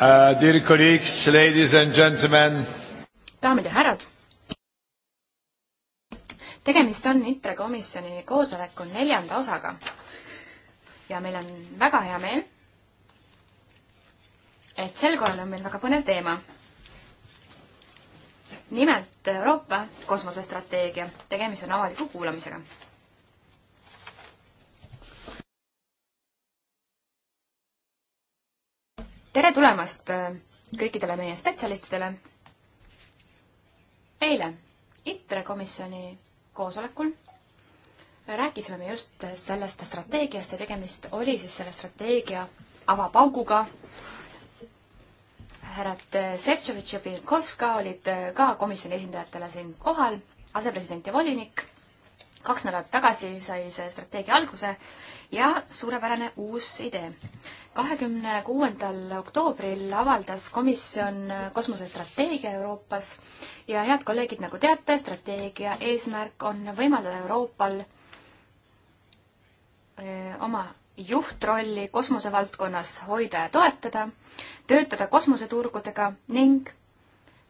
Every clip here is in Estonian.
Uh, dear colleagues, ladies and gentlemen. daamid ja härrad. tegemist on ITRE komisjoni koosoleku neljanda osaga. ja meil on väga hea meel, et sel korral on meil väga põnev teema. nimelt Euroopa kosmosestrateegia. tegemist on avaliku kuulamisega tere tulemast äh, kõikidele meie spetsialistidele. eile ITRE komisjoni koosolekul rääkisime me just sellest strateegiast ja tegemist oli siis selle strateegia avapauguga. härrad Šefčovitš ja Pinkovska olid äh, ka komisjoni esindajatele siin kohal, asepresident ja volinik kaks nädalat tagasi sai see strateegia alguse ja suurepärane uus idee. kahekümne kuuendal oktoobril avaldas komisjon kosmosestrateegia Euroopas ja head kolleegid, nagu teate, strateegia eesmärk on võimaldada Euroopal eh, oma juhtrolli kosmosevaldkonnas hoida ja toetada, töötada kosmoseturgudega ning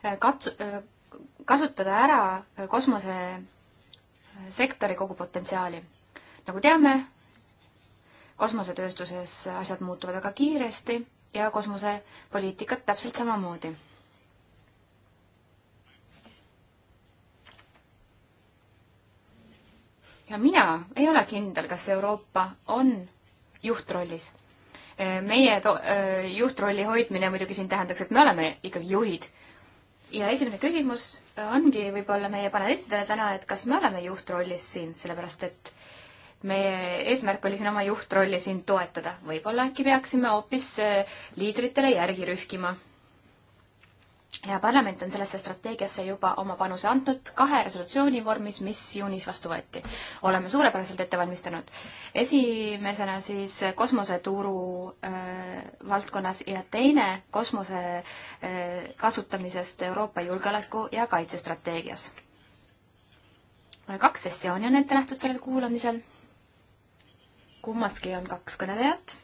eh, katsu-, eh, kasutada ära kosmose sektori kogu potentsiaali. nagu teame, kosmosetööstuses asjad muutuvad väga kiiresti ja kosmosepoliitikat täpselt samamoodi. ja mina ei ole kindel, kas Euroopa on juhtrollis. meie to-, eh, juhtrolli hoidmine muidugi siin tähendaks, et me oleme ikkagi juhid ja esimene küsimus äh, ongi võib-olla meie panelistidele täna, et kas me oleme juhtrollis siin, sellepärast et meie eesmärk oli siin oma juhtrolli siin toetada, võib-olla äkki peaksime hoopis äh, liidritele järgi rühkima ja parlament on sellesse strateegiasse juba oma panuse andnud kahe resolutsiooni vormis, mis juunis vastu võeti. oleme suurepäraselt ette valmistanud. esimesena siis kosmoseturu äh, valdkonnas ja teine kosmose äh, kasutamisest Euroopa julgeoleku- ja kaitsestrateegias. kaks sessiooni on ette nähtud sellel kuulamisel. kummaski on kaks kõnelejat.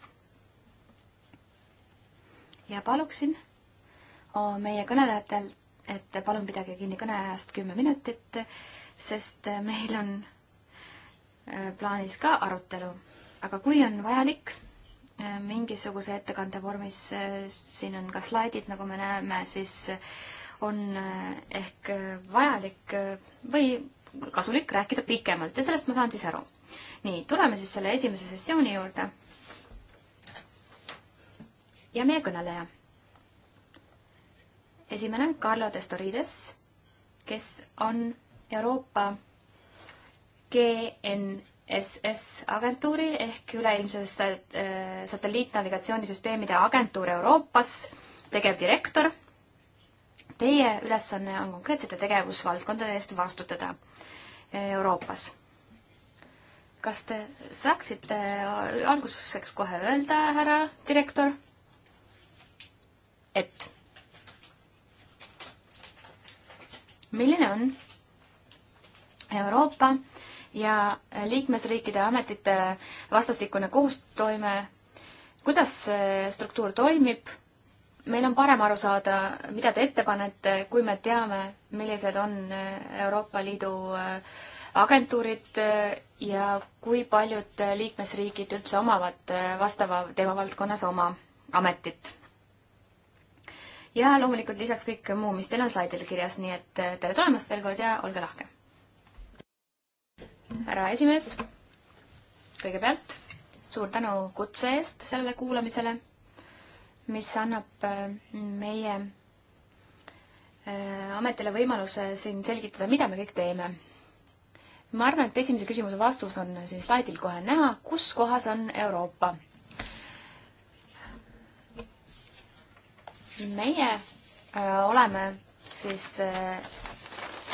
ja paluksin meie kõnelejatel, et palun pidage kinni kõneajast kümme minutit, sest meil on äh, plaanis ka arutelu. aga kui on vajalik äh, mingisuguse ettekande vormis, äh, siin on ka slaidid, nagu me näeme, siis on ehk vajalik või kasulik rääkida pikemalt ja sellest ma saan siis aru. nii, tuleme siis selle esimese sessiooni juurde. ja meie kõneleja esimene, Carlo Testorides, kes on Euroopa GNSS agentuuri ehk üleilmse äh, satelliitnavigatsioonisüsteemide agentuur Euroopas tegevdirektor. Teie ülesanne on konkreetsete tegevusvaldkondade eest vastutada äh, Euroopas. kas te saaksite äh, alguseks kohe öelda, härra direktor, et milline on Euroopa ja liikmesriikide ametite vastastikune koostoime, kuidas see struktuur toimib, meil on parem aru saada, mida te ette panete, kui me teame, millised on Euroopa Liidu äh, agentuurid äh, ja kui paljud liikmesriigid üldse omavad äh, vastava teemavaldkonnas oma ametit ja loomulikult lisaks kõik muu, mis teil on slaidil kirjas, nii et eh, tere tulemast veel kord ja olge lahke. härra esimees, kõigepealt suur tänu kutse eest sellele kuulamisele, mis annab eh, meie eh, ametile võimaluse siin selgitada, mida me kõik teeme. ma arvan, et esimese küsimuse vastus on siin slaidil kohe näha, kus kohas on Euroopa meie äh, oleme siis äh,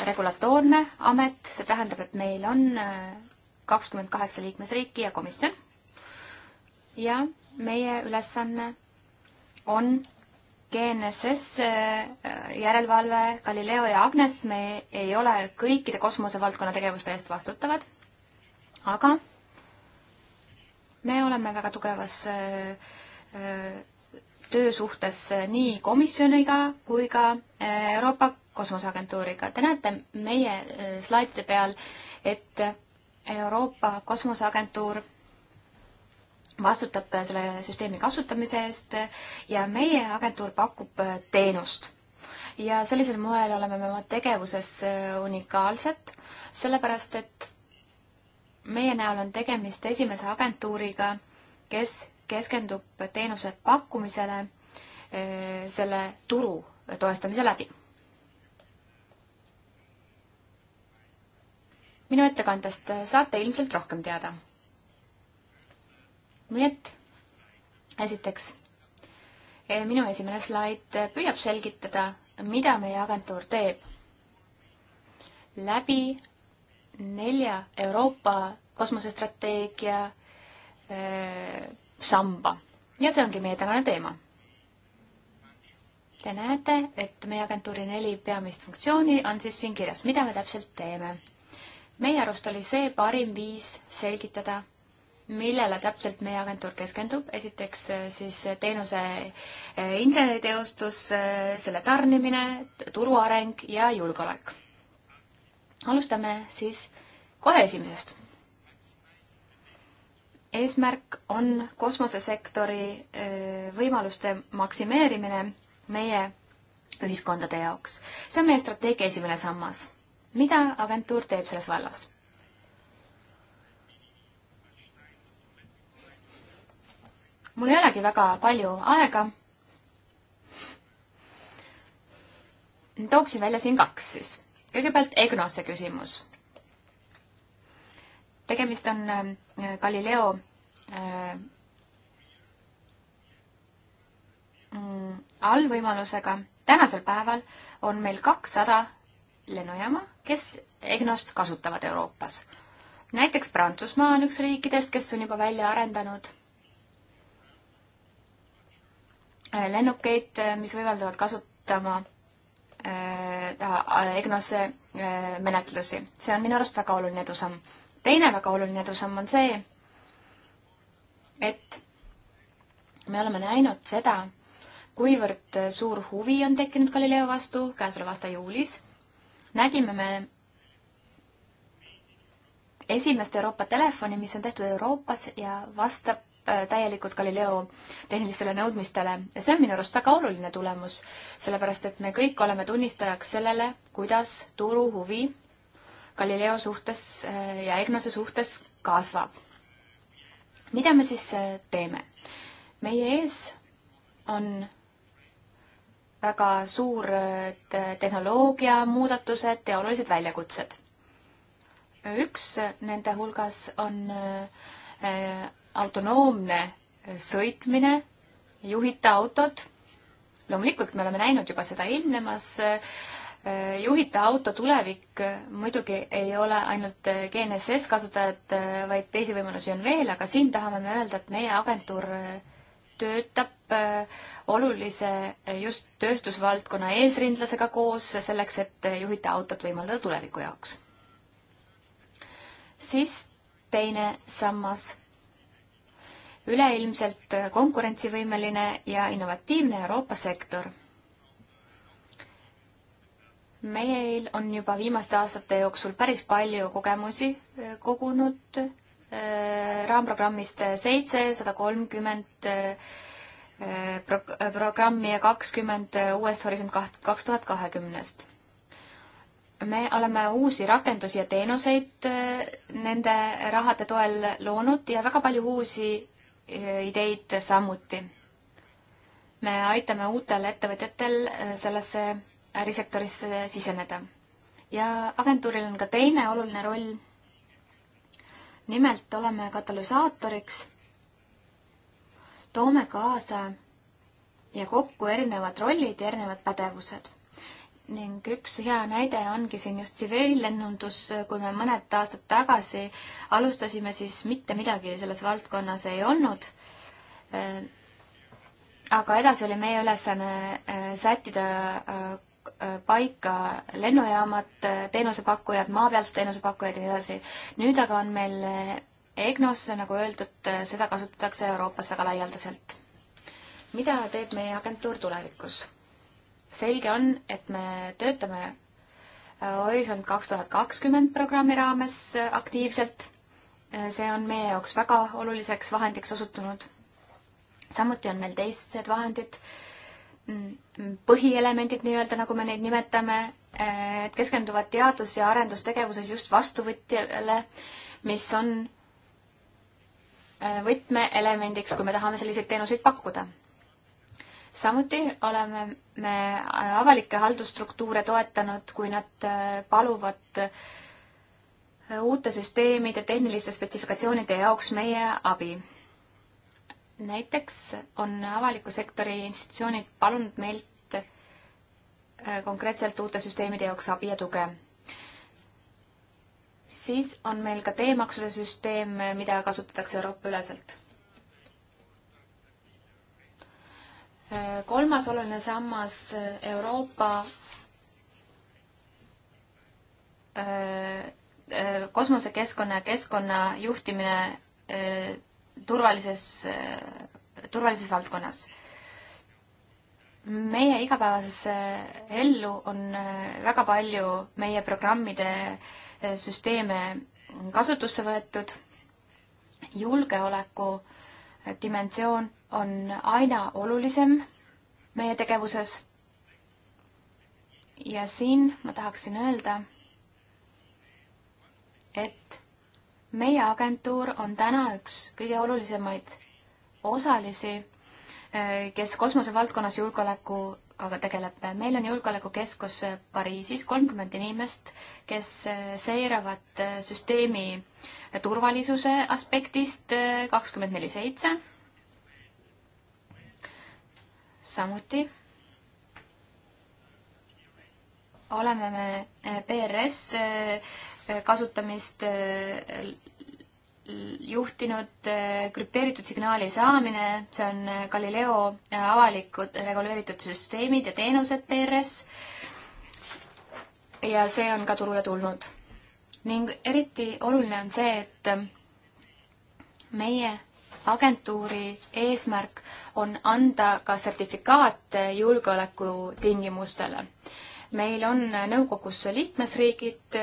regulatoorne amet, see tähendab, et meil on äh, kakskümmend kaheksa liikmesriiki ja komisjon. ja meie ülesanne on GNSS järelevalve Galileo ja Agnes, me ei ole kõikide kosmosevaldkonna tegevuste eest vastutavad, aga me oleme väga tugevas töö suhtes nii komisjoniga kui ka äh, Euroopa Kosmoseagentuuriga. Te näete meie äh, slaidide peal, et Euroopa Kosmoseagentuur vastutab äh, selle süsteemi kasutamise eest ja meie agentuur pakub teenust. ja sellisel moel oleme me oma tegevuses unikaalsed, sellepärast et meie näol on tegemist esimese agentuuriga, kes keskendub teenuse pakkumisele eh, selle turu toestamise läbi. minu ettekandest saate ilmselt rohkem teada. nii et esiteks, eh, minu esimene slaid püüab selgitada, mida meie agentuur teeb läbi nelja Euroopa kosmosestrateegia eh, samba ja see ongi meie tänane teema. Te näete, et meie agentuuri neli peamist funktsiooni on siis siin kirjas, mida me täpselt teeme. meie arust oli see parim viis selgitada, millele täpselt meie agentuur keskendub, esiteks eh, siis teenuse eh, inseneriteostus, eh, selle tarnimine, turu areng ja julgeolek. alustame siis kohe esimesest eesmärk on kosmosesektori äh, võimaluste maksimeerimine meie ühiskondade jaoks. see on meie strateegia esimene sammas. mida agentuur teeb selles vallas? mul ei olegi väga palju aega. tooksin välja siin kaks siis. kõigepealt EGNOS-e küsimus tegemist on ähm, Galileo äh, mm, allvõimalusega. tänasel päeval on meil kakssada lennujaama, kes EGNOst kasutavad Euroopas. näiteks Prantsusmaa on üks riikidest, kes on juba välja arendanud äh, lennukeid, äh, mis võimaldavad kasutama EGNOse menetlusi. see on minu arust väga oluline edusamm teine väga oluline edusamm on see, et me oleme näinud seda, kuivõrd suur huvi on tekkinud Galileo vastu käesoleva aasta juulis, nägime me esimest Euroopa telefoni, mis on tehtud Euroopas ja vastab äh, täielikult Galileo tehnilistele nõudmistele ja see on minu arust väga oluline tulemus, sellepärast et me kõik oleme tunnistajaks sellele, kuidas turuhuvi Galileo suhtes äh, ja EGNOSe suhtes kasvab. mida me siis äh, teeme? meie ees on väga suured äh, tehnoloogiamuudatused ja olulised väljakutsed. üks nende hulgas on autonoomne sõitmine, juhita autod. loomulikult me oleme näinud juba seda ilmnemas juhita auto tulevik muidugi ei ole ainult GNSS kasutajad, vaid teisi võimalusi on veel, aga siin tahame me öelda, et meie agentuur töötab äh, olulise äh, just tööstusvaldkonna eesrindlasega koos selleks, et juhita autot võimaldada tuleviku jaoks. siis teine sammas. üleilmselt konkurentsivõimeline ja innovatiivne Euroopa sektor meil on juba viimaste aastate jooksul päris palju kogemusi eh, kogunud eh, raamprogrammist seitse, sada kolmkümmend eh, programmi ja kakskümmend uuest Horisont kaks tuhat kahekümnest. me oleme uusi rakendusi ja teenuseid nende rahade toel loonud ja väga palju uusi ideid samuti. me aitame uutel ettevõtjatel sellesse ärisektorisse siseneda. ja agentuuril on ka teine oluline roll. nimelt oleme katalüsaatoriks, toome kaasa ja kokku erinevad rollid ja erinevad pädevused ning üks hea näide ongi siin just tsiviillennundus, kui me mõned aastad tagasi alustasime, siis mitte midagi selles valdkonnas ei olnud. Äh, aga edasi oli meie ülesanne äh, sättida äh, Äh, paika lennujaamad, äh, teenusepakkujad, maapealsed teenusepakkujad ja nii edasi. nüüd aga on meil äh, EGNOS, nagu öeldud, seda kasutatakse Euroopas väga laialdaselt. mida teeb meie agentuur tulevikus? selge on, et me töötame Horisont kaks tuhat kakskümmend programmi raames aktiivselt. see on meie jaoks väga oluliseks vahendiks osutunud. samuti on meil teised vahendid äh, põhielemendid nii-öelda, nagu me neid nimetame, et keskenduvad teadus- ja arendustegevuses just vastuvõtjale, mis on äh, võtmeelemendiks, kui me tahame selliseid teenuseid pakkuda. samuti oleme me äh, avalikke haldusstruktuure toetanud, kui nad äh, paluvad uute süsteemide tehniliste spetsifikatsioonide jaoks meie abi näiteks on avaliku sektori institutsioonid palunud meilt äh, konkreetselt uute süsteemide jaoks abi ja tuge. siis on meil ka teemaksude süsteem, mida kasutatakse Euroopa üleselt. Äh, kolmas oluline sammas äh, Euroopa kosmosekeskkonna ja keskkonna juhtimine turvalises, turvalises valdkonnas. meie igapäevases eh, ellu on eh, väga palju meie programmide eh, süsteeme kasutusse võetud. julgeoleku dimensioon on aina olulisem meie tegevuses. ja siin ma tahaksin öelda, et meie agentuur on täna üks kõige olulisemaid osalisi, eh, kes kosmosevaldkonnas julgeolekuga tegeleb. meil on julgeolekukeskus eh, Pariisis, kolmkümmend inimest, kes eh, seiravad süsteemi turvalisuse aspektist kakskümmend neli seitse. samuti oleme me PRS kasutamist juhtinud krüpteeritud signaali saamine, see on Galileo avalikud reguleeritud süsteemid ja teenused PRS. ja see on ka turule tulnud. ning eriti oluline on see, et meie agentuuri eesmärk on anda ka sertifikaat julgeoleku tingimustele meil on nõukogus liikmesriigid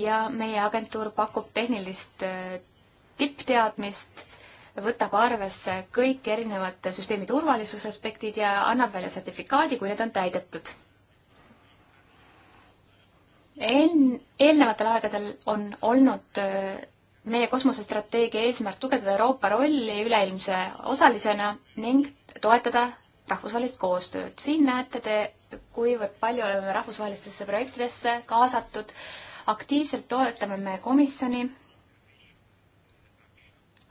ja meie agentuur pakub tehnilist äh, tippteadmist, võtab arvesse kõik erinevad süsteemi turvalisuse aspektid ja annab välja sertifikaadi, kui need on täidetud. Eel-, eelnevatel aegadel on olnud äh, meie kosmosestrateegia eesmärk tugevdada Euroopa rolli üleilmse osalisena ning toetada rahvusvahelist koostööd. siin näete te kuivõrd palju oleme rahvusvahelistesse projektidesse kaasatud. aktiivselt toetame me komisjoni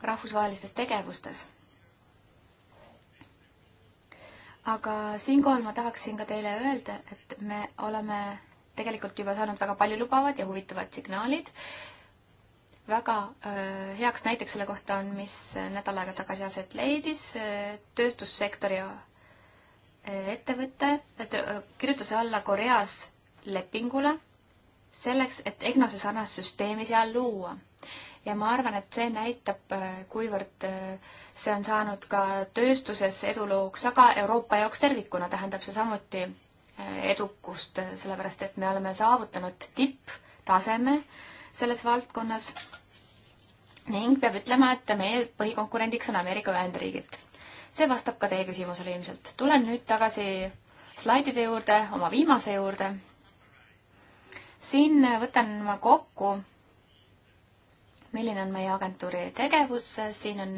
rahvusvahelistes tegevustes. aga siinkohal ma tahaksin ka teile öelda, et me oleme tegelikult juba saanud väga paljulubavad ja huvitavad signaalid. väga öö, heaks näiteks selle kohta on, mis nädal aega tagasi aset leidis, tööstussektori ettevõte et äh, kirjutas alla Koreas lepingule selleks, et EGNOS-e sarnast süsteemi seal luua. ja ma arvan, et see näitab, äh, kuivõrd äh, see on saanud ka tööstuses edulooks, aga Euroopa jaoks tervikuna tähendab see samuti edukust, sellepärast et me oleme saavutanud tipptaseme selles valdkonnas ning peab ütlema, et meie põhikonkurendiks on Ameerika Ühendriigid see vastab ka teie küsimusele ilmselt. tulen nüüd tagasi slaidide juurde, oma viimase juurde. siin võtan ma kokku, milline on meie agentuuri tegevus, siin on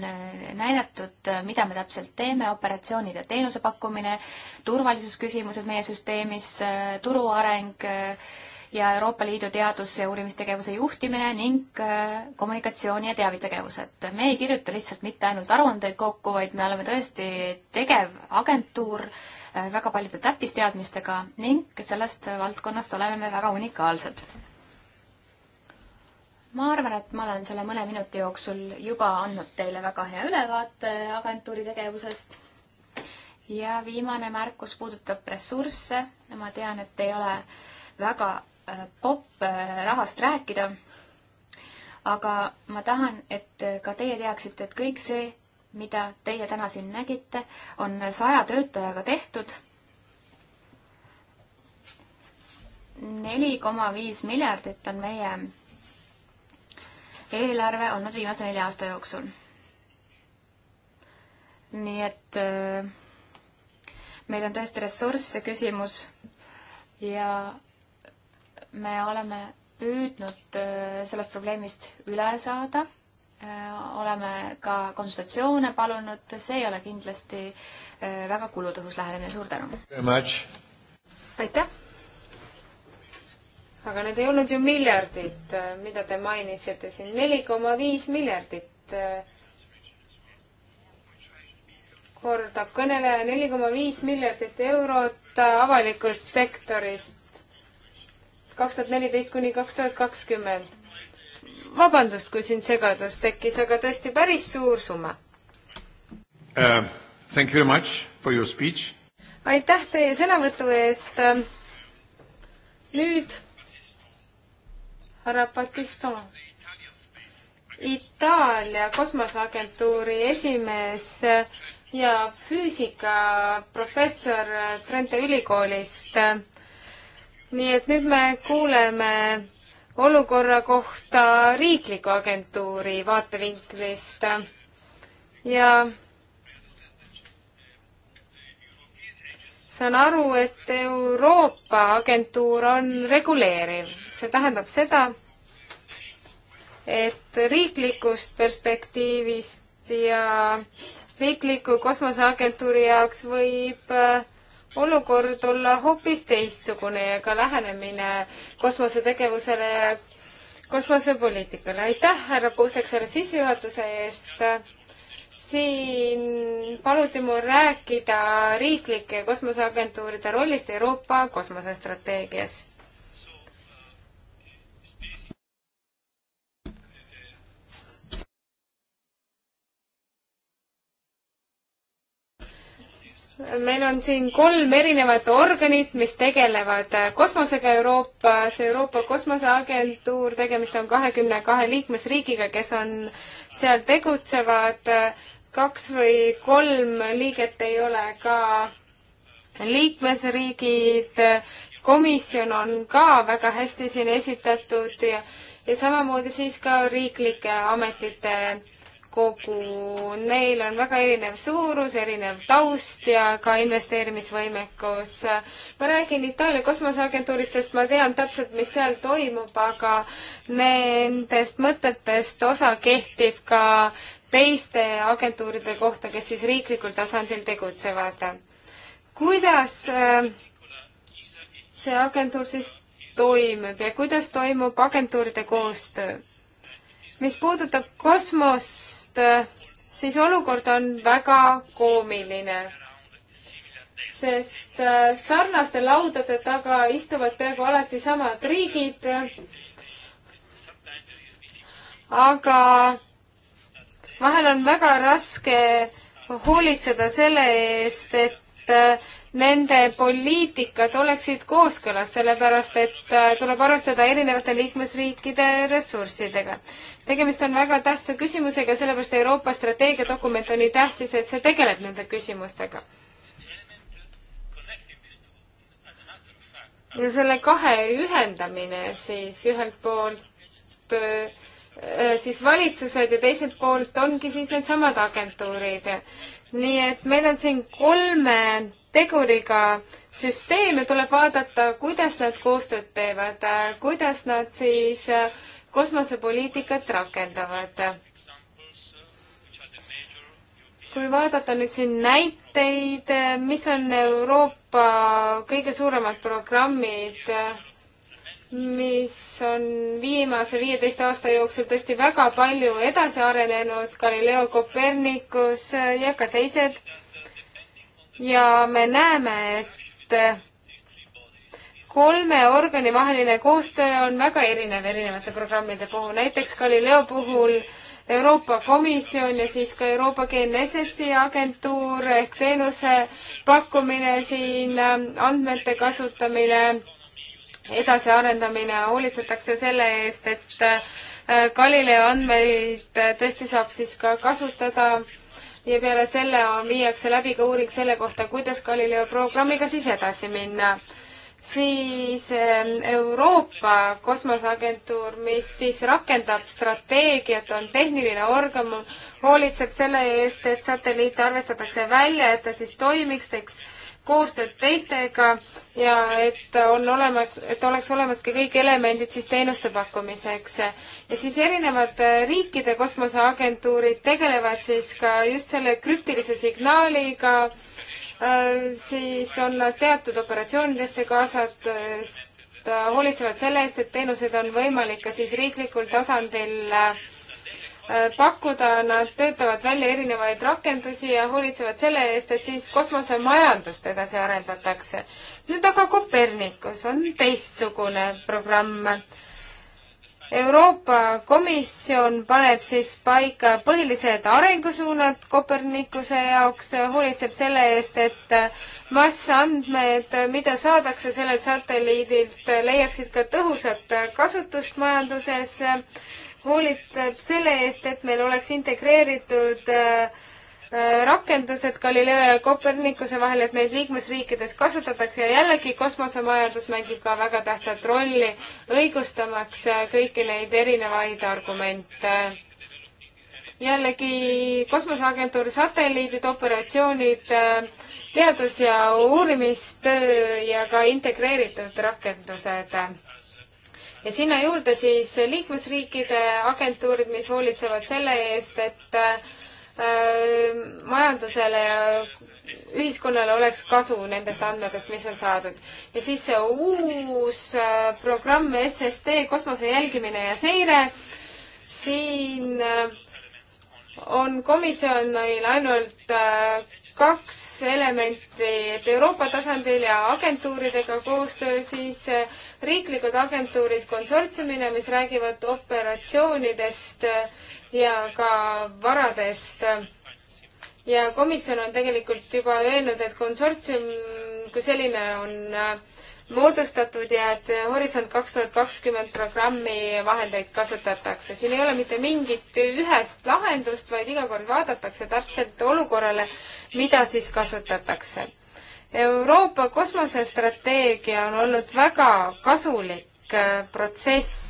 näidatud, mida me täpselt teeme, operatsioonid ja teenuse pakkumine, turvalisusküsimused meie süsteemis, turu areng, ja Euroopa Liidu teadus- ja uurimistegevuse juhtimine ning äh, kommunikatsiooni- ja teavitegevused. me ei kirjuta lihtsalt mitte ainult aruandeid kokku, vaid me oleme tõesti tegev agentuur äh, väga paljude täppisteadmistega ning sellest valdkonnast oleme me väga unikaalsed ma arvan, et ma olen selle mõne minuti jooksul juba andnud teile väga hea ülevaate agentuuri tegevusest. ja viimane märkus puudutab ressursse. ma tean, et ei ole väga popp äh, rahast rääkida. aga ma tahan, et äh, ka teie teaksite, et kõik see, mida teie täna siin nägite, on saja töötajaga tehtud. neli koma viis miljardit on meie eelarve olnud viimase nelja aasta jooksul. nii et äh, meil on tõesti ressursside küsimus ja me oleme püüdnud äh, sellest probleemist üle saada, äh, oleme ka konsultatsioone palunud, see ei ole kindlasti äh, väga kulutõhus lähenemine, suur tänu! aitäh! aga need ei olnud ju miljardid, mida te mainisite siin, neli koma viis miljardit. korda kõneleja, neli koma viis miljardit eurot avalikust sektorist kaks tuhat neliteist kuni kaks tuhat kakskümmend. vabandust, kui siin segadus tekkis, aga tõesti päris suur summa uh,. Thank you very much for your speech. aitäh teie sõnavõtu eest. nüüd härra Pakistan. Itaalia kosmoseagentuuri esimees ja füüsikaprofessor Trente ülikoolist nii et nüüd me kuuleme olukorra kohta riikliku agentuuri vaatevinklist ja saan aru, et Euroopa agentuur on reguleeriv, see tähendab seda, et riiklikust perspektiivist ja riikliku kosmoseagentuuri jaoks võib äh, olukord olla hoopis teistsugune ja ka lähenemine kosmosetegevusele ja kosmosepoliitikale. aitäh, härra Puusek, selle sissejuhatuse eest. siin paluti mul rääkida riiklike kosmoseagentuuride rollist Euroopa kosmosestrateegias meil on siin kolm erinevat organit, mis tegelevad äh, kosmosega Euroopas, Euroopa Kosmoseagentuur, tegemist on kahekümne kahe liikmesriigiga, kes on seal tegutsevad, kaks või kolm liiget ei ole ka liikmesriigid, komisjon on ka väga hästi siin esitatud ja, ja samamoodi siis ka riiklike ametite kogu, neil on väga erinev suurus, erinev taust ja ka investeerimisvõimekus. ma räägin Itaalia kosmoseagentuurist, sest ma tean täpselt, mis seal toimub, aga nendest mõtetest osa kehtib ka teiste agentuuride kohta, kes siis riiklikul tasandil tegutsevad. kuidas äh, see agentuur siis toimub ja kuidas toimub agentuuride koostöö? mis puudutab kosmost, siis olukord on väga koomiline, sest äh, sarnaste laudade taga istuvad peaaegu alati samad riigid, aga vahel on väga raske hoolitseda selle eest, et et äh, nende poliitikad oleksid kooskõlas, sellepärast et äh, tuleb arvestada erinevate liikmesriikide ressurssidega. tegemist on väga tähtsa küsimusega, sellepärast Euroopa strateegiadokument on nii tähtis, et see tegeleb nende küsimustega. ja selle kahe ühendamine siis ühelt poolt äh, siis valitsused ja teiselt poolt ongi siis needsamad agentuurid nii et meil on siin kolme teguriga süsteeme, tuleb vaadata, kuidas nad koostööd teevad, kuidas nad siis äh, kosmosepoliitikat rakendavad. kui vaadata nüüd siin näiteid, äh, mis on Euroopa kõige suuremad programmid, äh, mis on viimase viieteist aasta jooksul tõesti väga palju edasi arenenud, Galileo Copernicus äh, ja ka teised. ja me näeme, et äh, kolme organi vaheline koostöö on väga erinev erinevate programmide puhul, näiteks Galileo puhul Euroopa Komisjon ja siis ka Euroopa GNSS-i agentuur ehk teenuse pakkumine siin, äh, andmete kasutamine edasiarendamine, hoolitsetakse selle eest, et äh, Galileo andmeid äh, tõesti saab siis ka kasutada ja peale selle viiakse läbi ka uuring selle kohta, kuidas Galileo programmiga siis edasi minna. siis äh, Euroopa Kosmoseagentuur, mis siis rakendab strateegiat, on tehniline organ, hoolitseb selle eest, et satelliit arvestatakse välja, et ta siis toimiks, teeks koostööd teistega ja et on olemas, et oleks olemas ka kõik elemendid siis teenuste pakkumiseks. ja siis erinevad riikide kosmoseagentuurid tegelevad siis ka just selle krüptilise signaaliga, äh, siis on nad teatud operatsioonidesse kaasatud, äh, hoolitsevad selle eest, et teenuseid on võimalik ka siis riiklikul tasandil äh, Äh, pakkuda, nad töötavad välja erinevaid rakendusi ja hoolitsevad selle eest, et siis kosmosemajandust edasi arendatakse. nüüd aga Copernicus on teistsugune programm. Euroopa Komisjon paneb siis paika põhilised arengusuunad Kopernikuse jaoks, hoolitseb selle eest, et massandmed, mida saadakse sellelt satelliidilt, leiaksid ka tõhusat kasutust majanduses hoolitseb selle eest, et meil oleks integreeritud äh, äh, rakendused Galileo ja Kopernikuse vahel, et neid liikmesriikides kasutatakse ja jällegi kosmosemajandus mängib ka väga tähtsat rolli, õigustamaks äh, kõiki neid erinevaid argumente jällegi kosmoseagentuuri satelliidid, operatsioonid, teadus- ja uurimistöö ja ka integreeritud rakendused ja sinna juurde siis liikmesriikide agentuurid, mis hoolitsevad selle eest, et äh, majandusele ja ühiskonnale oleks kasu nendest andmetest, mis on saadud. ja siis see uus äh, programm SSD, kosmose jälgimine ja seire, siin äh, on komisjonil ainult äh, kaks elementi, et Euroopa tasandil ja agentuuridega koostöö, siis eh, riiklikud agentuurid konsortsiumina, mis räägivad operatsioonidest eh, ja ka varadest. ja komisjon on tegelikult juba öelnud, et konsortsium kui selline on eh, moodustatud ja et Horisont kaks tuhat kakskümmend programmi vahendeid kasutatakse. siin ei ole mitte mingit ühest lahendust, vaid iga kord vaadatakse täpselt olukorrale mida siis kasutatakse. Euroopa kosmosestrateegia on olnud väga kasulik äh, protsess,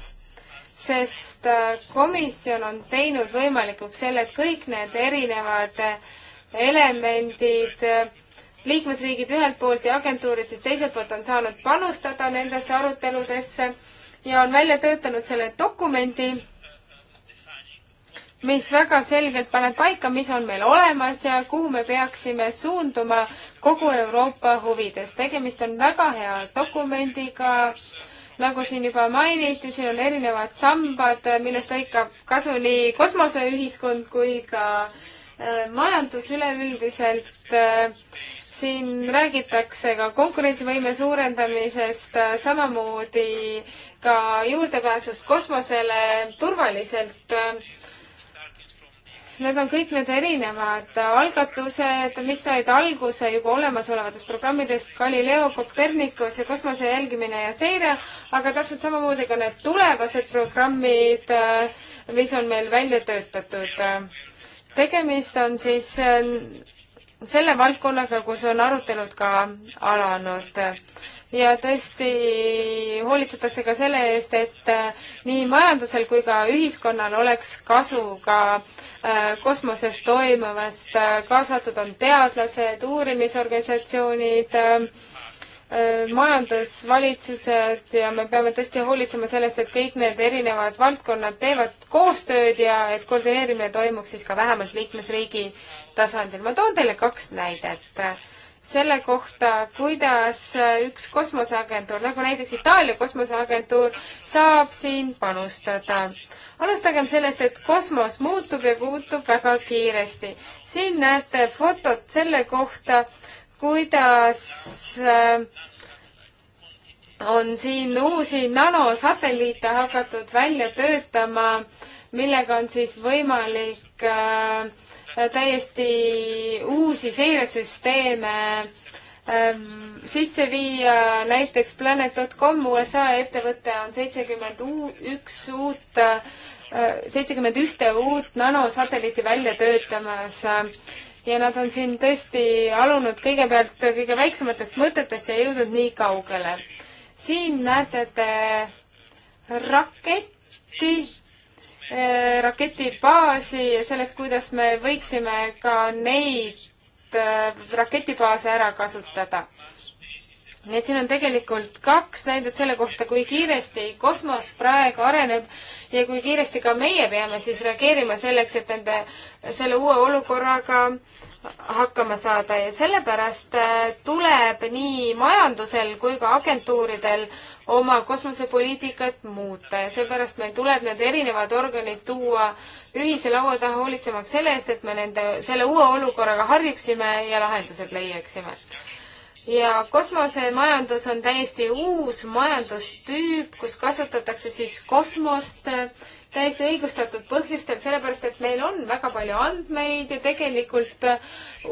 sest äh, komisjon on teinud võimalikuks selle, et kõik need erinevad äh, elemendid liikmesriigid ühelt poolt ja agentuurid siis teiselt poolt on saanud panustada nendesse aruteludesse ja on välja töötanud selle dokumendi, mis väga selgelt paneb paika, mis on meil olemas ja kuhu me peaksime suunduma kogu Euroopa huvides. tegemist on väga hea dokumendiga, nagu siin juba mainiti, siin on erinevad sambad, millest lõikab kasu nii kosmoseühiskond kui ka äh, majandus üleüldiselt äh, siin räägitakse ka konkurentsivõime suurendamisest, äh, samamoodi ka juurdepääsust kosmosele turvaliselt äh, Need on kõik need erinevad algatused, mis said alguse juba olemasolevatest programmidest Galileo, Copernicus ja kosmose jälgimine ja seire, aga täpselt samamoodi ka need tulevased programmid, äh, mis on meil välja töötatud. tegemist on siis äh, selle valdkonnaga, kus on arutelud ka alanud ja tõesti hoolitsetakse ka selle eest, et äh, nii majandusel kui ka ühiskonnal oleks kasu ka äh, kosmoses toimuvast. Äh, kaasatud on teadlased, uurimisorganisatsioonid, majandusvalitsused ja me peame tõesti hoolitsema sellest, et kõik need erinevad valdkonnad teevad koostööd ja et koordineerimine toimuks siis ka vähemalt liikmesriigi tasandil. ma toon teile kaks näidet selle kohta, kuidas üks kosmoseagentuur, nagu näiteks Itaalia kosmoseagentuur, saab siin panustada. alustagem sellest, et kosmos muutub ja muutub väga kiiresti. siin näete fotot selle kohta, kuidas äh, on siin uusi nanosatelliite hakatud välja töötama, millega on siis võimalik äh, täiesti uusi seiresüsteeme ähm, sisse viia, näiteks Planet.com USA ettevõte on seitsekümmend üks uut äh, seitsekümmend ühte uut nanosatelliiti välja töötamas ja nad on siin tõesti alunud kõigepealt kõige väiksematest mõtetest ja jõudnud nii kaugele. siin näete te raketti, Eh, raketibaasi ja sellest, kuidas me võiksime ka neid eh, raketibaase ära kasutada. nii et siin on tegelikult kaks näidet selle kohta, kui kiiresti kosmos praegu areneb ja kui kiiresti ka meie peame siis reageerima selleks, et nende, selle uue olukorraga hakkama saada ja sellepärast eh, tuleb nii majandusel kui ka agentuuridel oma kosmosepoliitikat muuta ja seepärast meil tuleb need erinevad organid tuua ühise laua taha, hoolitsemaks selle eest, et me nende, selle uue olukorraga harjuksime ja lahendused leiaksime. ja kosmosemajandus on täiesti uus majandustüüp, kus kasutatakse siis kosmost täiesti õigustatud põhjustel, sellepärast et meil on väga palju andmeid ja tegelikult äh,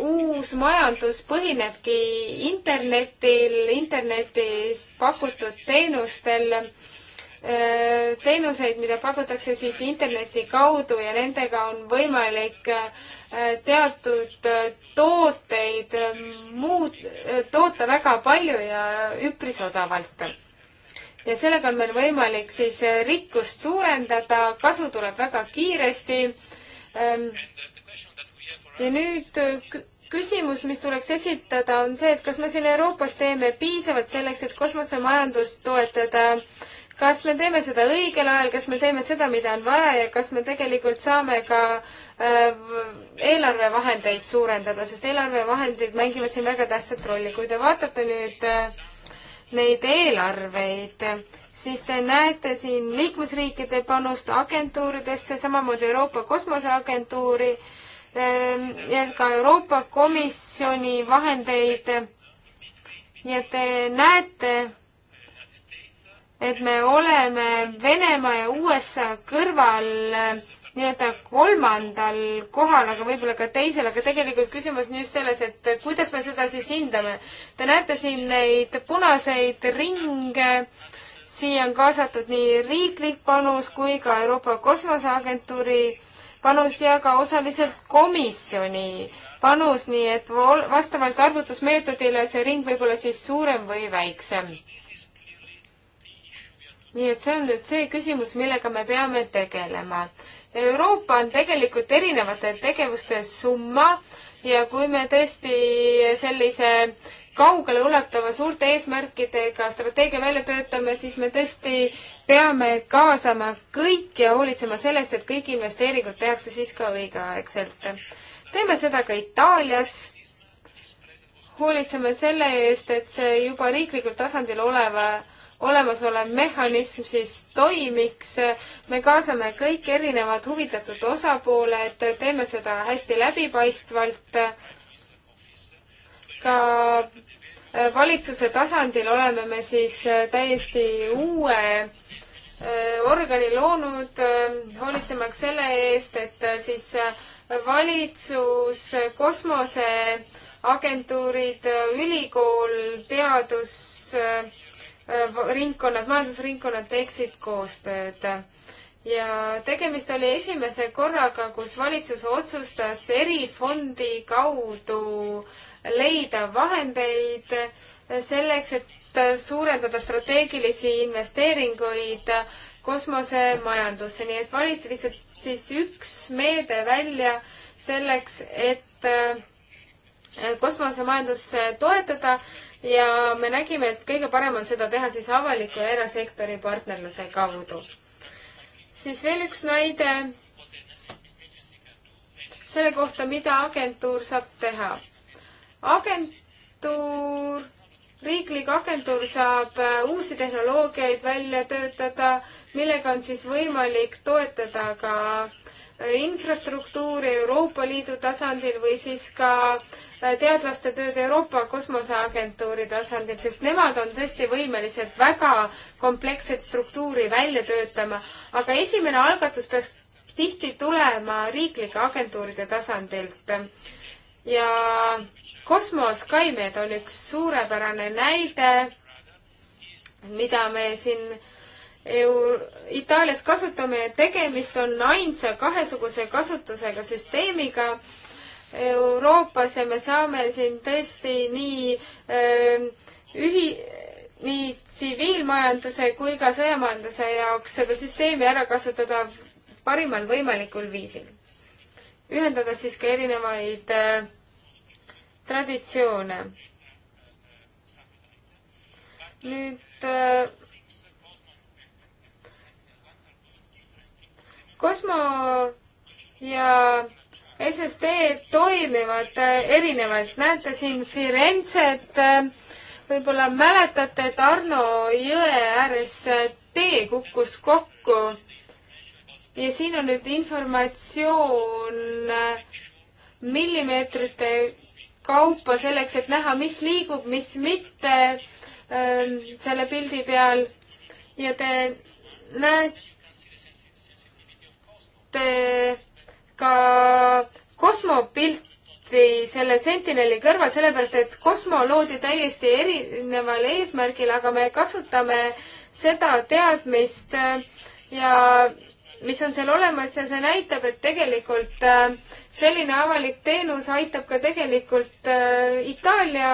uus majandus põhinebki internetil, internetist pakutud teenustel äh, teenuseid, mida pakutakse siis interneti kaudu ja nendega on võimalik äh, teatud tooteid muud, toota väga palju ja üpris odavalt ja sellega on meil võimalik siis äh, rikkust suurendada, kasu tuleb väga kiiresti. Ähm, ja nüüd äh, küsimus, mis tuleks esitada, on see, et kas me siin Euroopas teeme piisavalt selleks, et kosmosemajandust toetada. kas me teeme seda õigel ajal, kas me teeme seda, mida on vaja ja kas me tegelikult saame ka äh, eelarvevahendeid suurendada, sest eelarvevahendid mängivad siin väga tähtsat rolli. kui te vaatate nüüd äh, neid eelarveid, siis te näete siin liikmesriikide panust agentuuridesse, samamoodi Euroopa Kosmoseagentuuri ehm, ja ka Euroopa Komisjoni vahendeid. ja te näete, et me oleme Venemaa ja USA kõrval nii-öelda kolmandal kohal, aga võib-olla ka teisel, aga tegelikult küsimus on just selles, et kuidas me seda siis hindame. Te näete siin neid punaseid ringe, siia on kaasatud nii riiklik panus kui ka Euroopa Kosmoseagentuuri panus ja ka osaliselt komisjoni panus, nii et vastavalt arvutusmeetodile see ring võib olla siis suurem või väiksem. nii et see on nüüd see küsimus, millega me peame tegelema Euroopa on tegelikult erinevate tegevuste summa ja kui me tõesti sellise kaugele ulatava suurte eesmärkidega strateegia välja töötame, siis me tõesti peame kaasama kõik ja hoolitsema sellest, et kõik investeeringud tehakse siis ka õigeaegselt. teeme seda ka Itaalias. hoolitseme selle eest, et see juba riiklikul tasandil oleva olemasolev mehhanism siis toimiks. me kaasame kõik erinevad huvitatud osapooled, teeme seda hästi läbipaistvalt. ka valitsuse tasandil oleme me siis täiesti uue eh, organi loonud, eh, hoolitsemaks selle eest, et eh, siis valitsus, kosmoseagentuurid, ülikool, teadus, Äh, ringkonnad, majandusringkonnad teeksid koostööd. ja tegemist oli esimese korraga, kus valitsus otsustas erifondi kaudu leida vahendeid selleks, et suurendada strateegilisi investeeringuid kosmosemajandusse, nii et valiti lihtsalt siis üks meede välja selleks, et kosmosemajandusse toetada ja me nägime, et kõige parem on seda teha siis avaliku ja erasektori partnerluse kaudu. siis veel üks näide selle kohta, mida agentuur saab teha. agentuur, riiklik agentuur saab äh, uusi tehnoloogiaid välja töötada, millega on siis võimalik toetada ka äh, infrastruktuuri Euroopa Liidu tasandil või siis ka äh, teadlaste tööd Euroopa Kosmoseagentuuri tasandil, sest nemad on tõesti võimelised väga kompleksset struktuuri välja töötama. aga esimene algatus peaks tihti tulema riiklike agentuuride tasandilt. ja kosmos SkyMed on üks suurepärane näide, mida me siin äh, Euro-, Itaalias kasutame ja tegemist on ainsa kahesuguse kasutusega süsteemiga Euroopas ja me saame siin tõesti nii öö, ähm, ühi-, nii tsiviilmajanduse kui ka sõjamajanduse jaoks seda süsteemi ära kasutada parimal võimalikul viisil. ühendada siis ka erinevaid öö, äh, traditsioone. nüüd öö, äh, Cosmo ja SSD toimivad äh, erinevalt, näete siin Firenzet, äh, võib-olla mäletate, et Arno jõe ääres äh, tee kukkus kokku ja siin on nüüd informatsioon millimeetrite kaupa selleks, et näha, mis liigub, mis mitte ähm, selle pildi peal ja te näete, ka kosmopilti selle Sentineli kõrval, sellepärast et kosmo loodi täiesti erineval eesmärgil, aga me kasutame seda teadmist äh, ja mis on seal olemas ja see näitab, et tegelikult äh, selline avalik teenus aitab ka tegelikult äh, Itaalia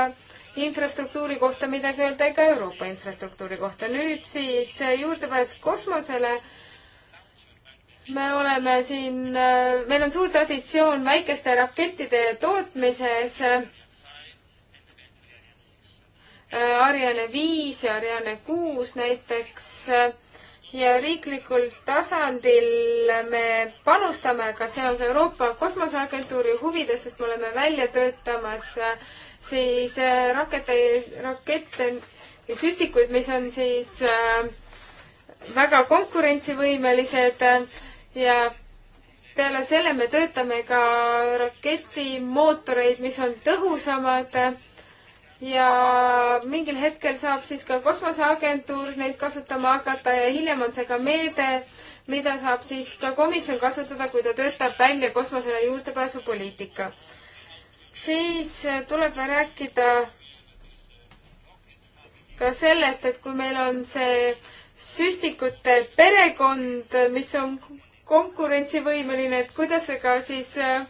infrastruktuuri kohta midagi öelda ega Euroopa infrastruktuuri kohta. nüüd siis juurdepääs kosmosele me oleme siin, äh, meil on suur traditsioon väikeste rakettide tootmises. Äh, Ariane viis ja Ariane kuus näiteks äh, ja riiklikul tasandil me panustame, aga see on ka Euroopa Kosmoseagentuuri huvides, sest me oleme välja töötamas siis rakete, rakette ja süstikuid, mis on siis väga konkurentsivõimelised ja peale selle me töötame ka raketimootoreid, mis on tõhusamad ja mingil hetkel saab siis ka kosmoseagentuur neid kasutama hakata ja hiljem on see ka meede, mida saab siis ka komisjon kasutada, kui ta töötab välja kosmosele juurdepääsupoliitika. siis tuleb veel rääkida ka sellest, et kui meil on see süstikute perekond, mis on konkurentsivõimeline, et kuidas see ka siis äh,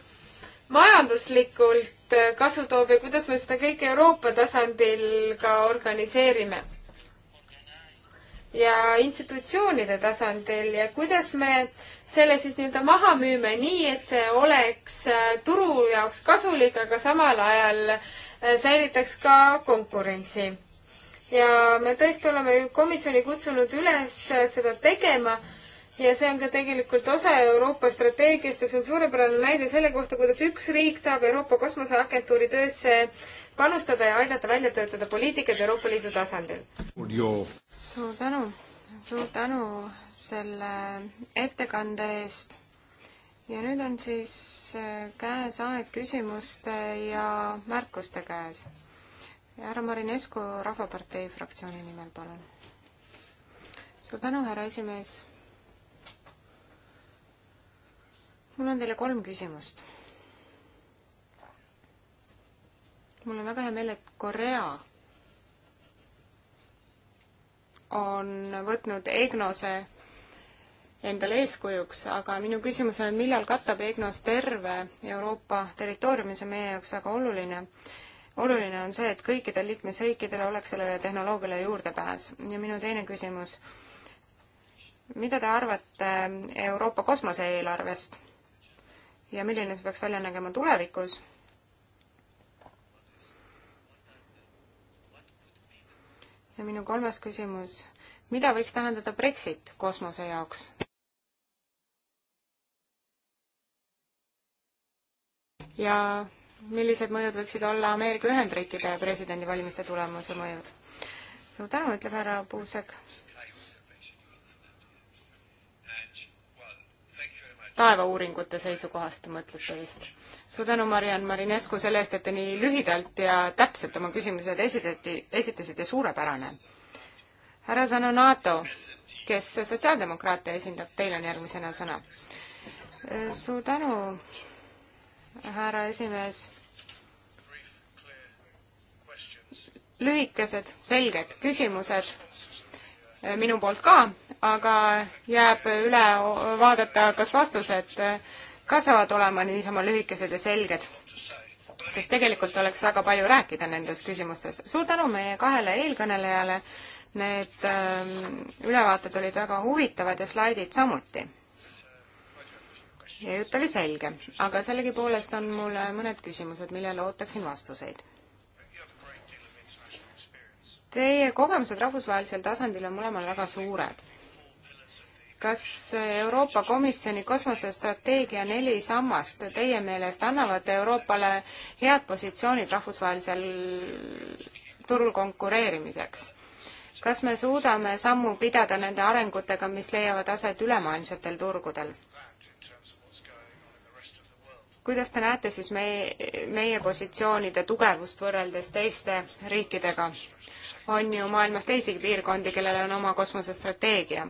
majanduslikult äh, kasu toob ja kuidas me seda kõike Euroopa tasandil ka organiseerime? ja institutsioonide tasandil ja kuidas me selle siis nii-öelda maha müüme nii, et see oleks äh, turu jaoks kasulik, aga samal ajal säilitaks ka konkurentsi. ja me tõesti oleme komisjoni kutsunud üles seda tegema ja see on ka tegelikult osa Euroopa strateegiast ja see on suurepärane näide selle kohta, kuidas üks riik saab Euroopa Kosmoseagentuuri töösse panustada ja aidata välja töötada poliitikat Euroopa Liidu tasandil. suur tänu, suur tänu selle ettekande eest. ja nüüd on siis äh, käes aeg küsimuste ja märkuste käes. härra Marinescu Rahvapartei fraktsiooni nimel, palun. suur tänu, härra esimees mul on teile kolm küsimust. mul on väga hea meel, et Korea on võtnud EGNOS-e endale eeskujuks, aga minu küsimus on, millal katab EGNOS terve Euroopa territooriumi, see on meie jaoks väga oluline. oluline on see, et kõikidel liikmesriikidel oleks sellele tehnoloogiale juurdepääs ja minu teine küsimus, mida te arvate Euroopa kosmoseeelarvest? ja milline see peaks välja nägema tulevikus. ja minu kolmas küsimus, mida võiks tähendada Brexit kosmose jaoks? ja millised mõjud võiksid olla Ameerika Ühendriikide presidendivalimiste tulemuse mõjud? suur tänu, ütleb härra Puusek taevauuringute seisukohast te mõtlete vist. suur tänu, Mariann Marinescu, selle eest, et te nii lühidalt ja täpselt oma küsimused esitati, esitasite, suurepärane. härra Zanonato, kes sotsiaaldemokraate esindab, teil on järgmisena sõna. suur tänu, härra esimees. lühikesed, selged küsimused Äh, minu poolt ka, aga jääb üle vaadata, kas vastused äh, ka saavad olema niisama lühikesed ja selged. sest tegelikult oleks väga palju rääkida nendes küsimustes. suur tänu meie kahele eelkõnelejale, need ähm, ülevaated olid väga huvitavad ja slaidid samuti. ja jutt oli selge, aga sellegipoolest on mul äh, mõned küsimused, millele ootaksin vastuseid Teie kogemused rahvusvahelisel tasandil on mõlemal väga suured. kas Euroopa Komisjoni kosmosestrateegia neli sammast teie meelest annavad Euroopale head positsioonid rahvusvahelisel turul konkureerimiseks? kas me suudame sammu pidada nende arengutega, mis leiavad aset ülemaailmsetel turgudel? kuidas te näete siis meie, meie positsioonide tugevust võrreldes teiste riikidega on ju maailmas teisigi piirkondi, kellel on oma kosmosestrateegia.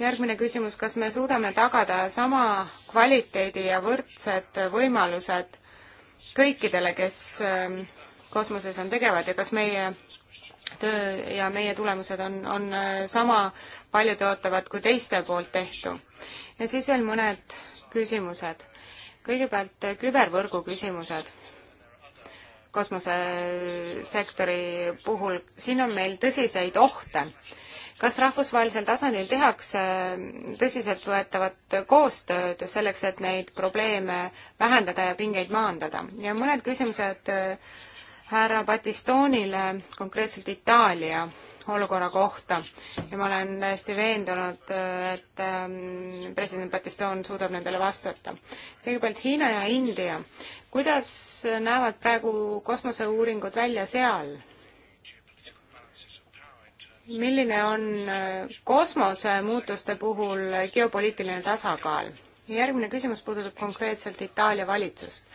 järgmine küsimus, kas me suudame tagada sama kvaliteedi ja võrdsed võimalused kõikidele, kes ähm, kosmoses on tegevad ja kas meie töö ja meie tulemused on, on äh, sama paljutõotavad kui teiste poolt tehtu. ja siis veel mõned küsimused. kõigepealt äh, kübervõrgu küsimused kosmosesektori puhul, siin on meil tõsiseid ohte. kas rahvusvahelisel tasandil tehakse tõsiseltvõetavat koostööd selleks, et neid probleeme vähendada ja pingeid maandada? ja mõned küsimused äh, härra Batistonile konkreetselt Itaalia olukorra kohta ja ma olen täiesti veendunud, et ähm, president Batiston suudab nendele vastata. kõigepealt Hiina ja India kuidas näevad praegu kosmoseuuringud välja seal? milline on äh, kosmosemuutuste puhul geopoliitiline tasakaal? järgmine küsimus puudutab konkreetselt Itaalia valitsust.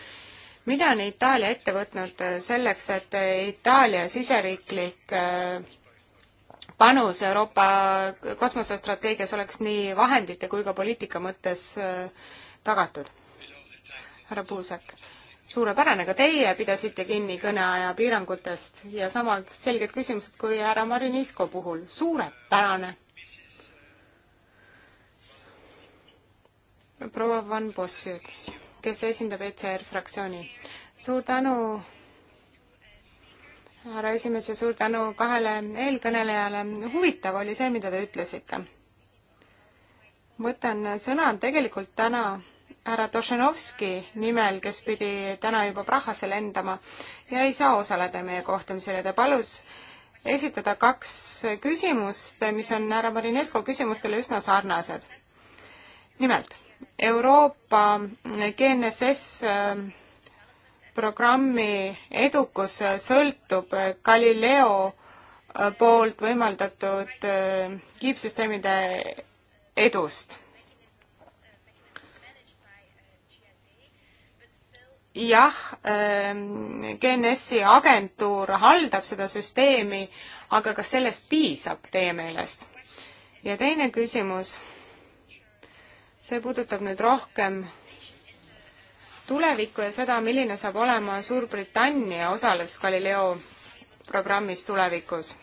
mida on Itaalia ette võtnud äh, selleks, et äh, Itaalia siseriiklik panus Euroopa kosmosestrateegias oleks nii vahendite kui ka poliitika mõttes tagatud? härra Puusek suurepärane, ka teie pidasite kinni kõneaja piirangutest ja samad selged küsimused kui härra Marinisko puhul. suurepärane. proua Van Bossüük, kes esindab ECR fraktsiooni. suur tänu, härra esimees ja suur tänu kahele eelkõnelejale. huvitav oli see, mida te ütlesite. võtan sõna tegelikult täna härra Tošenovski nimel, kes pidi täna juba Prahasse lendama ja ei saa osaleda meie kohtumisel ja ta palus esitada kaks küsimust, mis on härra Marinesko küsimustele üsna sarnased. nimelt, Euroopa GNSS äh, programmi edukus sõltub Galileo äh, poolt võimaldatud äh, kiipsüsteemide edust jah, ähm, GNS-i agentuur haldab seda süsteemi, aga kas sellest piisab teie meelest? ja teine küsimus, see puudutab nüüd rohkem tulevikku ja seda, milline saab olema Suurbritannia osalus Galileo programmis tulevikus.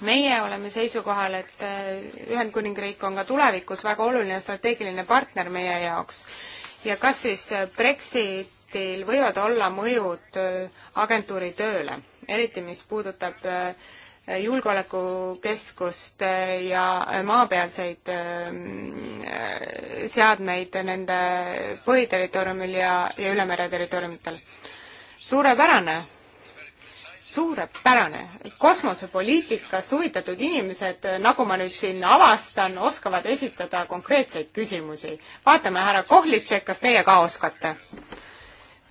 meie oleme seisukohal, et äh, Ühendkuningriik on ka tulevikus väga oluline strateegiline partner meie jaoks ja kas siis Brexit ametil võivad olla mõjud äh, agentuuri tööle, eriti mis puudutab äh, julgeolekukeskust äh, ja maapealseid seadmeid nende põhiterritooriumil ja, ja ülemere territooriumitel. suurepärane, suurepärane, kosmosepoliitikast huvitatud inimesed, nagu ma nüüd siin avastan, oskavad esitada konkreetseid küsimusi. vaatame, härra Kohlitšek, kas teie ka oskate?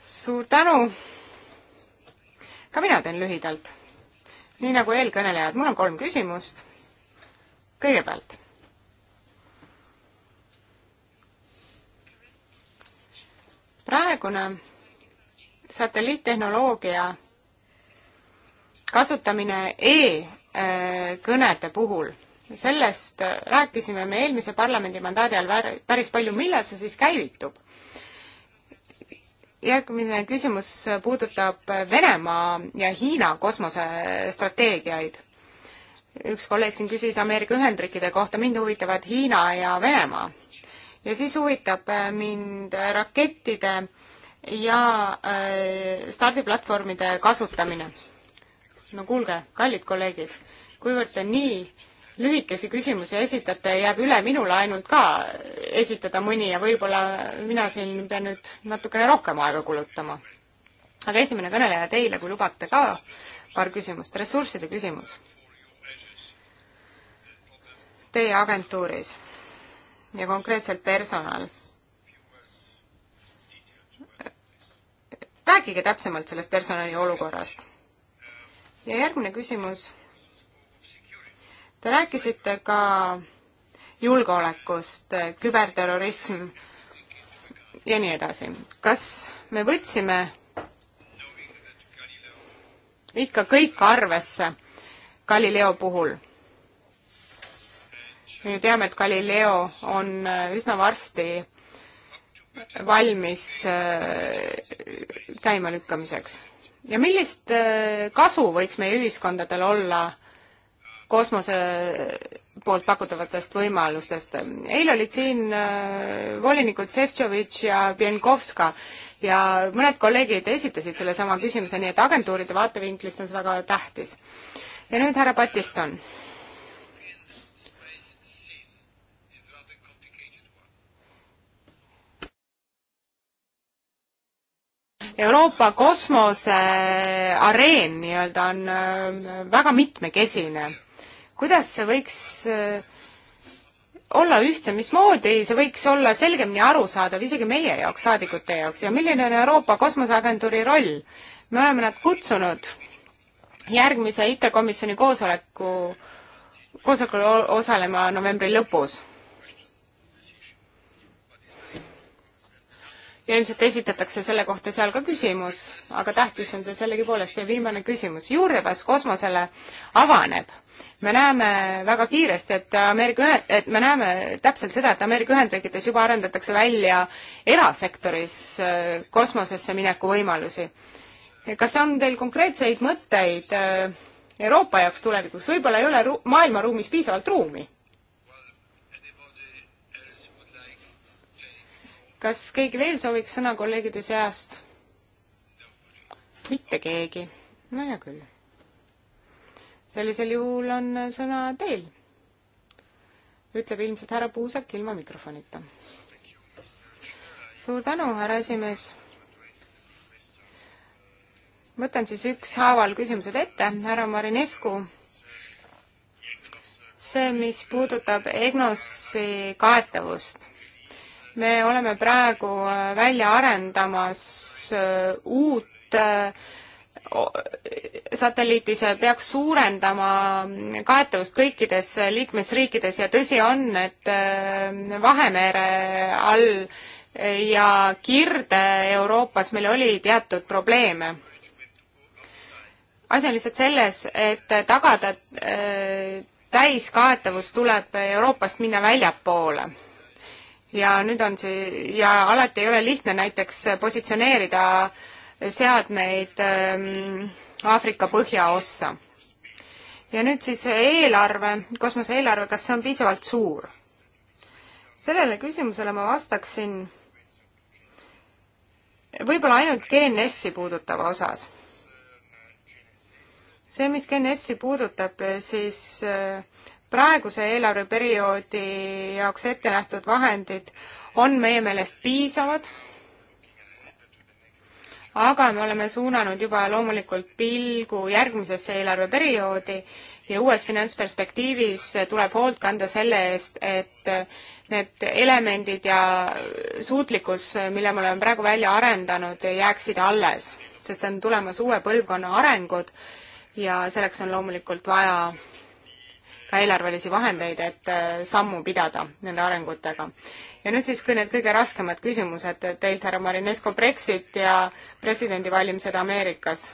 suur tänu. ka mina teen lühidalt. nii nagu eelkõnelejad, mul on kolm küsimust. kõigepealt. praegune satelliittehnoloogia kasutamine e-kõnede puhul, sellest rääkisime me eelmise parlamendi mandaadi all päris palju, millal see siis käivitub? järgmine küsimus puudutab Venemaa ja Hiina kosmosestrateegiaid. üks kolleeg siin küsis Ameerika Ühendriikide kohta, mind huvitavad Hiina ja Venemaa. ja siis huvitab mind rakettide ja äh, stardiplatvormide kasutamine. no kuulge, kallid kolleegid, kuivõrd on nii, lühikesi küsimusi esitate, jääb üle minul ainult ka esitada mõni ja võib-olla mina siin pean nüüd natukene rohkem aega kulutama. aga esimene kõneleja teile, kui lubate ka paar küsimust, ressursside küsimus. Teie agentuuris ja konkreetselt personal. rääkige täpsemalt sellest personali olukorrast. ja järgmine küsimus Te rääkisite ka julgeolekust, küberterrorism ja nii edasi. kas me võtsime ikka kõik arvesse Galileo puhul? me ju teame, et Galileo on äh, üsna varsti valmis äh, käimalükkamiseks. ja millist äh, kasu võiks meie ühiskondadel olla kosmose poolt pakutavatest võimalustest. eile olid siin äh, volinikud Šefčovitš ja Pienkovska ja mõned kolleegid esitasid sellesama küsimuse, nii et agentuuride vaatevinklist on see väga tähtis. ja nüüd härra Patiston Euroopa kosmoseareen nii-öelda on äh, väga mitmekesine kuidas see võiks olla ühtsem, mismoodi see võiks olla selgemini arusaadav isegi meie jaoks, saadikute jaoks ja milline on Euroopa Kosmoseagentuuri roll? me oleme nad kutsunud järgmise IT-komisjoni koosoleku, koosolekul osalema novembri lõpus ja ilmselt esitatakse selle kohta seal ka küsimus, aga tähtis on see sellegipoolest ja viimane küsimus. juurdepääs kosmosele avaneb. me näeme väga kiiresti, et Ameerika Ühe-, et me näeme täpselt seda, et Ameerika Ühendriikides juba arendatakse välja erasektoris äh, kosmosesse mineku võimalusi. kas on teil konkreetseid mõtteid äh, Euroopa jaoks tulevikus, võib-olla ei ole ru-, maailmaruumis piisavalt ruumi? kas keegi veel sooviks sõna kolleegide seast? mitte keegi. no hea küll. sellisel juhul on sõna teil. ütleb ilmselt härra Puusak ilma mikrofonita. suur tänu, härra esimees. võtan siis ükshaaval küsimused ette, härra Marinescu see, mis puudutab EGNOS-i kaetavust me oleme praegu äh, välja arendamas äh, uut äh, satelliiti, see peaks suurendama kaetavust kõikides liikmesriikides ja tõsi on, et Vahemere all ja Kirde-Euroopas meil oli teatud probleeme. asi on lihtsalt selles, et tagada täiskaetavus, tuleb Euroopast minna väljapoole ja nüüd on see ja alati ei ole lihtne näiteks positsioneerida seadmeid ähm, Aafrika põhjaossa. ja nüüd siis eelarve, kosmoseeelarve, kas see on piisavalt suur? sellele küsimusele ma vastaksin võib-olla ainult GNS-i puudutava osas. see, mis GNS-i puudutab, siis äh, praeguse eelarveperioodi jaoks ette nähtud vahendid on meie meelest piisavad, aga me oleme suunanud juba loomulikult pilgu järgmisesse eelarveperioodi ja uues finantsperspektiivis tuleb hoolt kanda selle eest, et need elemendid ja suutlikkus, mille me oleme praegu välja arendanud, jääksid alles, sest on tulemas uue põlvkonna arengud ja selleks on loomulikult vaja ka eelarvelisi vahendeid, et äh, sammu pidada nende arengutega. ja nüüd siis, kui need kõige raskemad küsimused teilt, härra Marinesko, Brexit ja presidendivalimised Ameerikas.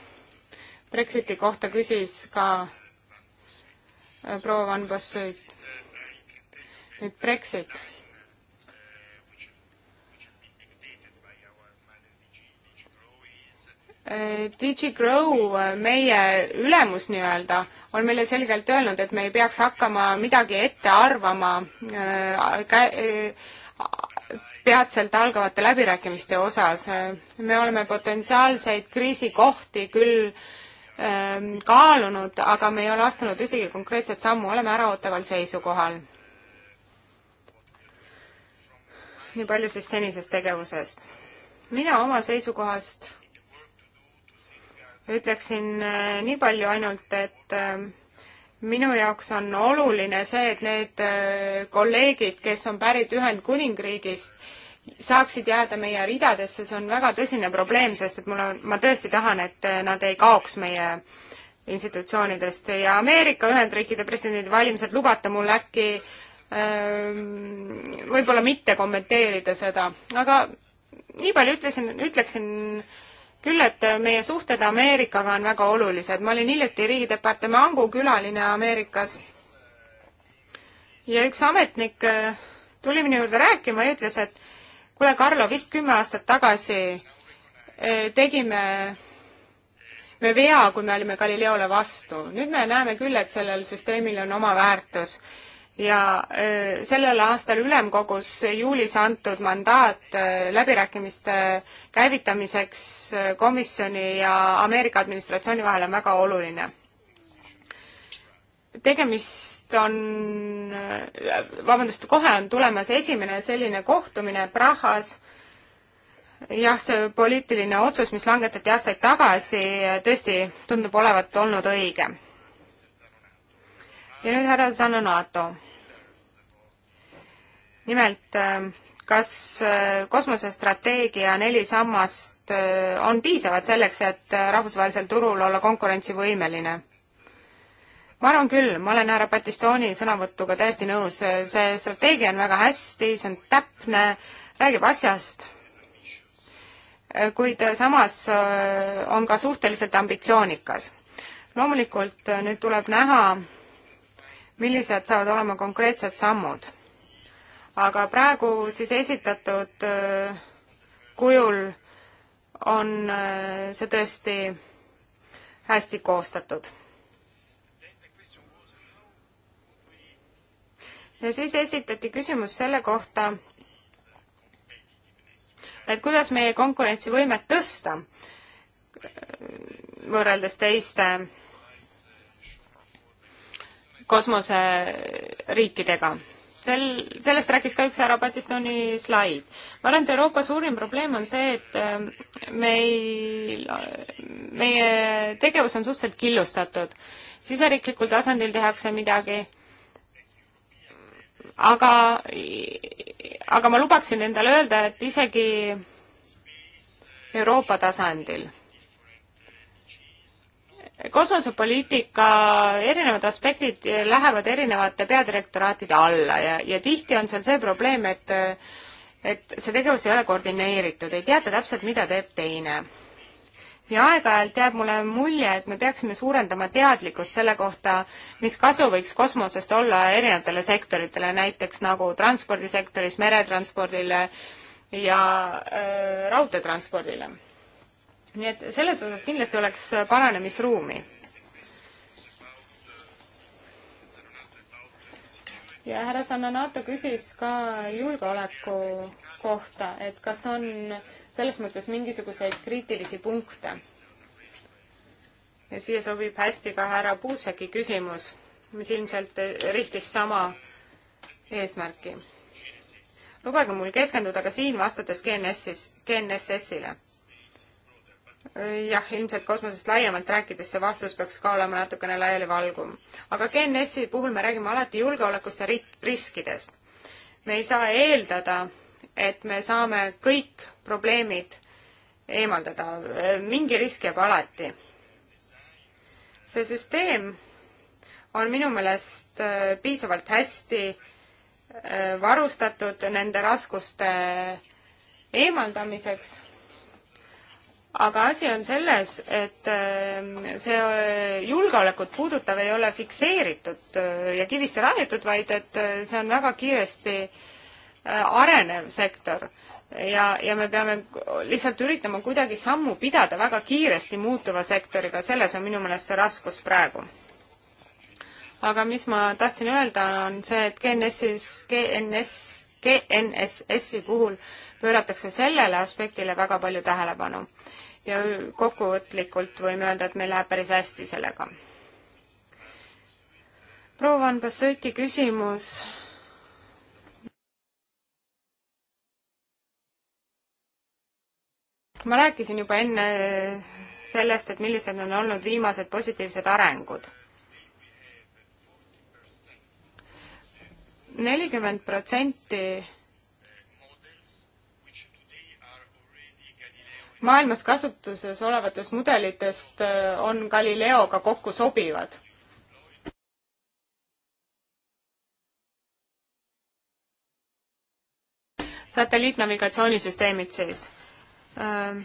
Brexiti kohta küsis ka äh, proua Van Bossuit. nüüd Brexit Äh, DigiGrow, äh, meie ülemus nii-öelda, on meile selgelt öelnud, et me ei peaks hakkama midagi ette arvama äh, peatselt algavate läbirääkimiste osas. me oleme potentsiaalseid kriisikohti küll ähm, kaalunud, aga me ei ole astunud ühtegi konkreetset sammu, oleme äraootaval seisukohal. nii palju siis senisest tegevusest. mina oma seisukohast ütleksin äh, nii palju ainult, et äh, minu jaoks on oluline see, et need äh, kolleegid, kes on pärit Ühendkuningriigist, saaksid jääda meie ridadesse, see on väga tõsine probleem, sest et mul on, ma tõesti tahan, et nad ei kaoks meie institutsioonidest ja Ameerika Ühendriikide presidendivalimised, lubate mul äkki ähm, võib-olla mitte kommenteerida seda, aga nii palju ütlesin, ütleksin küll, et meie suhted Ameerikaga on väga olulised. ma olin hiljuti riigidepartemangu külaline Ameerikas ja üks ametnik äh, tuli minu juurde rääkima ja ütles, et kuule, Karlo, vist kümme aastat tagasi äh, tegime me vea, kui me olime Galileole vastu. nüüd me näeme küll, et sellel süsteemil on oma väärtus ja eh, sellel aastal ülemkogus juulis antud mandaat eh, läbirääkimiste käivitamiseks eh, komisjoni ja Ameerika administratsiooni vahel on väga oluline. tegemist on, vabandust, kohe on tulemas esimene selline kohtumine Prahas, jah, see poliitiline otsus, mis langetati aastaid tagasi, tõesti tundub olevat olnud õige ja nüüd härra Zanonato. nimelt, ähm, kas äh, kosmosestrateegia neli sammast äh, on piisavad selleks, et äh, rahvusvahelisel turul olla konkurentsivõimeline? ma arvan küll, ma olen härra Batistoni sõnavõtuga täiesti nõus, see strateegia on väga hästi, see on täpne, räägib asjast, kuid samas on ka suhteliselt ambitsioonikas. loomulikult nüüd tuleb näha, millised saavad olema konkreetsed sammud. aga praegu siis esitatud äh, kujul on äh, see tõesti hästi koostatud. ja siis esitati küsimus selle kohta, et kuidas meie konkurentsivõimet tõsta äh, võrreldes teiste kosmoseriikidega. sel, sellest rääkis ka üks härra Batistoni slaid. ma arvan, et Euroopa suurim probleem on see, et äh, meil, meie tegevus on suhteliselt killustatud. siseriiklikul tasandil tehakse midagi, aga, aga ma lubaksin endale öelda, et isegi Euroopa tasandil kosmosepoliitika erinevad aspektid lähevad erinevate peadirektoraatide alla ja, ja tihti on seal see probleem, et et see tegevus ei ole koordineeritud, ei teata täpselt, mida teeb teine. ja aeg-ajalt jääb mulle mulje, et me peaksime suurendama teadlikkust selle kohta, mis kasu võiks kosmosest olla erinevatele sektoritele, näiteks nagu transpordisektoris, meretranspordile ja äh, raudteetranspordile nii et selles osas kindlasti oleks paranemisruumi. ja härra Sananato küsis ka julgeoleku kohta, et kas on selles mõttes mingisuguseid kriitilisi punkte. ja siia sobib hästi ka härra Puuseki küsimus, mis ilmselt rihtis sama eesmärki. lubage mul keskenduda ka siin, vastates GNS-is, GNSS-ile jah, ilmselt kosmosest laiemalt rääkides see vastus peaks ka olema natukene laialivalgum. aga GNS-i puhul me räägime alati julgeolekust ja riskidest. me ei saa eeldada, et me saame kõik probleemid eemaldada, mingi risk jääb alati. see süsteem on minu meelest äh, piisavalt hästi äh, varustatud nende raskuste eemaldamiseks aga asi on selles, et ähm, see äh, julgeolekut puudutav ei ole fikseeritud äh, ja kivisse raiutud, vaid et äh, see on väga kiiresti arenev sektor ja, ja me peame lihtsalt üritama kuidagi sammu pidada väga kiiresti muutuva sektoriga, selles on minu meelest see raskus praegu. aga mis ma tahtsin öelda, on see, et GNS-is, GNS, GNSS-i puhul pööratakse sellele aspektile väga palju tähelepanu ja kokkuvõtlikult võime öelda, et meil läheb päris hästi sellega. proua Van Basseti küsimus ma rääkisin juba enne sellest, et millised on olnud viimased positiivsed arengud. nelikümmend protsenti maailmas kasutuses olevatest mudelitest äh, on Galileoga kokku sobivad satelliitnavigatsioonisüsteemid siis. Ähm,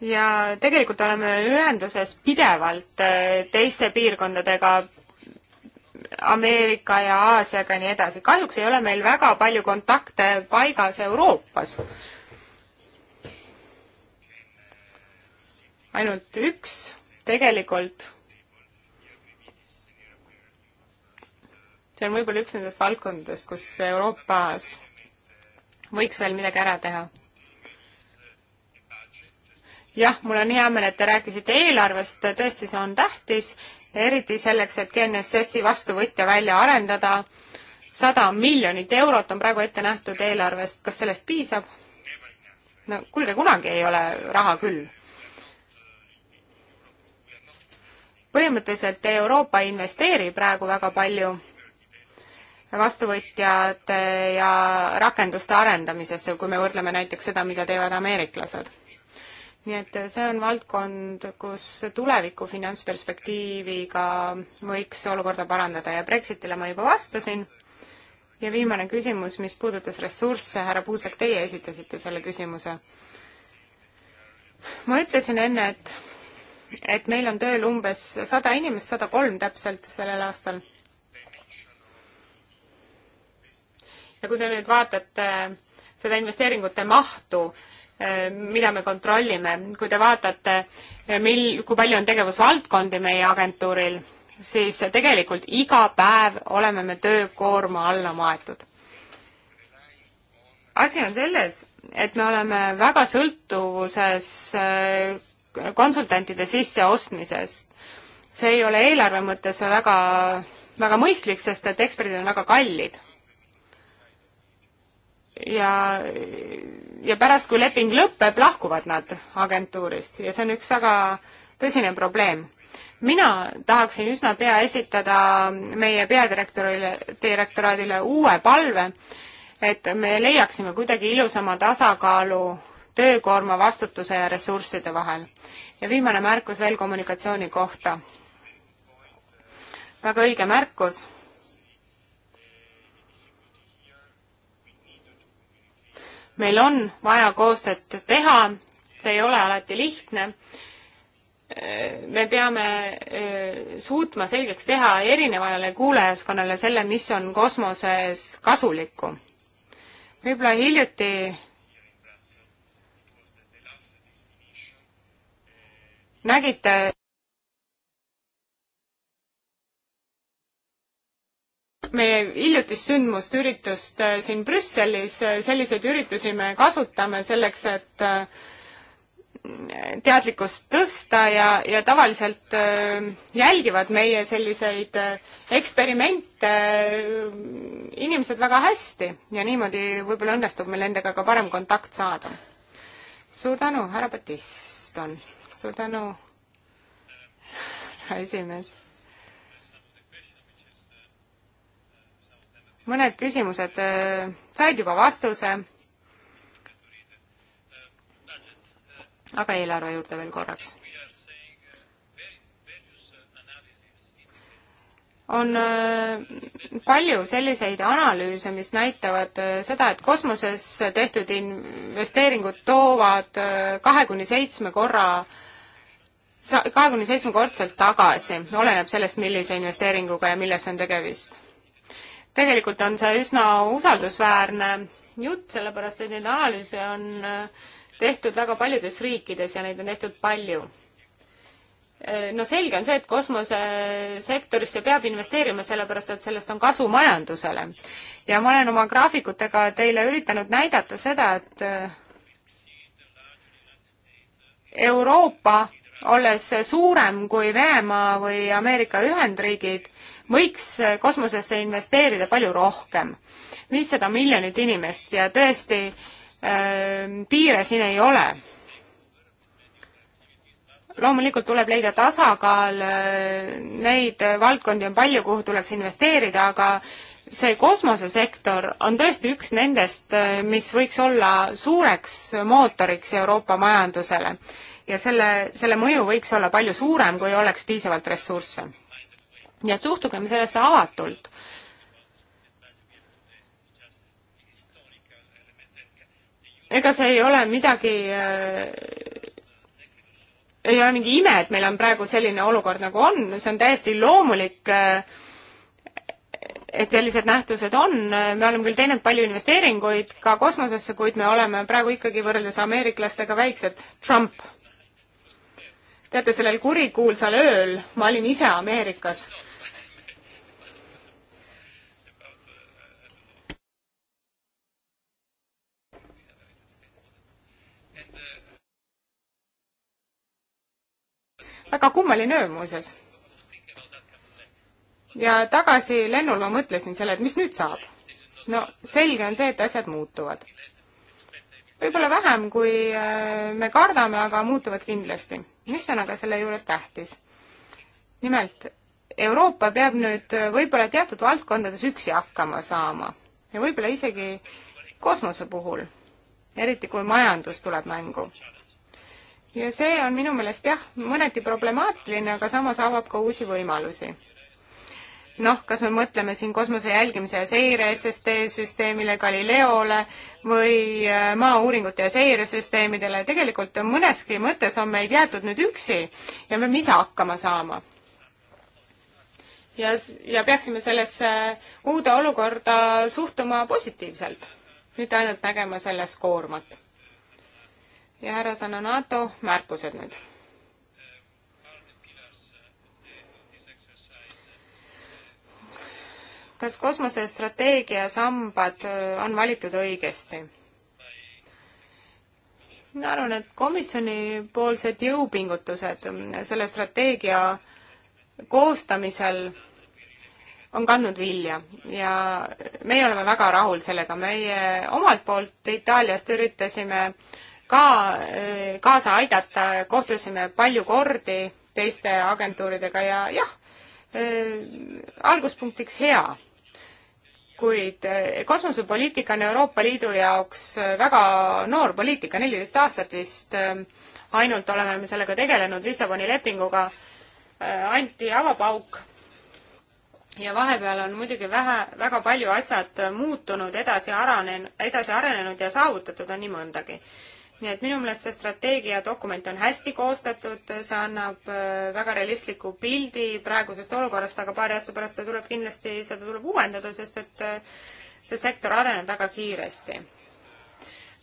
ja tegelikult oleme ühenduses pidevalt äh, teiste piirkondadega, Ameerika ja Aasiaga ja nii edasi. kahjuks ei ole meil väga palju kontakte paigas Euroopas. ainult üks tegelikult. see on võib-olla üks nendest valdkondadest, kus Euroopas võiks veel midagi ära teha jah, mul on hea meel, et te rääkisite eelarvest, tõesti, see on tähtis eriti selleks, et GNSS-i vastuvõtja välja arendada. sada miljonit eurot on praegu ette nähtud eelarvest, kas sellest piisab? no kuulge, kunagi ei ole raha küll. põhimõtteliselt Euroopa ei investeeri praegu väga palju vastuvõtjate ja rakenduste arendamisesse, kui me võrdleme näiteks seda, mida teevad ameeriklased nii et see on valdkond, kus tuleviku finantsperspektiiviga võiks olukorda parandada ja Brexitile ma juba vastasin. ja viimane küsimus, mis puudutas ressursse, härra Puusek, teie esitasite selle küsimuse. ma ütlesin enne, et, et meil on tööl umbes sada inimest, sada kolm täpselt sellel aastal. ja kui te nüüd vaatate seda investeeringute mahtu, mida me kontrollime. kui te vaatate, mil, kui palju on tegevusvaldkondi meie agentuuril, siis tegelikult iga päev oleme me töökoorma alla maetud. asi on selles, et me oleme väga sõltuvuses äh, konsultantide sisseostmisest. see ei ole eelarve mõttes väga, väga mõistlik, sest et eksperdid on väga kallid ja ja pärast, kui leping lõpeb, lahkuvad nad agentuurist ja see on üks väga tõsine probleem. mina tahaksin üsna pea esitada meie peadirektorile, direktoraadile uue palve, et me leiaksime kuidagi ilusama tasakaalu töökoorma, vastutuse ja ressursside vahel. ja viimane märkus veel kommunikatsiooni kohta. väga õige märkus meil on vaja koostööd teha, see ei ole alati lihtne. me peame eh, suutma selgeks teha erinevale kuulajaskonnale selle, mis on kosmoses kasulikku. võib-olla hiljuti nägite meie hiljutist sündmust, üritust äh, siin Brüsselis, äh, selliseid üritusi me kasutame selleks, et äh, teadlikkust tõsta ja, ja tavaliselt jälgivad meie selliseid eksperimente inimesed väga hästi ja niimoodi võib-olla õnnestub meil nendega ka parem kontakt saada. suur tänu, härra Batiston, suur tänu, esimees mõned küsimused said juba vastuse. aga eelarve juurde veel korraks. on äh, palju selliseid analüüse, mis näitavad äh, seda, et kosmoses tehtud investeeringud toovad äh, kahe kuni seitsme korra kahe kuni seitsmekordselt tagasi, oleneb sellest, millise investeeringuga ja milles on tegemist tegelikult on see üsna usaldusväärne jutt, sellepärast et neid analüüse on äh, tehtud väga paljudes riikides ja neid on tehtud palju. Äh, no selge on see, et kosmosesektorisse peab investeerima, sellepärast et sellest on kasu majandusele. ja ma olen oma graafikutega teile üritanud näidata seda, et äh, Euroopa olles suurem kui Venemaa või Ameerika Ühendriigid, võiks äh, kosmosesse investeerida palju rohkem. viissada miljonit inimest ja tõesti äh, piire siin ei ole. loomulikult tuleb leida tasakaal, äh, neid valdkondi on palju, kuhu tuleks investeerida, aga see kosmosesektor on tõesti üks nendest, äh, mis võiks olla suureks mootoriks Euroopa majandusele ja selle, selle mõju võiks olla palju suurem, kui oleks piisavalt ressursse nii et suhtugem sellesse avatult. ega see ei ole midagi äh, ei ole mingi ime, et meil on praegu selline olukord, nagu on, see on täiesti loomulik, äh, et sellised nähtused on, me oleme küll teinud palju investeeringuid ka kosmosesse, kuid me oleme praegu ikkagi võrreldes ameeriklastega väiksed. Trump. teate, sellel kurikuulsal ööl ma olin ise Ameerikas väga kummaline öö muuseas. ja tagasi lennul ma mõtlesin selle, et mis nüüd saab. no selge on see, et asjad muutuvad. võib-olla vähem, kui äh, me kardame, aga muutuvad kindlasti. mis on aga selle juures tähtis? nimelt, Euroopa peab nüüd äh, võib-olla teatud valdkondades üksi hakkama saama ja võib-olla isegi kosmose puhul, eriti kui majandus tuleb mängu ja see on minu meelest jah, mõneti problemaatiline, aga samas avab ka uusi võimalusi. noh, kas me mõtleme siin kosmose jälgimise ja seire SST süsteemile, Galileole või äh, maa-uuringute ja seiresüsteemidele, tegelikult mõneski mõttes on meid jäetud nüüd üksi ja me peame ise hakkama saama ja, ja peaksime sellesse äh, uude olukorda suhtuma positiivselt, mitte ainult nägema selles koormat ja härra Sanonato märkused nüüd. kas kosmosestrateegia sambad äh, on valitud õigesti? mina arvan, et komisjonipoolsed jõupingutused mm, selle strateegia koostamisel on kandnud vilja ja meie oleme väga rahul sellega. meie omalt poolt Itaaliast üritasime äh, ka äh, kaasa aidata, kohtusime palju kordi teiste agentuuridega ja jah, äh, alguspunktiks hea. kuid äh, kosmosepoliitika on Euroopa Liidu jaoks väga noor poliitika, neliteist aastat vist ainult oleme me sellega tegelenud, Lissaboni lepinguga anti avapauk ja vahepeal on muidugi vähe, väga palju asjad muutunud, edasi arenenud, edasi arenenud ja saavutatud on nii mõndagi nii et minu meelest see strateegiadokument on hästi koostatud, see annab äh, väga realistliku pildi praegusest olukorrast, aga paari aasta pärast see tuleb kindlasti, seda tuleb uuendada, sest et äh, see sektor areneb väga kiiresti.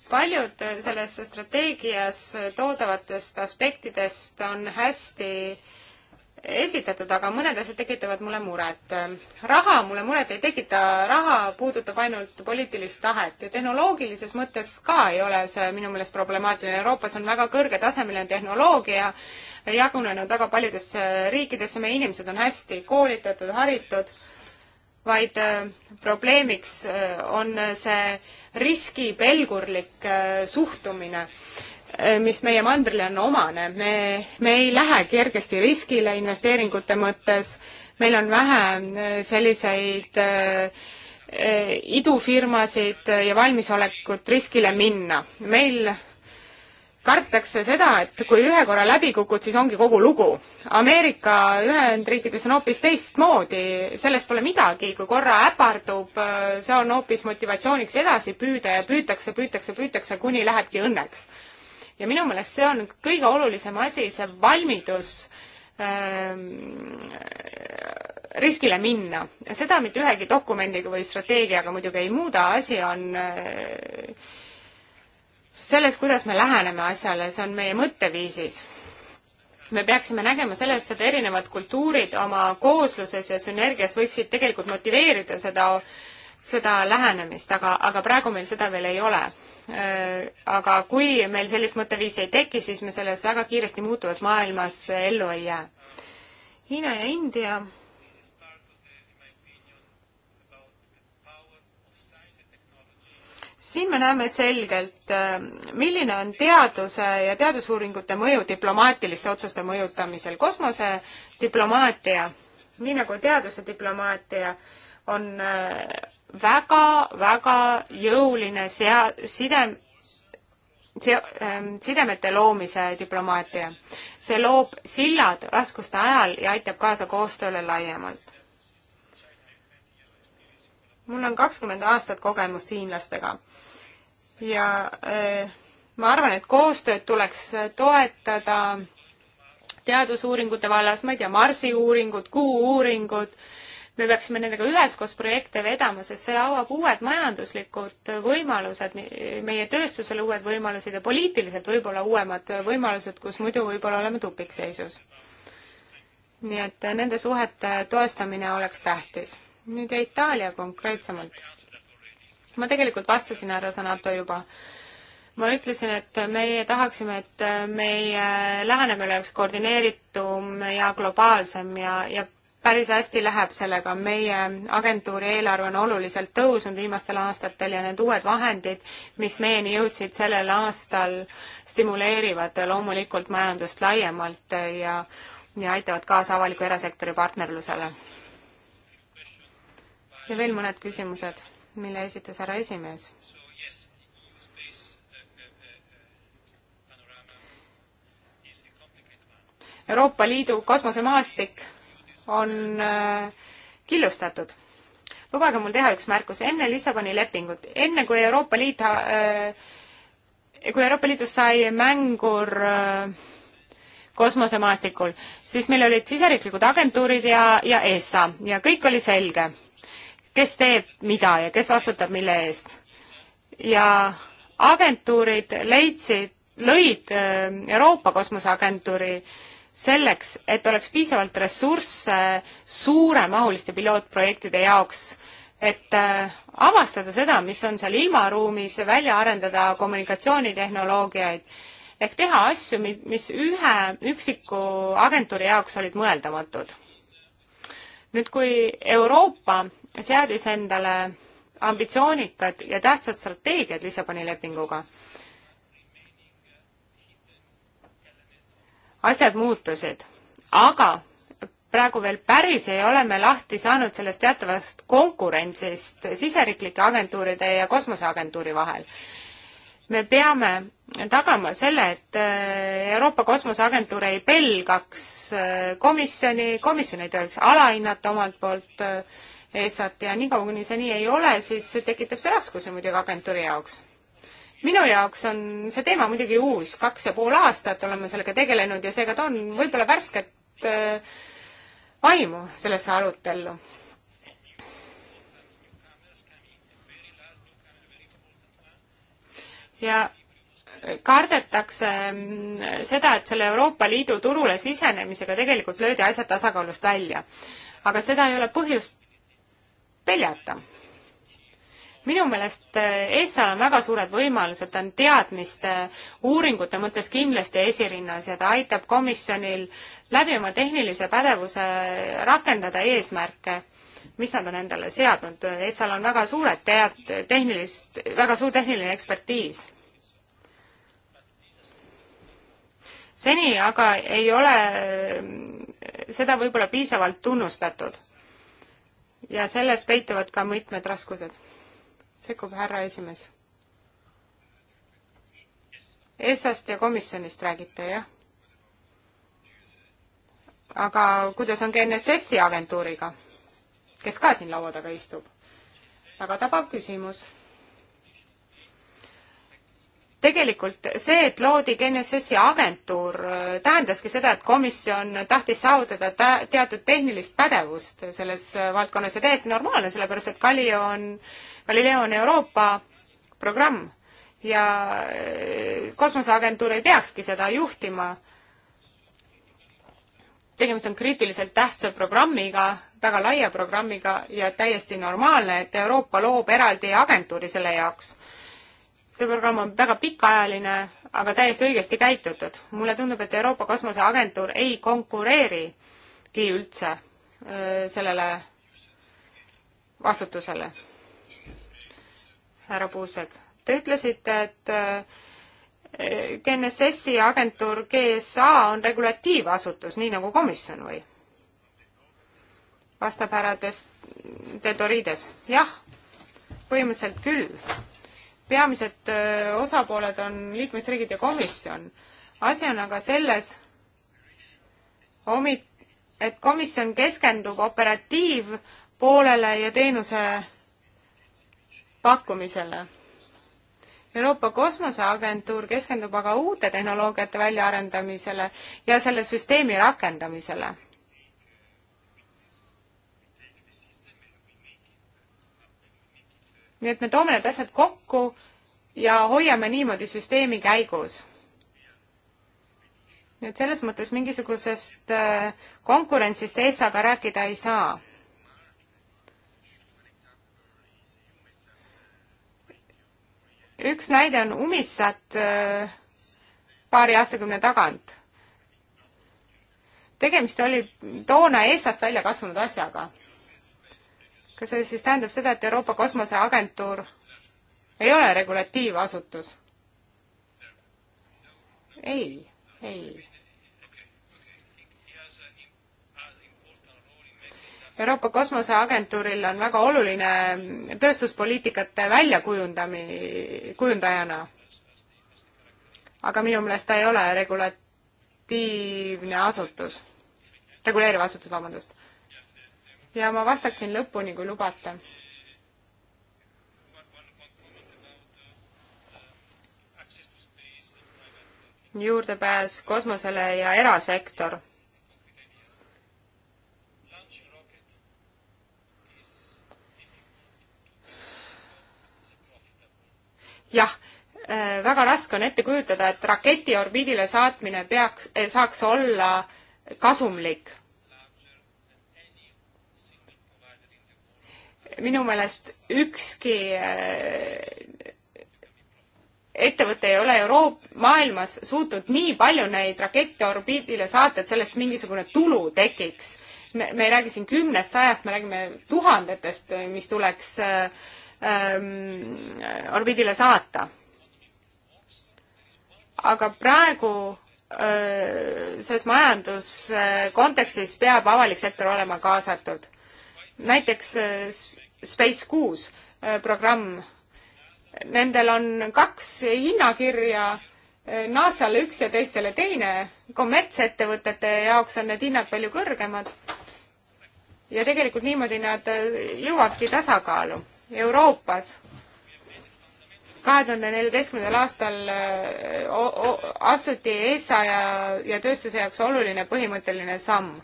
paljud äh, selles strateegias toodavatest aspektidest on hästi äh, esitatud, aga mõned asjad tekitavad mulle muret. raha mulle muret ei tekita, raha puudutab ainult poliitilist tahet ja tehnoloogilises mõttes ka ei ole see minu meelest problemaatiline. Euroopas on väga kõrgetasemeline tehnoloogia jagunenud väga paljudesse äh, riikidesse, meie inimesed on hästi koolitatud, haritud, vaid äh, probleemiks äh, on see riskipelgurlik suhtumine Eh, mis meie mandrile on omane, me, me ei lähe kergesti riskile investeeringute mõttes, meil on vähe eh, selliseid äh, idufirmasid ja valmisolekut riskile minna. meil kartakse seda, et kui ühe korra läbi kukud, siis ongi kogu lugu. Ameerika Ühendriikides on hoopis teistmoodi, sellest pole midagi, kui korra äpardub, see on hoopis motivatsiooniks edasi püüda ja püütakse, püütakse, püütakse, kuni lähebki õnneks ja minu meelest see on kõige olulisem asi, see valmidus ähm, riskile minna. seda mitte ühegi dokumendiga või strateegiaga muidugi ei muuda, asi on äh, selles, kuidas me läheneme asjale, see on meie mõtteviisis me peaksime nägema sellest, et erinevad kultuurid oma koosluses ja sünergias võiksid tegelikult motiveerida seda, seda lähenemist, aga, aga praegu meil seda veel ei ole. Äh, aga kui meil sellist mõtteviisi ei teki, siis me selles väga kiiresti muutuvas maailmas ellu ei jää. Hiina ja India siin me näeme selgelt, äh, milline on teaduse ja teadusuuringute mõju diplomaatiliste otsuste mõjutamisel. kosmosediplomaatia, nii nagu teaduse diplomaatia, on äh, väga-väga jõuline sea-, side, se-, ähm, sidemete loomise diplomaatia. see loob sillad raskuste ajal ja aitab kaasa koostööle laiemalt. mul on kakskümmend aastat kogemust hiinlastega ja öö, äh, ma arvan, et koostööd tuleks toetada teadusuuringute vallas, ma ei tea, Marsi uuringud, Kuu uuringud, me peaksime nendega üheskoos projekte vedama, sest see avab uued majanduslikud võimalused, meie tööstusele uued võimalused ja poliitiliselt võib-olla uuemad võimalused, kus muidu võib-olla oleme tupikseisus. nii et nende suhete toestamine oleks tähtis. nüüd ja Itaalia konkreetsemalt. ma tegelikult vastasin härra Sanato juba ma ütlesin, et meie tahaksime, et meie lähenemine oleks koordineeritum ja globaalsem ja, ja päris hästi läheb sellega, meie agentuuri eelarve on oluliselt tõusnud viimastel aastatel ja need uued vahendid, mis meieni jõudsid sellel aastal, stimuleerivad loomulikult majandust laiemalt ja, ja aitavad kaasa avaliku erasektori partnerlusele. ja veel mõned küsimused, mille esitas härra esimees Euroopa Liidu kosmosemaastik on äh, killustatud. lubage mul teha üks märkus, enne Lissaboni lepingut, enne kui Euroopa Liit, äh, kui Euroopa Liidus sai mängur äh, kosmosemaastikul, siis meil olid siseriiklikud agentuurid ja, ja ESA ja kõik oli selge, kes teeb mida ja kes vastutab mille eest. ja agentuurid leidsid, lõid Euroopa Kosmoseagentuuri äh, selleks, et oleks piisavalt ressursse suuremahuliste pilootprojektide jaoks, et äh, avastada seda, mis on seal ilmaruumis, välja arendada kommunikatsioonitehnoloogiaid ehk teha asju, mis ühe üksiku agentuuri jaoks olid mõeldamatud. nüüd, kui Euroopa seadis endale ambitsioonikad ja tähtsad strateegiad Lissaboni lepinguga asjad muutusid, aga praegu veel päris ei ole me lahti saanud sellest teatavast konkurentsist siseriiklike agentuuride ja kosmoseagentuuri vahel. me peame tagama selle, et äh, Euroopa Kosmoseagentuur ei pelgaks äh, komisjoni, komisjon ei tohiks alahinnata omalt poolt äh, ESA-t ja niikaua, kuni see nii ei ole, siis tekitab see raskusi muidugi agentuuri jaoks minu jaoks on see teema muidugi uus, kaks ja pool aastat oleme sellega tegelenud ja seega toon võib-olla värsket äh, vaimu sellesse arutellu. ja kardetakse mm, seda, et selle Euroopa Liidu turule sisenemisega tegelikult löödi asjad tasakaalust välja. aga seda ei ole põhjust peljata minu meelest ESA-l eh, on väga suured võimalused, ta on teadmiste, uuringute mõttes kindlasti esirinnas ja ta aitab komisjonil läbi oma tehnilise pädevuse rakendada eesmärke, mis nad on endale seadnud. ESA-l on väga suured tead-, tehnilist, väga suur tehniline ekspertiis. seni aga ei ole eh, seda võib-olla piisavalt tunnustatud. ja selles peituvad ka mitmed raskused sekkub härra esimees. ESA-st ja komisjonist räägite, jah? aga kuidas on GNSS-i agentuuriga, kes ka siin laua taga istub? väga tabav küsimus tegelikult see, et loodi GNSS-i agentuur, äh, tähendaski seda, et komisjon tahtis saavutada tä-, teatud tehnilist pädevust selles äh, valdkonnas ja täiesti normaalne, sellepärast et Galileo on, Galileo on Euroopa programm ja äh, kosmoseagentuur ei peakski seda juhtima. tegemist on kriitiliselt tähtsa programmiga, väga laia programmiga ja täiesti normaalne, et Euroopa loob eraldi agentuuri selle jaoks see programm on väga pikaajaline, aga täiesti õigesti käitutud. mulle tundub, et Euroopa Kosmoseagentuur ei konkureerigi üldse sellele vastutusele. härra Puusek, te ütlesite, et GNSS-i agentuur GSA on regulatiivasutus, nii nagu komisjon või? vastab härra Des-, Teodorides, jah, põhimõtteliselt küll peamised osapooled on liikmesriigid ja komisjon. asi on aga selles, et komisjon keskendub operatiivpoolele ja teenuse pakkumisele. Euroopa Kosmoseagentuur keskendub aga uute tehnoloogiate väljaarendamisele ja selle süsteemi rakendamisele nii et me toome need asjad kokku ja hoiame niimoodi süsteemi käigus. nii et selles mõttes mingisugusest äh, konkurentsist ESA-ga rääkida ei saa. üks näide on Umissat äh, paari aastakümne tagant. tegemist oli toona ESA-st välja kasvanud asjaga kas see siis tähendab seda, et Euroopa Kosmoseagentuur ei ole regulatiivasutus? ei, ei. Euroopa Kosmoseagentuuril on väga oluline tööstuspoliitikate väljakujundami-, kujundajana. aga minu meelest ta ei ole regulatiivne asutus, reguleeriv asutus, vabandust ja ma vastaksin lõpuni, kui lubate. juurdepääs kosmosele ja erasektor jah, äh, väga raske on ette kujutada, et raketi orbiidile saatmine peaks, äh, saaks olla kasumlik. minu meelest ükski äh, ettevõte ei ole Euroop-, maailmas suutnud nii palju neid rakette orbiidile saata, et sellest mingisugune tulu tekiks. me, me ei räägi siin kümnest, sajast, me räägime tuhandetest, mis tuleks äh, ähm, orbiidile saata. aga praegu äh, selles majanduskontekstis äh, peab avalik sektor olema kaasatud. näiteks äh, Space kuus äh, programm. Nendel on kaks hinnakirja, äh, NASA-le üks ja teistele teine. kommertsettevõtete jaoks on need hinnad palju kõrgemad. ja tegelikult niimoodi nad äh, jõuavadki tasakaalu. Euroopas kahe tuhande neljateistkümnendal aastal astuti ESA ja, ja tööstuse jaoks oluline põhimõtteline samm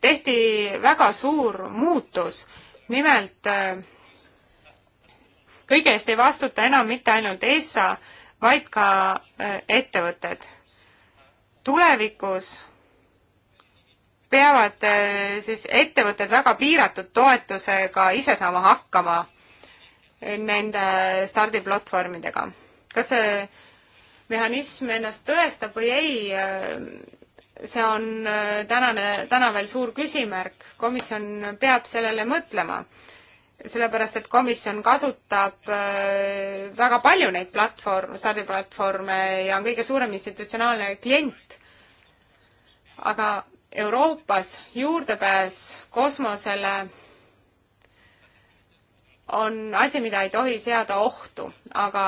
tehti väga suur muutus, nimelt äh, kõige eest ei vastuta enam mitte ainult ESA, vaid ka äh, ettevõtted. tulevikus peavad äh, siis ettevõtted väga piiratud toetusega ise saama hakkama nende stardiplatvormidega. kas see mehhanism ennast tõestab või ei, see on äh, tänane, täna veel suur küsimärk, komisjon peab sellele mõtlema, sellepärast et komisjon kasutab äh, väga palju neid platvorm, stardiplatvorme ja on kõige suurem institutsionaalne klient. aga Euroopas juurdepääs kosmosele on asi, mida ei tohi seada ohtu, aga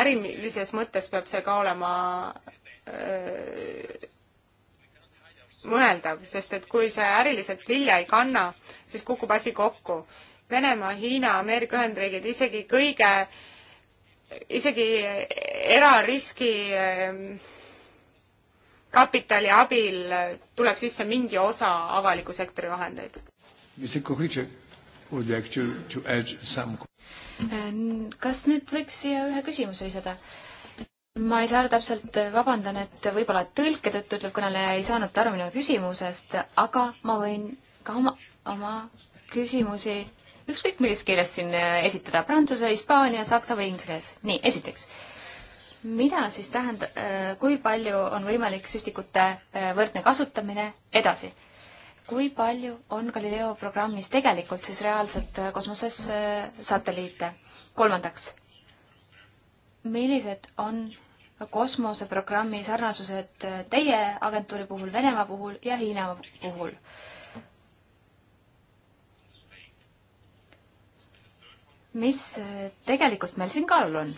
ärilises mõttes peab see ka olema öö, äh, mõeldav, sest et kui see äriliselt vilja ei kanna, siis kukub asi kokku. Venemaa, Hiina, Ameerika Ühendriigid, isegi kõige, isegi erariski ehm, kapitali abil tuleb sisse mingi osa avaliku sektori vahendeid. kas nüüd võiks siia ühe küsimuse lisada? ma ei saa aru täpselt, vabandan, et võib-olla tõlke tõttu ütleb kõneleja, ei saanud aru minu küsimusest, aga ma võin ka oma, oma küsimusi ükskõik millises keeles siin äh, esitada, prantsuse, hispaania, saksa või inglise keeles. nii, esiteks, mida siis tähendab, äh, kui palju on võimalik süstikute äh, võrdne kasutamine edasi? kui palju on Galileo programmis tegelikult siis reaalselt kosmoses satelliite? kolmandaks, millised on kosmoseprogrammi sarnasused teie agentuuri puhul, Venemaa puhul ja Hiina puhul? mis tegelikult meil siin kaalul on?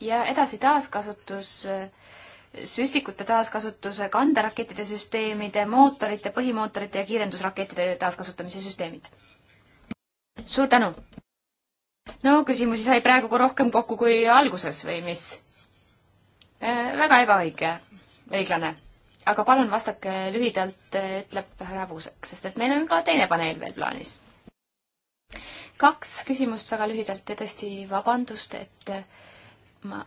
ja edasi taaskasutus, süstikute taaskasutuse, kanderakettide süsteemide, mootorite, põhimootorite ja kiirendusrakettide taaskasutamise süsteemid. suur tänu! no küsimusi sai praegu rohkem kokku kui alguses või mis? Äh, väga ebaõige, õiglane. aga palun vastake lühidalt, äh, ütleb härra Puusek, sest et meil on ka teine paneel veel plaanis. kaks küsimust väga lühidalt ja tõesti vabandust, et äh, ma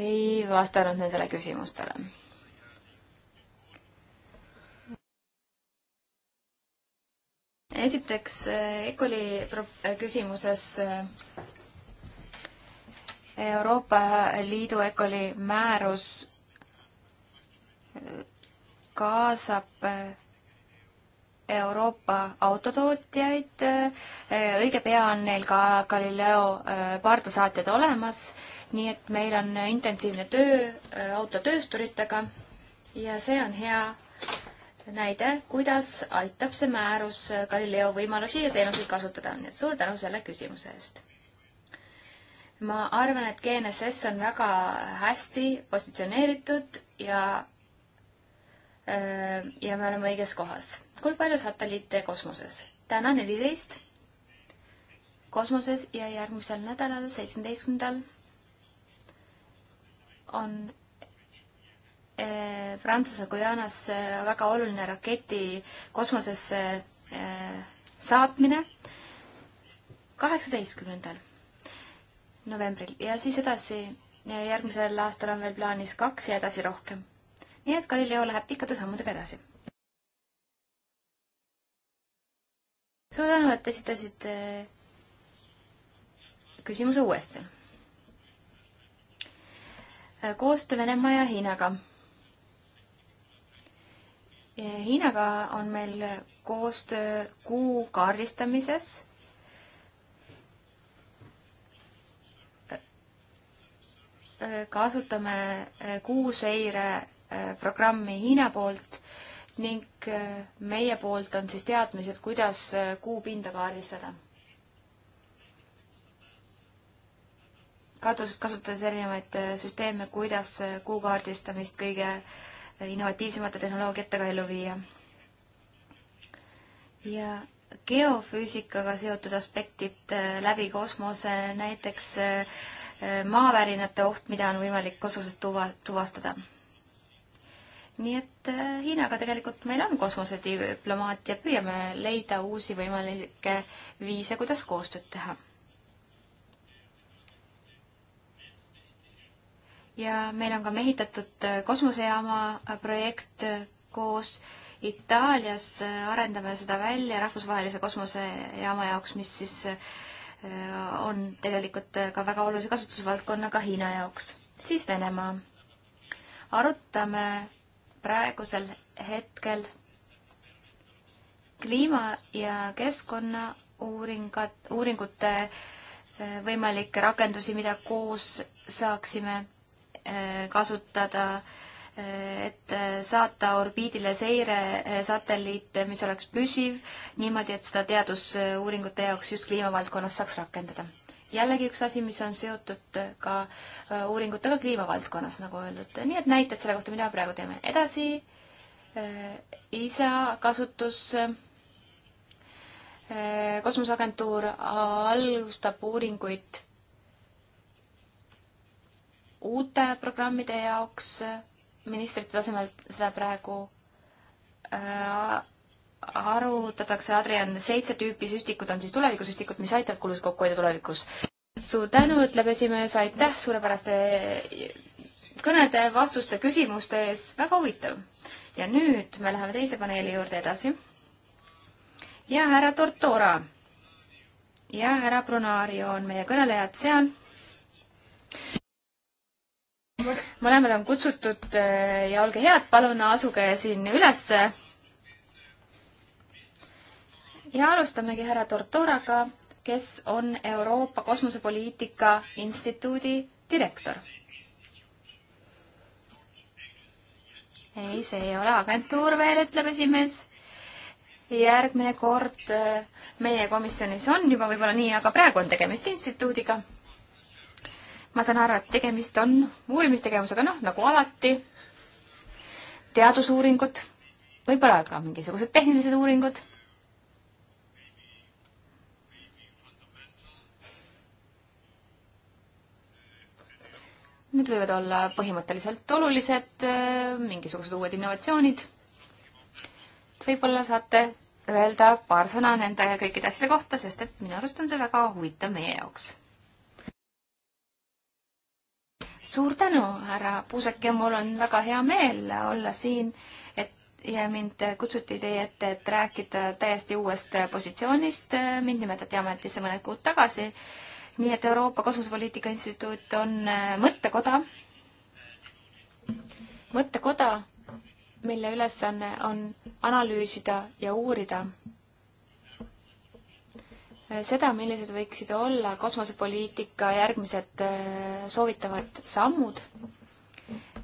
ei vastanud nendele küsimustele. esiteks ECOLi küsimuses Euroopa Liidu ECOLi määrus kaasab eh, Euroopa autotootjaid, eh, õige pea on neil ka Galileo pardasaatjad eh, olemas, nii et meil on intensiivne töö autotöösturitega ja see on hea näide, kuidas aitab see määrus Galileo võimalusi ja teenuseid kasutada, nii et suur tänu selle küsimuse eest ma arvan, et GNSS on väga hästi positsioneeritud ja, äh, ja me oleme õiges kohas. kui palju satelliite kosmoses? täna neliteist kosmoses ja järgmisel nädalal, seitsmeteistkümnendal, on äh, Prantsuse Guianas äh, väga oluline raketi kosmosesse saatmine kaheksateistkümnendal novembril ja siis edasi, järgmisel aastal on veel plaanis kaks ja edasi rohkem. nii et Galileo läheb pikkade sammudega edasi. suur tänu, et esitasite eh, küsimuse uuesti. Eh, koostöö Venemaa ja Hiinaga eh, Hiinaga on meil koostöö kuu kaardistamises kasutame eh, kuuseire eh, programmi Hiina poolt ning eh, meie poolt on siis teadmised, kuidas kuu pinda kaardistada. kadus, kasutades erinevaid süsteeme, kuidas kuu kaardistamist kõige innovatiivsemate tehnoloogiatega ellu viia. ja geofüüsikaga seotud aspektid äh, läbi kosmose, näiteks äh, äh, maavärinate oht, mida on võimalik kosmoses tuva, tuvastada. nii et Hiinaga tegelikult meil on kosmosediplomaatia, püüame leida uusi võimalikke viise, kuidas koostööd teha. ja meil on ka mehitatud kosmosejaama projekt koos äh, Itaalias äh, arendame seda välja rahvusvahelise kosmosejaama jaoks, mis siis äh, on tegelikult äh, ka väga olulise kasutusvaldkonnaga Hiina jaoks. siis Venemaa. arutame praegusel hetkel kliima- ja keskkonnauuringad, uuringute võimalikke rakendusi, mida koos saaksime kasutada äh, et saata orbiidile seiresatelliit, eh, eh, mis oleks püsiv, niimoodi, et seda teadusuuringute jaoks just kliimavaldkonnas saaks rakendada. jällegi üks asi, mis on seotud ka eh, uuringutega kliimavaldkonnas, nagu öeldud, nii et näited selle kohta, mida praegu teeme. edasi, isa kasutus kosmoseagentuur alustab uuringuid uute programmide jaoks ministrite tasemel seda praegu äh, arutatakse Adrian seitse tüüpi süstikud on siis tulevikusüstikud, mis aitavad kulusid kokku hoida tulevikus. suur tänu, ütleb esimees, aitäh suurepäraste kõnede, vastuste, küsimuste ees, väga huvitav. ja nüüd me läheme teise paneeli juurde edasi. ja härra Tortora ja härra Brunario on meie kõnelejad seal mõlemad on kutsutud eh, ja olge head, palun asuge siin ülesse. ja alustamegi härra Tortoraga, kes on Euroopa Kosmosepoliitika Instituudi direktor. ei, see ei ole agentuur veel, ütleb esimees. järgmine kord eh, meie komisjonis on juba võib-olla nii, aga praegu on tegemist instituudiga ma saan aru, et tegemist on uurimistegevusega, noh, nagu alati, teadusuuringud, võib-olla ka mingisugused tehnilised uuringud. Need võivad olla põhimõtteliselt olulised, äh, mingisugused uued innovatsioonid. võib-olla saate öelda paar sõna nende kõikide asjade kohta, sest et minu arust on see väga huvitav meie jaoks suur tänu, härra Puusek ja mul on väga hea meel olla siin, et ja mind kutsuti teie ette, et rääkida täiesti uuest positsioonist, mind nimetati ametisse mõned kuud tagasi, nii et Euroopa Kosmosepoliitika Instituut on äh, mõttekoda, mõttekoda, mille ülesanne on analüüsida ja uurida seda, millised võiksid olla kosmosepoliitika järgmised äh, soovitavad sammud.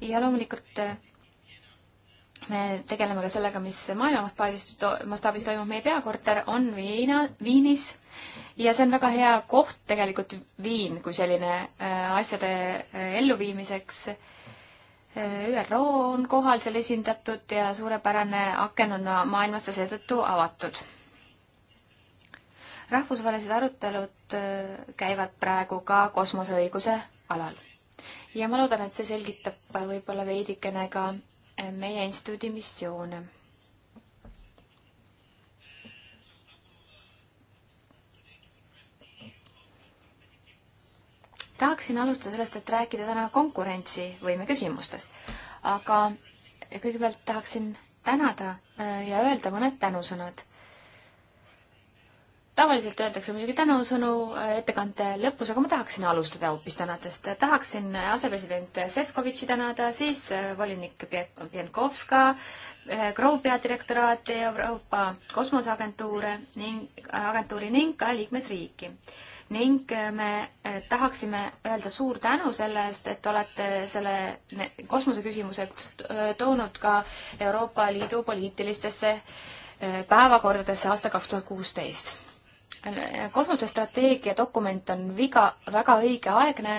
ja loomulikult äh, me tegeleme ka sellega, mis maailma mastaabis to,, mastaabis toimub, meie peakorter on Viina, Viinis ja see on väga hea koht tegelikult Viin kui selline äh, asjade elluviimiseks. ÜRO on kohal seal esindatud ja suurepärane aken on maailmasse seetõttu avatud rahvusvahelised arutelud äh, käivad praegu ka kosmoseõiguse alal. ja ma loodan, et see selgitab võib-olla veidikene ka äh, meie instituudi missioone. tahaksin alustada sellest, et rääkida täna konkurentsivõime küsimustest, aga kõigepealt tahaksin tänada äh, ja öelda mõned tänusõnad tavaliselt öeldakse muidugi tänusõnu äh, ettekande lõpus, aga ma tahaksin alustada hoopis tänadest. tahaksin äh, asepresident Sefkovitši tänada, siis äh, volinik Pienkovska, Grow peadirektoraati, Euroopa Kosmoseagentuure ning, agentuuri ning ka liikmesriiki ning me tahaksime öelda suur tänu selle eest, et olete selle kosmoseküsimuse toonud ka Euroopa Liidu poliitilistesse päevakordadesse aastal kaks tuhat kuusteist kohtute strateegia dokument on viga, väga õigeaegne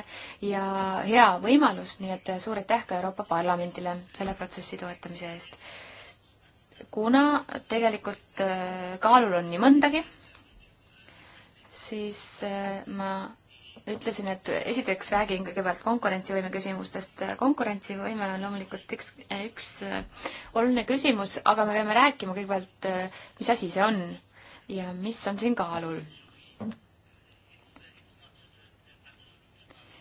ja hea võimalus, nii et suur aitäh ka Euroopa Parlamendile selle protsessi toetamise eest. kuna tegelikult äh, kaalul on nii mõndagi, siis äh, ma ütlesin, et esiteks räägin kõigepealt konkurentsivõime küsimustest. konkurentsivõime on loomulikult üks, üks äh, oluline küsimus, aga me peame rääkima kõigepealt, mis asi see on ja mis on siin kaalul?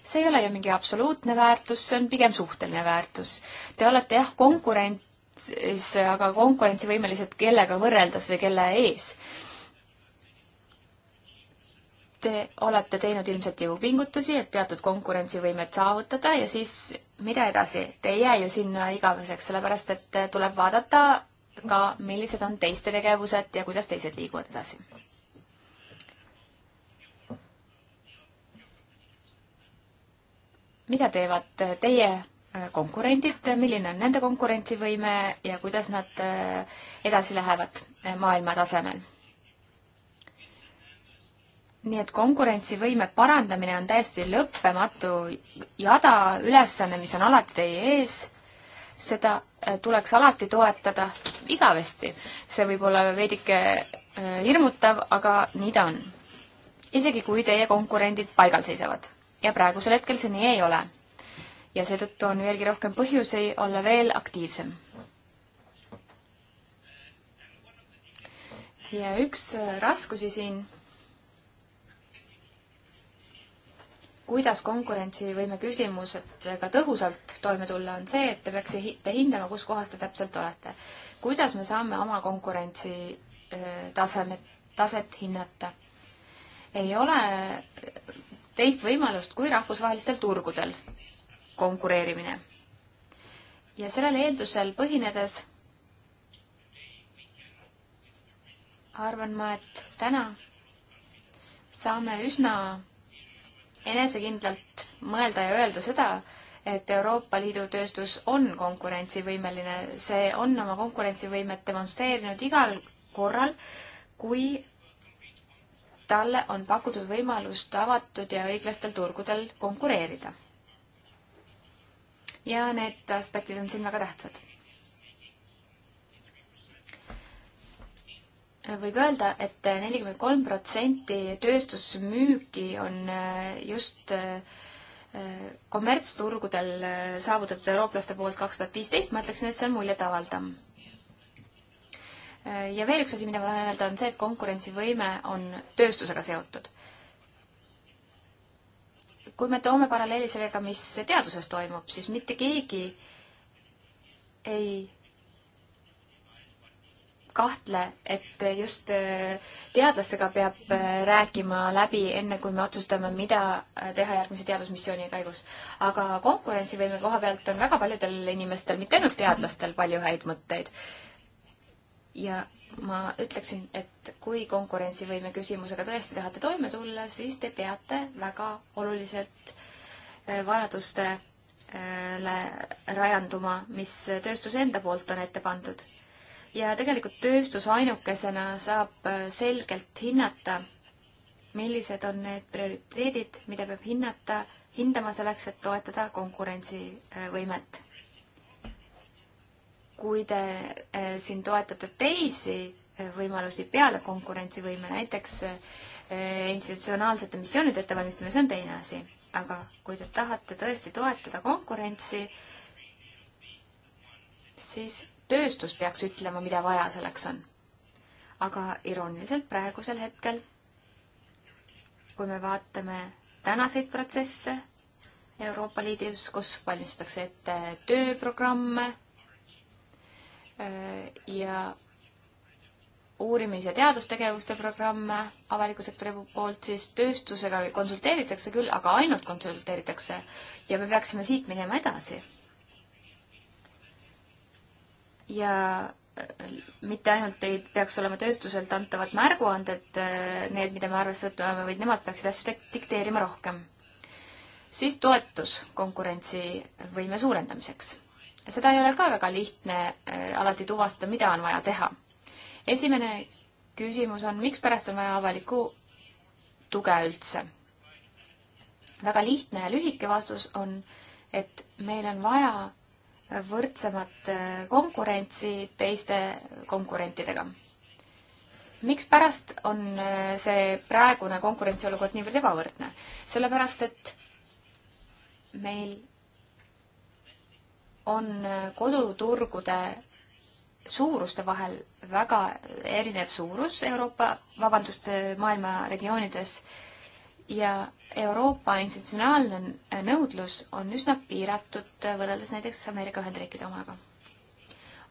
see ei ole ju mingi absoluutne väärtus, see on pigem suhteline väärtus. Te olete jah, konkurents, aga konkurentsivõimelised kellega võrreldes või kelle ees te olete teinud ilmselt jõupingutusi, et teatud konkurentsivõimet saavutada ja siis mida edasi? Te ei jää ju sinna igaveseks, sellepärast et tuleb vaadata ka, millised on teiste tegevused ja kuidas teised liiguvad edasi. mida teevad teie äh, konkurendid, milline on nende konkurentsivõime ja kuidas nad äh, edasi lähevad äh, maailma tasemel? nii et konkurentsivõime parandamine on täiesti lõppematu jada, ülesanne, mis on alati teie ees, seda tuleks alati toetada igavesti. see võib olla veidike äh, hirmutav, aga nii ta on. isegi kui teie konkurendid paigal seisavad. ja praegusel hetkel see nii ei ole. ja seetõttu on veelgi rohkem põhjusi olla veel aktiivsem. ja üks äh, raskusi siin kuidas konkurentsivõime küsimusega tõhusalt toime tulla, on see, et te peaksite hindama, kus kohas te täpselt olete. kuidas me saame oma konkurentsi äh, taseme, taset hinnata? ei ole teist võimalust kui rahvusvahelistel turgudel konkureerimine. ja sellel eeldusel põhinedes arvan ma, et täna saame üsna enesekindlalt mõelda ja öelda seda, et Euroopa Liidu tööstus on konkurentsivõimeline, see on oma konkurentsivõimet demonstreerinud igal korral, kui talle on pakutud võimalust avatud ja õiglastel turgudel konkureerida. ja need aspektid on siin väga tähtsad võib öelda et, et nelikümmend kolm protsenti tööstusmüüki on äh, just äh, kommertsturgudel äh, saavutatud eurooplaste poolt kaks tuhat viisteist, ma ütleksin, et see on muljetavaldav. ja veel üks asi, mida ma tahan öelda, on see, et konkurentsivõime on tööstusega seotud. kui me toome paralleeli sellega, mis teaduses toimub, siis mitte keegi ei kahtle, et just äh, teadlastega peab äh, rääkima läbi, enne kui me otsustame, mida äh, teha järgmise teadusmissiooni käigus. aga konkurentsivõime koha pealt on väga paljudel inimestel, mitte ainult teadlastel, palju häid mõtteid. ja ma ütleksin, et kui konkurentsivõime küsimusega tõesti tahate toime tulla, siis te peate väga oluliselt vajadustele rajanduma, mis tööstuse enda poolt on ette pandud ja tegelikult tööstus ainukesena saab äh, selgelt hinnata, millised on need prioriteedid, mida peab hinnata, hindama selleks, et toetada konkurentsivõimet. kui te äh, siin toetate teisi äh, võimalusi peale konkurentsivõime, näiteks institutsionaalsete missioonide ettevalmistamine, see on teine asi. aga kui te tahate tõesti toetada konkurentsi, siis tööstus peaks ütlema, mida vaja selleks on. aga irooniliselt praegusel hetkel, kui me vaatame tänaseid protsesse Euroopa Liidus, kus valmistatakse ette tööprogramme äh, ja uurimis- ja teadustegevuste programme avaliku sektori poolt, siis tööstusega konsulteeritakse küll, aga ainult konsulteeritakse ja me peaksime siit minema edasi ja äh, mitte ainult ei peaks olema tööstuselt antavad märguanded, äh, need, mida me arvesse võtame, vaid nemad peaksid asju dikteerima rohkem. siis toetus konkurentsivõime suurendamiseks. seda ei ole ka väga lihtne äh, alati tuvastada, mida on vaja teha. esimene küsimus on, mikspärast on vaja avalikku tuge üldse? väga lihtne ja lühike vastus on, et meil on vaja võrdsemat äh, konkurentsi teiste konkurentidega. mikspärast on äh, see praegune konkurentsiolukord niivõrd ebavõrdne? sellepärast, et meil on äh, koduturgude suuruste vahel väga erinev suurus Euroopa, vabandust, maailma regioonides äh, ja Euroopa institutsionaalne nõudlus on üsna piiratud võrreldes näiteks Ameerika Ühendriikide omaga.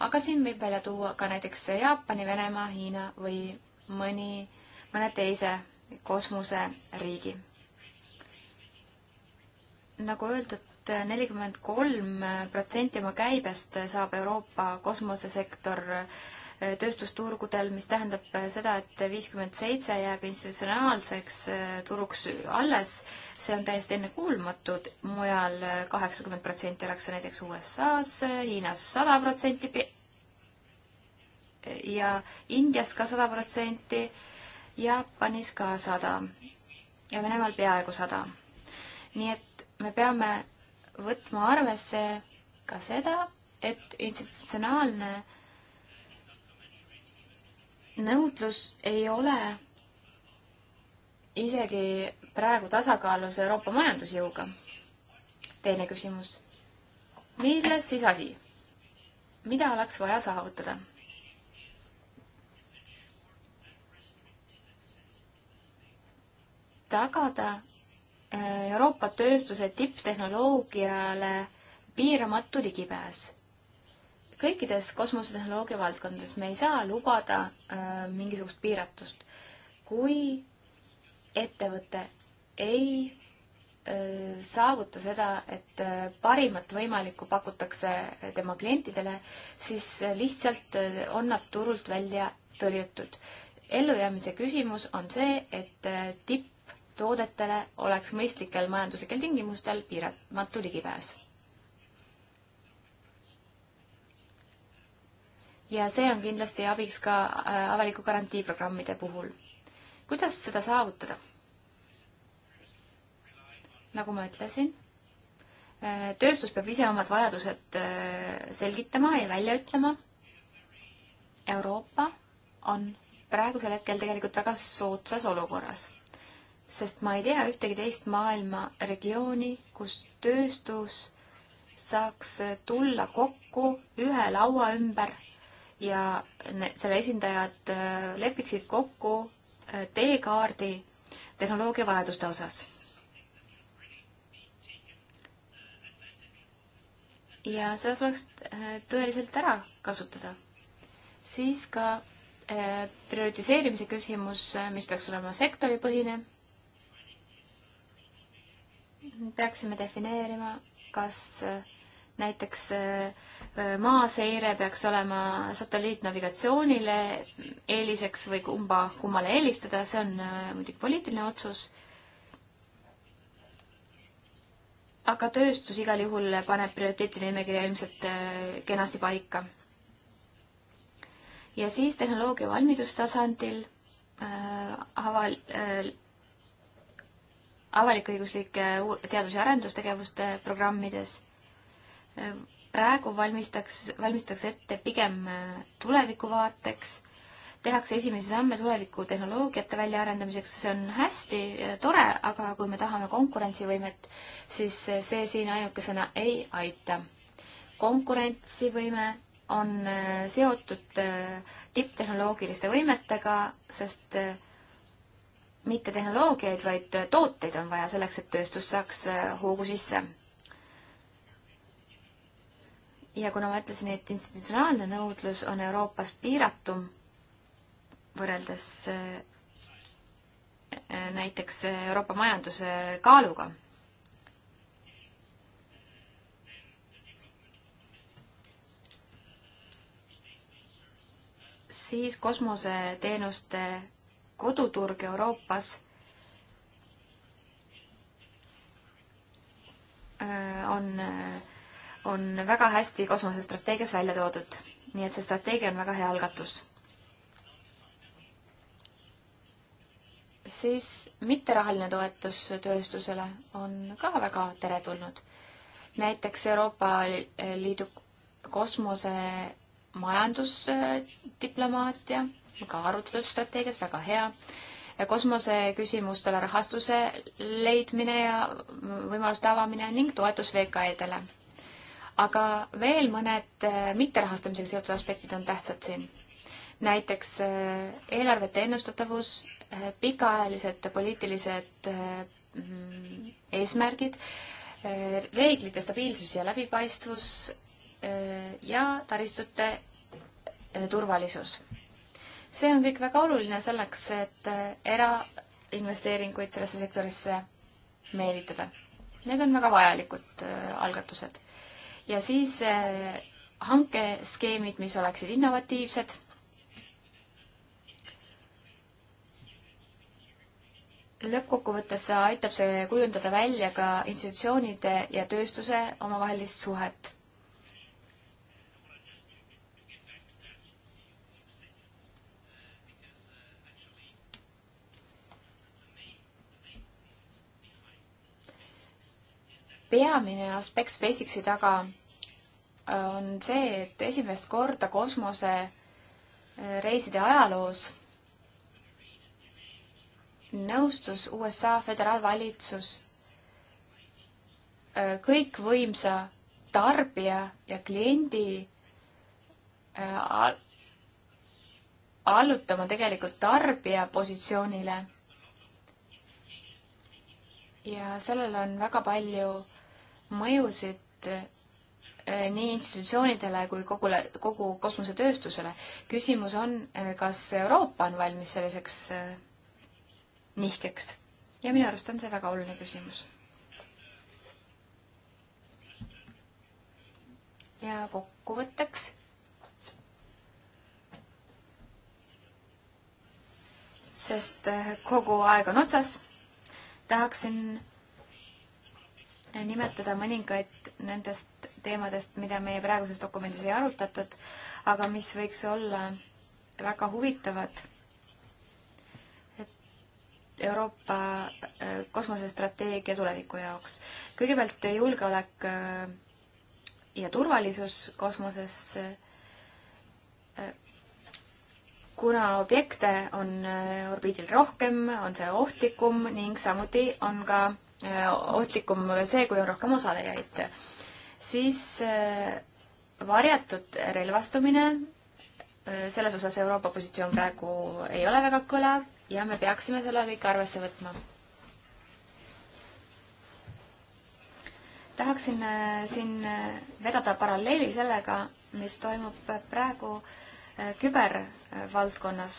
aga siin võib välja tuua ka näiteks Jaapani, Venemaa, Hiina või mõni, mõne teise kosmoseriigi. nagu öeldud, nelikümmend kolm protsenti oma käibest saab Euroopa kosmosesektor äh, tööstusturgudel, mis tähendab äh, seda, et viiskümmend seitse jääb institutsionaalseks äh, turuks alles. see on täiesti ennekuulmatu, mujal äh, kaheksakümmend protsenti oleks see näiteks USA-s, Hiinas sada protsenti ja Indias ka sada protsenti, Jaapanis ka sada ja Venemaal peaaegu sada. nii et me peame võtma arvesse ka seda, et institutsionaalne äh, nõudlus ei ole isegi praegu tasakaalus Euroopa majandusjõuga. teine küsimus. milles siis asi? mida oleks vaja saavutada? tagada äh, Euroopa tööstuse tipptehnoloogiale piiramatu ligipääs kõikides kosmosetehnoloogia valdkondades me ei saa lubada äh, mingisugust piiratust. kui ettevõte ei äh, saavuta seda, et äh, parimat võimalikku pakutakse äh, tema klientidele, siis äh, lihtsalt äh, on nad turult välja tõrjutud. ellujäämise küsimus on see, et tipptoodetele oleks mõistlikel majanduslikel tingimustel piiramatu ligipääs ja see on kindlasti abiks ka äh, avaliku garantiiprogrammide puhul. kuidas seda saavutada? nagu ma ütlesin, äh, tööstus peab ise omad vajadused äh, selgitama ja välja ütlema. Euroopa on praegusel hetkel tegelikult väga soodsas olukorras, sest ma ei tea ühtegi teist maailma regiooni, kus tööstus saaks tulla kokku ühe laua ümber ja selle esindajad äh, lepiksid kokku äh, teekaardi tehnoloogia vajaduste osas. ja seda tuleks äh, tõeliselt ära kasutada. siis ka prioritiseerimise küsimus, mis peaks olema sektoripõhine. peaksime defineerima, kas näiteks äh, äh, maaseire peaks olema satelliitnavigatsioonile eeliseks või kumba, kummale eelistada, see on äh, muidugi poliitiline otsus. aga tööstus igal juhul paneb prioriteetide nimekirja ilmselt kenasti paika. ja siis tehnoloogia valmidustasandil äh, aval- äh,, avalik-õiguslike teadus- ja arendustegevuste programmides praegu valmistaks, valmistatakse ette pigem äh, tulevikuvaateks, tehakse esimesi samme tulevikutehnoloogiate väljaarendamiseks, see on hästi äh, tore, aga kui me tahame konkurentsivõimet, siis äh, see siin ainukesena ei aita. konkurentsivõime on seotud tipptehnoloogiliste võimetega, sest mitte tehnoloogiaid, vaid tooteid on vaja selleks, et tööstus saaks hoogu sisse ja kuna ma ütlesin, et institutsionaalne nõudlus on Euroopas piiratum võrreldes äh, äh, näiteks Euroopa majanduse kaaluga, siis kosmoseteenuste koduturg Euroopas äh, on äh, on väga hästi kosmosestrateegias välja toodud. nii et see strateegia on väga hea algatus. siis mitterahaline toetus tööstusele on ka väga teretulnud. näiteks Euroopa Liidu kosmosemajandusdiplomaatia, ka arutatud strateegias, väga hea kosmoseküsimustele rahastuse leidmine ja võimaluste avamine ning toetus VKE-dele aga veel mõned äh, mitterahastamisega seotud aspektid on tähtsad siin. näiteks äh, eelarvete ennustatavus, äh, pikaajalised poliitilised mm, eesmärgid, reeglite stabiilsus ja läbipaistvus ja taristute turvalisus. see on kõik väga oluline selleks, et erainvesteeringuid sellesse sektorisse meelitada. Need on väga vajalikud algatused ja siis eh, hankeskeemid, mis oleksid innovatiivsed. lõppkokkuvõttes aitab see kujundada välja ka institutsioonide ja tööstuse omavahelist suhet. peamine aspekt SpaceXi taga on see, et esimest korda kosmosereiside äh, ajaloos nõustus USA föderaalvalitsus äh, kõikvõimsa tarbija ja kliendi äh, allutama tegelikult tarbija positsioonile. ja sellel on väga palju mõjusid eh, nii institutsioonidele kui kogule, kogu kosmosetööstusele. küsimus on, eh, kas Euroopa on valmis selliseks eh, nihkeks ja minu arust on see väga oluline küsimus. ja kokkuvõtteks. sest kogu aeg on otsas, tahaksin nimetada mõningaid nendest teemadest, mida meie praeguses dokumendis ei arutatud, aga mis võiks olla väga huvitavad. Euroopa äh, kosmosestrateegia tuleviku jaoks. kõigepealt julgeolek äh, ja turvalisus kosmoses äh, kuna objekte on orbiidil rohkem, on see ohtlikum ning samuti on ka Äh, ohtlikum see, kui on rohkem osalejaid. siis äh, varjatud relvastumine, äh, selles osas Euroopa positsioon praegu ei ole väga kõlav ja me peaksime selle kõik arvesse võtma. tahaksin siin vedada paralleeli sellega, mis toimub praegu kübervaldkonnas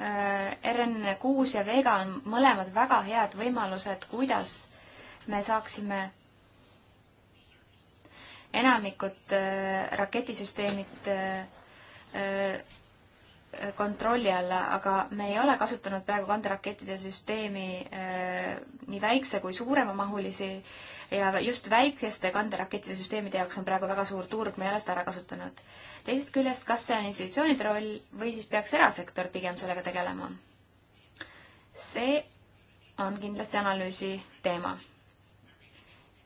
Äh, RN6 ja Vega on mõlemad väga head võimalused, kuidas me saaksime enamikud äh, raketisüsteemid äh, kontrolli alla, aga me ei ole kasutanud praegu kanderakettide süsteemi äh, nii väikse kui suuremamahulisi ja just väikeste kanderakettide süsteemide jaoks on praegu väga suur turg, me ei ole seda ära kasutanud. teisest küljest, kas see on institutsioonide roll või siis peaks erasektor pigem sellega tegelema? see on kindlasti analüüsi teema.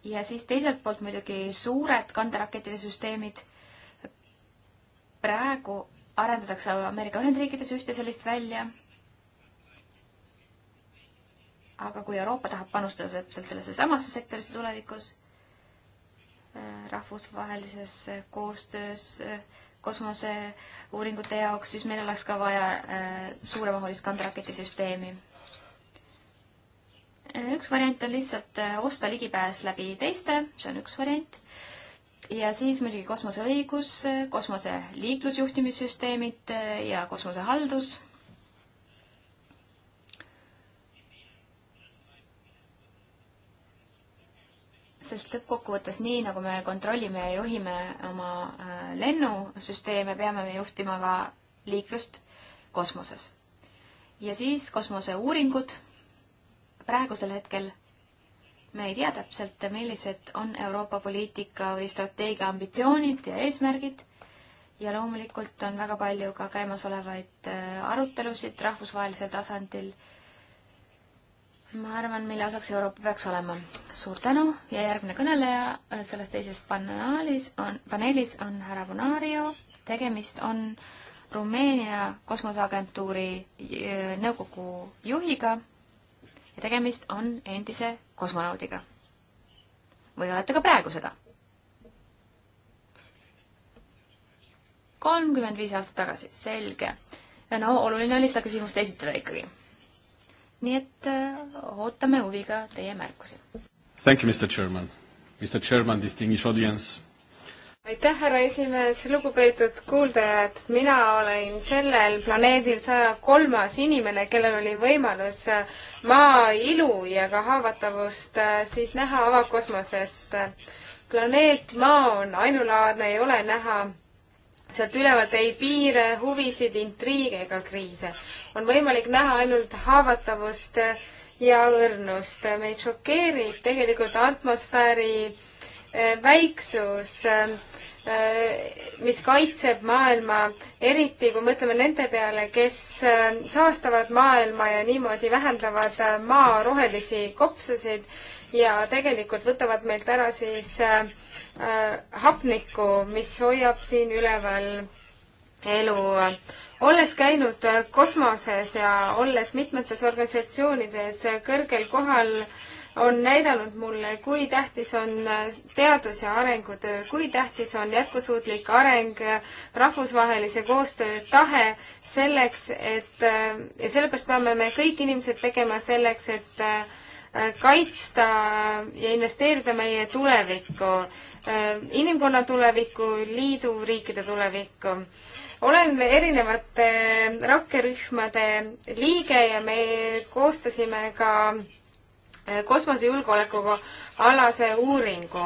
ja siis teiselt poolt muidugi suured kanderakettide süsteemid. praegu arendatakse Ameerika Ühendriikides ühte sellist välja. aga kui Euroopa tahab panustada täpselt sellesse samasse sektorisse tulevikus, äh, rahvusvahelises äh, koostöös äh, kosmoseuuringute jaoks, siis meil oleks ka vaja suuremahulist kanderaketisüsteemi. üks variant on lihtsalt osta ligipääs läbi teiste, see on üks variant ja siis muidugi kosmoseõigus, kosmose liiklusjuhtimissüsteemid äh, ja kosmosehaldus. sest lõppkokkuvõttes nii, nagu me kontrollime ja juhime oma äh, lennusüsteeme, peame me juhtima ka liiklust kosmoses. ja siis kosmoseuuringud praegusel hetkel me ei tea täpselt, millised on Euroopa poliitika või strateegia ambitsioonid ja eesmärgid ja loomulikult on väga palju ka käimasolevaid äh, arutelusid rahvusvahelisel tasandil, ma arvan, mille osaks Euroopa peaks olema. suur tänu ja järgmine kõneleja äh, selles teises paneelis on, paneelis on härra Bonario, tegemist on Rumeenia kosmoseagentuuri äh, nõukogu juhiga ja tegemist on endise kosmonaudiga. või olete ka praegu seda? kolmkümmend viis aastat tagasi, selge. no oluline oli seda küsimust esitada ikkagi. nii et äh, ootame huviga teie märkusi. Thank you, Mr Chairman. Mr Chairman, distinguished audience aitäh, härra esimees, lugupeetud kuuldajad, mina olen sellel planeedil saja kolmas inimene, kellel oli võimalus äh, maa ilu ja ka haavatavust äh, siis näha avakosmosest. planeet Maa on ainulaadne, ei ole näha sealt ülevalt ei piire, huvisid, intriige ega kriise. on võimalik näha ainult haavatavust ja õrnust. meid šokeerib tegelikult atmosfääri Äh, väiksus, äh, äh, mis kaitseb maailma, eriti kui mõtleme nende peale, kes saastavad maailma ja niimoodi vähendavad maa rohelisi kopsusid ja tegelikult võtavad meilt ära siis hapnikku, mis hoiab siin üleval elu. olles käinud kosmoses ja olles mitmetes organisatsioonides kõrgel kohal äh, on näidanud mulle, kui tähtis on teadus- ja arengutöö, kui tähtis on jätkusuutlik areng, rahvusvahelise koostöö tahe selleks, et ja sellepärast peame me kõik inimesed tegema selleks, et äh, kaitsta ja investeerida meie tulevikku, äh, inimkonna tulevikku, liidu riikide tulevikku olen erinevate rakkerühmade liige ja me koostasime ka äh, Eh, kosmosejulgeoleku alase uuringu.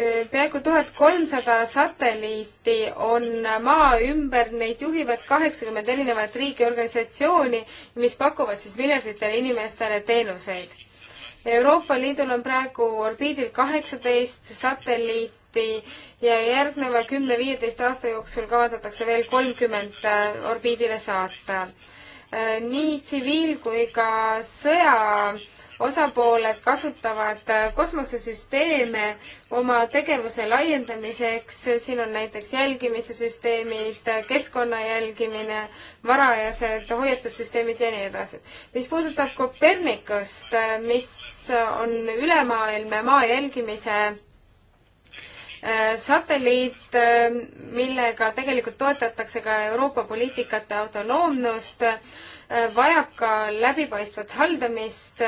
Eh, peaaegu tuhat kolmsada satelliiti on Maa ümber, neid juhivad kaheksakümmend erinevat riigiorganisatsiooni, mis pakuvad siis miljarditele inimestele teenuseid. Euroopa Liidul on praegu orbiidil kaheksateist satelliiti ja järgneva kümne-viieteist aasta jooksul kavandatakse veel kolmkümmend äh, orbiidile saata. Äh, nii tsiviil kui ka sõja äh, osapooled kasutavad äh, kosmosesüsteeme oma tegevuse laiendamiseks, siin on näiteks jälgimise süsteemid, äh, keskkonna jälgimine, varajased hoiatussüsteemid ja nii edasi. mis puudutab Kopernikust, äh, mis on ülemaailmne maa jälgimise satelliit, millega tegelikult toetatakse ka Euroopa poliitikate autonoomnust, vajab ka läbipaistvat haldamist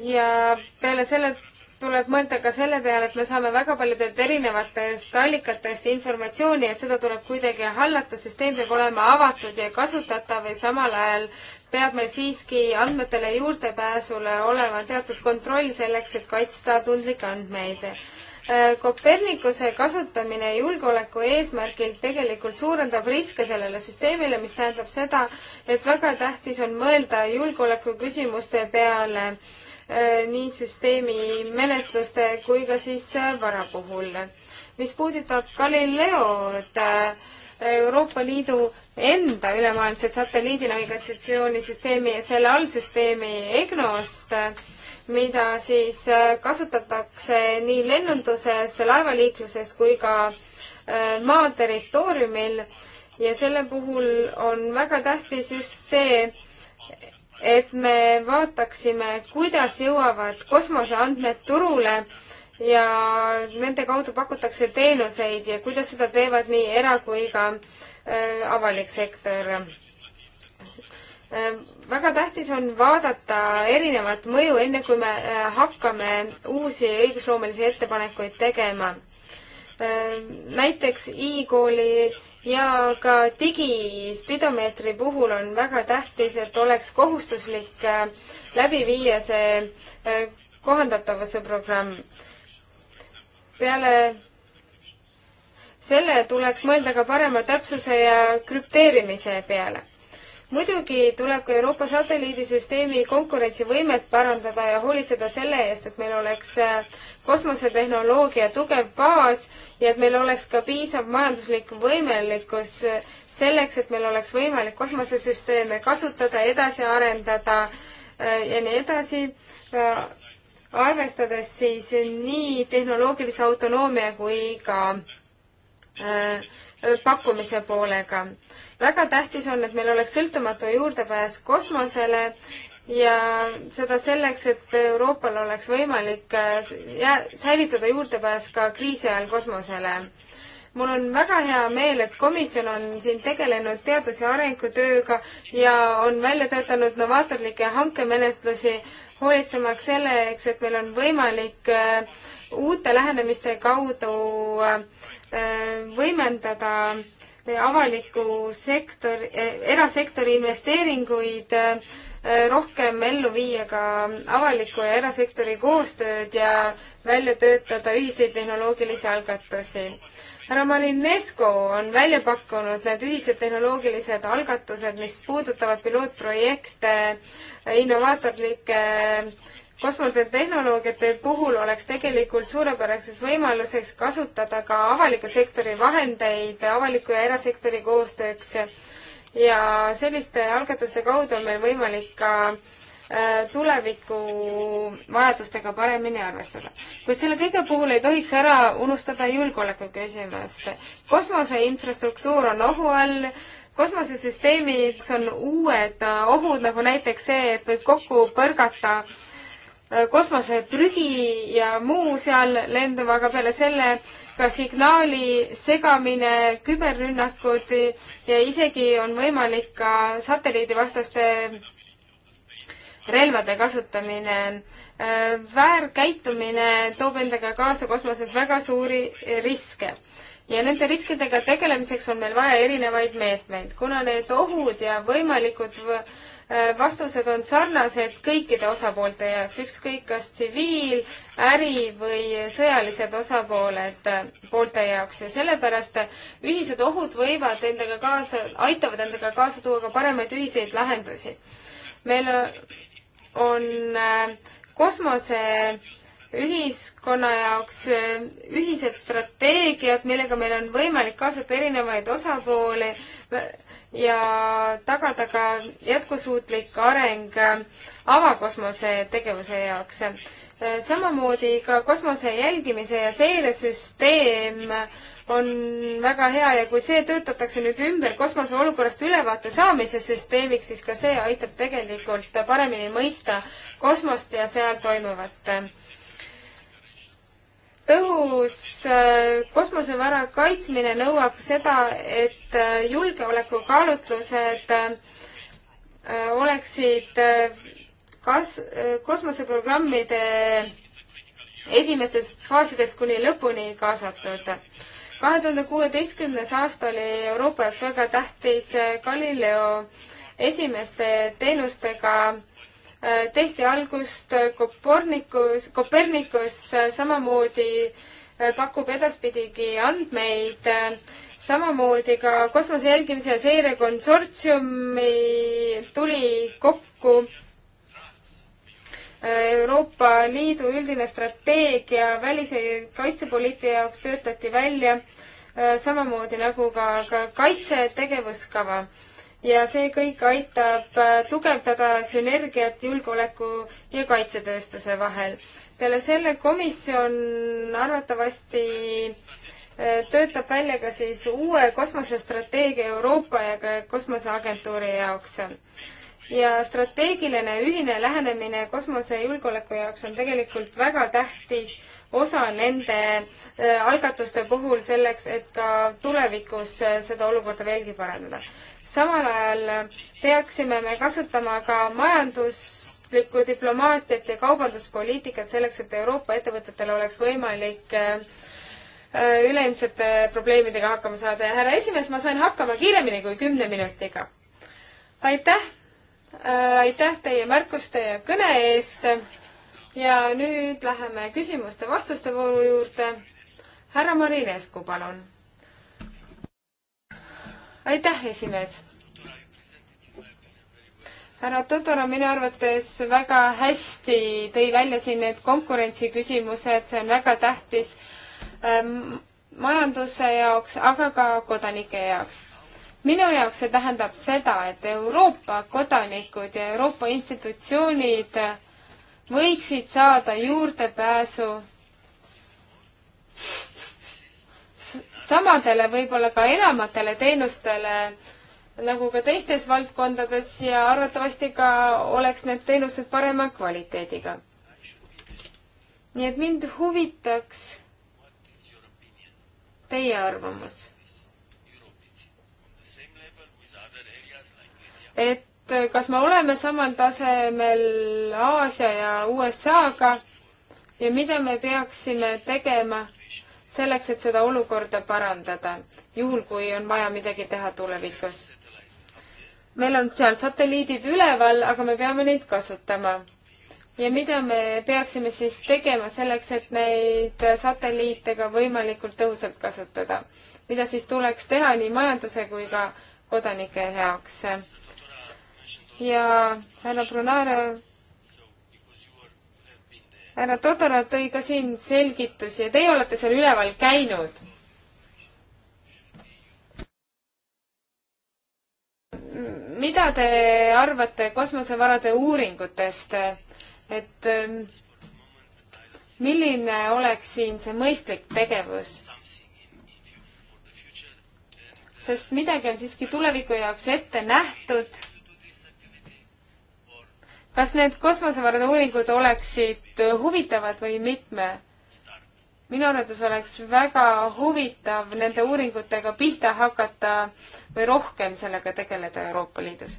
ja peale selle tuleb mõelda ka selle peale, et me saame väga paljudelt erinevatest allikatest informatsiooni ja seda tuleb kuidagi hallata, süsteem peab olema avatud ja kasutatav ja samal ajal peab meil siiski andmetele juurdepääsule olema teatud kontroll selleks, et kaitsta tundlikke andmeid. Äh, Kopernikuse kasutamine julgeoleku eesmärgil tegelikult suurendab riske sellele süsteemile, mis tähendab seda, et väga tähtis on mõelda julgeoleku küsimuste peale äh, Äh, nii süsteemi menetluste kui ka siis äh, vara puhul. mis puudutab Galileod, äh, Euroopa Liidu enda ülemaailmset satelliidinavigatsiooni süsteemi ja selle allsüsteemi EGNOS-t, mida siis kasutatakse nii lennunduses, laevaliikluses kui ka maa territooriumil ja selle puhul on väga tähtis just see, et me vaataksime, kuidas jõuavad kosmoseandmed turule ja nende kaudu pakutakse teenuseid ja kuidas seda teevad nii era- kui ka äh, avalik sektor äh,. väga tähtis on vaadata erinevat mõju, enne kui me äh, hakkame uusi õigusloomelisi ettepanekuid tegema äh, näiteks e-kooli ja ka digispidomeetri puhul on väga tähtis, et oleks kohustuslik äh, läbi viia see äh, kohandatavuse programm. peale selle tuleks mõelda ka parema täpsuse ja krüpteerimise peale muidugi tuleb ka Euroopa satelliidisüsteemi konkurentsivõimet parandada ja hoolitseda selle eest, et meil oleks äh, kosmosetehnoloogia tugev baas ja et meil oleks ka piisav majanduslik võimelikkus äh, selleks, et meil oleks võimalik kosmosesüsteeme kasutada, edasi arendada äh, ja nii edasi arvestades siis nii tehnoloogilise autonoomia kui ka äh, pakkumise poolega väga tähtis on, et meil oleks sõltumatu juurdepääs kosmosele ja seda selleks, et Euroopal oleks võimalik äh, jää-, säilitada juurdepääs ka kriisi ajal kosmosele. mul on väga hea meel, et komisjon on siin tegelenud teadus- ja arengutööga ja on välja töötanud novaatorlikke hankemenetlusi, hoolitsemaks selleks, et meil on võimalik äh, uute lähenemiste kaudu äh, võimendada äh, avaliku sektor, erasektori investeeringuid äh, rohkem ellu viia ka avaliku ja erasektori koostööd ja välja töötada ühiseid tehnoloogilisi algatusi. härra Marinesko on välja pakkunud need ühised tehnoloogilised algatused, mis puudutavad pilootprojekte innovaatorlike kosmotehnoloogiate puhul oleks tegelikult suurepäraseks võimaluseks kasutada ka avaliku sektori vahendeid avaliku ja erasektori koostööks ja selliste algatuste kaudu on meil võimalik ka äh, tuleviku vajadustega paremini arvestada. kuid selle kõige puhul ei tohiks ära unustada julgeoleku küsimust. kosmose infrastruktuur on ohu all, kosmosesüsteemiks on uued äh, ohud, nagu näiteks see, et võib kokku põrgata äh, kosmoseprügi ja muu seal lendab, aga peale selle ka signaali segamine, küberrünnakud ja isegi on võimalik ka satelliidivastaste relvade kasutamine. Äh, väärkäitumine toob endaga kaasa kosmoses väga suuri riske ja nende riskidega tegelemiseks on meil vaja erinevaid meetmeid, kuna need ohud ja võimalikud Äh, vastused on sarnased kõikide osapoolte jaoks, ükskõik kas tsiviil, äri või sõjalised osapooled, äh, poolte jaoks ja sellepärast äh, ühised ohud võivad endaga kaasa, aitavad endaga kaasa tuua ka paremaid ühiseid lahendusi. meil on kosmose ühiskonna jaoks ühised strateegiad, millega meil on võimalik kaasata erinevaid osapooli, ja tagada ka jätkusuutlik areng äh, avakosmose tegevuse jaoks. Äh, samamoodi ka kosmose jälgimise ja seiresüsteem on väga hea ja kui see töötatakse nüüd ümber kosmose olukorrast ülevaate saamise süsteemiks, siis ka see aitab tegelikult paremini mõista kosmost ja seal toimuvat tõhus äh, kosmosevara kaitsmine nõuab seda, et äh, julgeolekukaalutlused äh, oleksid kas-, kosmoseprogrammide esimestest faasidest kuni lõpuni kaasatud. kahe tuhande kuueteistkümnes aasta oli Euroopa jaoks väga tähtis Galileo esimeste teenustega tehti algust Kopernikus, Kopernikus samamoodi äh, pakub edaspidigi andmeid, äh, samamoodi ka kosmose jälgimise ja seire konsortsiumi tuli kokku äh, Euroopa Liidu üldine strateegia välise kaitsepoliitika jaoks töötati välja, samamoodi nagu ka, ka kaitsetegevuskava ja see kõik aitab äh, tugevdada sünergiat julgeoleku ja kaitsetööstuse vahel. peale selle komisjon arvatavasti äh, töötab välja ka siis uue kosmosestrateegia Euroopa ja ka Kosmoseagentuuri jaoks. ja strateegiline ühine lähenemine kosmosejulgeoleku jaoks on tegelikult väga tähtis osa nende äh, algatuste puhul selleks, et ka tulevikus äh, seda olukorda veelgi parandada. samal ajal äh, peaksime me kasutama ka majanduslikku diplomaatiat ja kaubanduspoliitikat selleks, et Euroopa ettevõtetel oleks võimalik üleilmsete probleemidega hakkama saada ja härra esimees, ma sain hakkama kiiremini kui kümne minutiga. aitäh! aitäh teie märkuste ja kõne eest! ja nüüd läheme küsimuste-vastuste vooru juurde. härra Marinescu, palun. aitäh, esimees härra Todorov minu arvates väga hästi tõi välja siin need konkurentsiküsimused, see on väga tähtis ähm, majanduse jaoks, aga ka kodanike jaoks. minu jaoks see tähendab seda, et Euroopa kodanikud ja Euroopa institutsioonid äh, võiksid saada juurdepääsu samadele, võib-olla ka enamatele teenustele nagu ka teistes valdkondades ja arvatavasti ka oleks need teenused parema kvaliteediga. nii et mind huvitaks teie arvamus. et kas me oleme samal tasemel Aasia ja USA-ga ja mida me peaksime tegema selleks, et seda olukorda parandada, juhul kui on vaja midagi teha tulevikus. meil on seal satelliidid üleval, aga me peame neid kasutama. ja mida me peaksime siis tegema selleks, et neid satelliite ka võimalikult tõhusalt kasutada? mida siis tuleks teha nii majanduse kui ka kodanike heaks? ja härra Brunare, härra Todorov tõi ka siin selgitusi ja teie olete seal üleval käinud. mida te arvate kosmosevarade uuringutest, et ähm, milline oleks siin see mõistlik tegevus? sest midagi on siiski tuleviku jaoks ette nähtud kas need kosmosevarade uuringud oleksid huvitavad või mitme? minu arvates oleks väga huvitav nende uuringutega pihta hakata või rohkem sellega tegeleda Euroopa Liidus.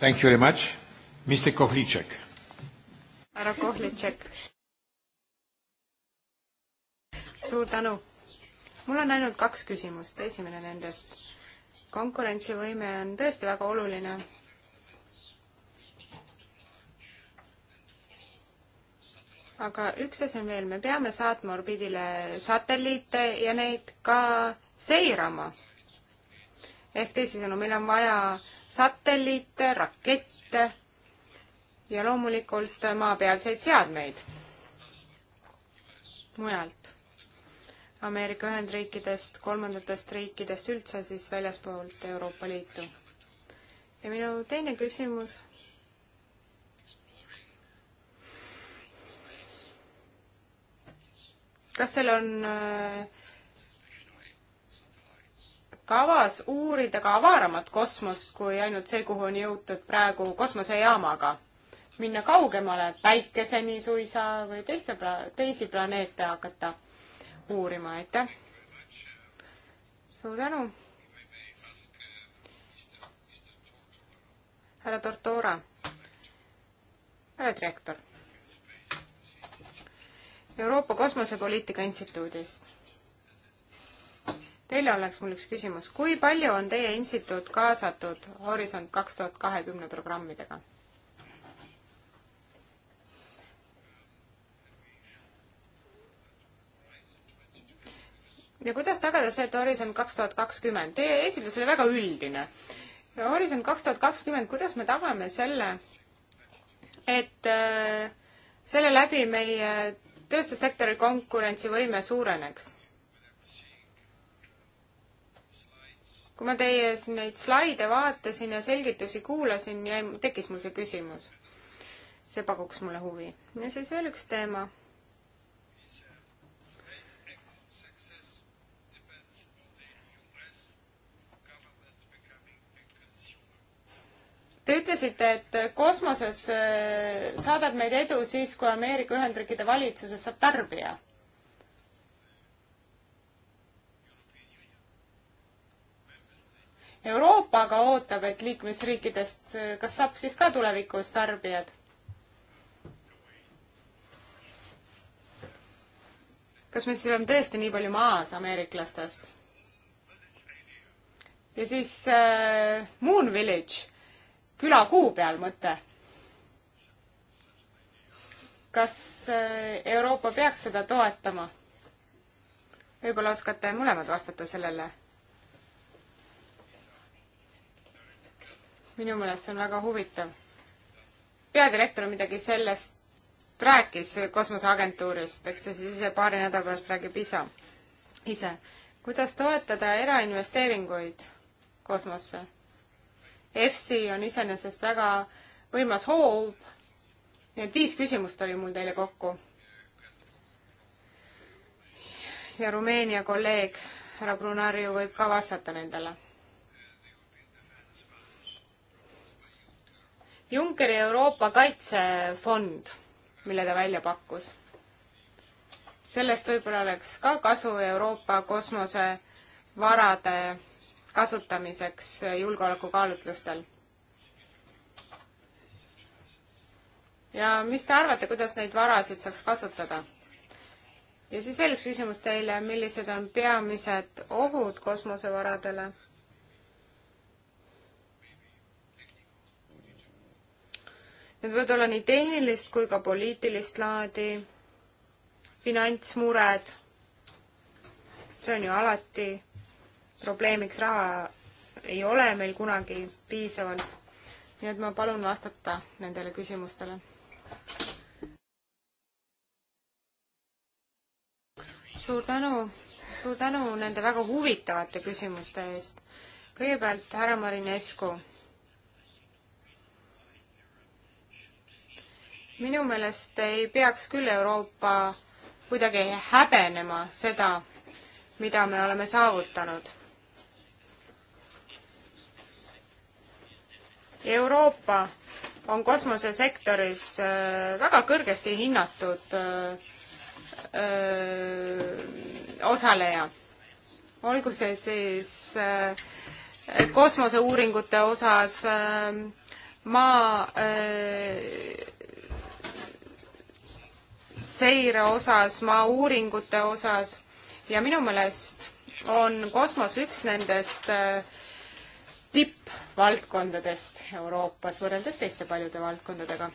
Thank you very much, Mr Kohlitšek. härra Kohlitšek. suur tänu. mul on ainult kaks küsimust, esimene nendest konkurentsivõime on tõesti väga oluline aga üks asi on veel, me peame saatma orbiidile satelliite ja neid ka seirama. ehk teisisõnu, meil on vaja satelliite, rakette ja loomulikult maapealseid seadmeid mujalt. Ameerika Ühendriikidest, kolmandatest riikidest üldse siis väljaspoolt Euroopa Liitu. ja minu teine küsimus kas teil on äh, kavas uurida ka avaramat kosmost kui ainult see, kuhu on jõutud praegu kosmosejaamaga? minna kaugemale, päikeseni suisa või teiste pla-, teisi planeete hakata uurima, aitäh! suur tänu! härra Tortora, härra direktor Euroopa Kosmosepoliitika Instituudist. Teile oleks mul üks küsimus, kui palju on teie instituut kaasatud Horisont kaks tuhat kahekümne programmidega? ja kuidas tagada see, et Horisont kaks tuhat kakskümmend, teie esitlus oli väga üldine. Horisont kaks tuhat kakskümmend, kuidas me tagame selle, et äh, selle läbi meie tööstussektori konkurentsivõime suureneks. kui ma teie neid slaide vaatasin ja selgitusi kuulasin, jäi, tekkis mul see küsimus. see pakuks mulle huvi. ja siis veel üks teema Te ütlesite, et kosmoses äh, saadab meid edu siis, kui Ameerika Ühendriikide valitsuses saab tarbija. Euroopa aga ootab, et liikmesriikidest, äh, kas saab siis ka tulevikus tarbijad? kas me siis oleme tõesti nii palju maas ameeriklastest? ja siis äh, Moon Village külakuu peal mõte. kas äh, Euroopa peaks seda toetama? võib-olla oskate mõlemad vastata sellele? minu meelest see on väga huvitav. peadirektor midagi sellest rääkis kosmoseagentuurist, eks ta siis ise paari nädala pärast räägib isa, ise. kuidas toetada erainvesteeringuid kosmosse? EFSI on iseenesest väga võimas hoob. nii et viis küsimust oli mul teile kokku. ja Rumeenia kolleeg härra Brunariu võib ka vastata nendele. Junckeri Euroopa Kaitsefond, mille ta välja pakkus. sellest võib-olla oleks ka kasu Euroopa kosmosevarade kasutamiseks julgeolekukaalutlustel. ja mis te arvate, kuidas neid varasid saaks kasutada? ja siis veel üks küsimus teile, millised on peamised ohud kosmosevaradele? Need võivad olla nii tehnilist kui ka poliitilist laadi, finantsmured, see on ju alati probleemiks raha ei ole meil kunagi piisavalt. nii et ma palun vastata nendele küsimustele. suur tänu, suur tänu nende väga huvitavate küsimuste eest. kõigepealt härra Marinescu. minu meelest ei peaks küll Euroopa kuidagi häbenema seda, mida me oleme saavutanud Euroopa on kosmosesektoris äh, väga kõrgesti hinnatud äh, äh, osaleja. olgu see siis kosmoseuuringute osas, maa seire osas, maa uuringute osas ja minu meelest on kosmos üks nendest tipp valdkondadest Euroopas võrreldes teiste paljude valdkondadega.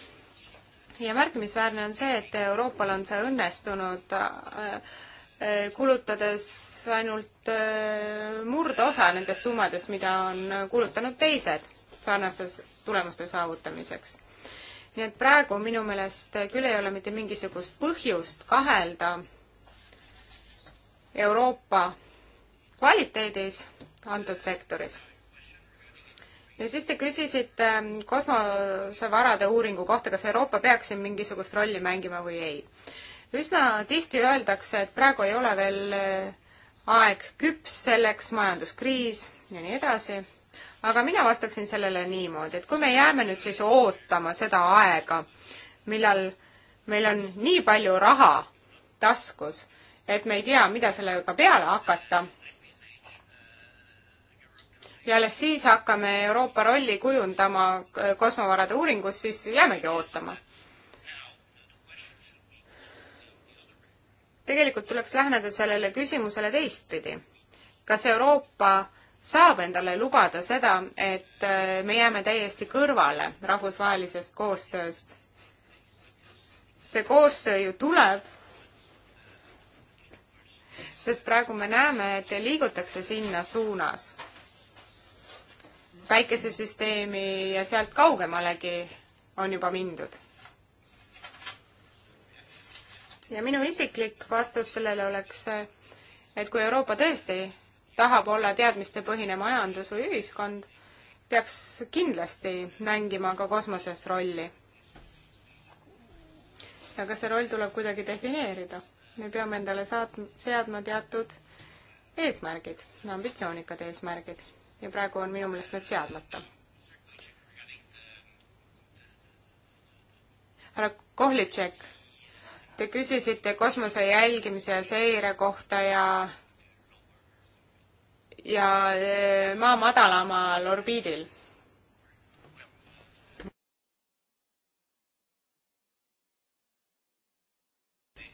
ja märkimisväärne on see, et Euroopal on see õnnestunud äh, äh, kulutades ainult äh, murdosa nendest summadest, mida on kulutanud teised sarnastes tulemuste saavutamiseks. nii et praegu minu meelest küll ei ole mitte mingisugust põhjust kahelda Euroopa kvaliteedis antud sektoris ja siis te küsisite ähm, kosmosevarade uuringu kohta, kas Euroopa peaks siin mingisugust rolli mängima või ei. üsna tihti öeldakse, et praegu ei ole veel äh, aeg küps selleks, majanduskriis ja nii edasi, aga mina vastaksin sellele niimoodi, et kui me jääme nüüd siis ootama seda aega, millal meil on nii palju raha taskus, et me ei tea, mida sellega peale hakata ja alles siis hakkame Euroopa rolli kujundama äh, kosmovarade uuringus, siis jäämegi ootama. tegelikult tuleks läheneda sellele küsimusele teistpidi. kas Euroopa saab endale lubada seda, et äh, me jääme täiesti kõrvale rahvusvahelisest koostööst? see koostöö ju tuleb sest praegu me näeme, et liigutakse sinna suunas päikesesüsteemi ja sealt kaugemalegi on juba mindud. ja minu isiklik vastus sellele oleks, et kui Euroopa tõesti tahab olla teadmistepõhine majandus või ühiskond, peaks kindlasti mängima ka kosmoses rolli. aga see roll tuleb kuidagi defineerida. me peame endale saat-, seadma teatud eesmärgid, ambitsioonikad eesmärgid ja praegu on minu meelest need seadmata. härra Kohlitšek, te küsisite kosmose jälgimise ja seire kohta ja ja eh, maa madalamal orbiidil.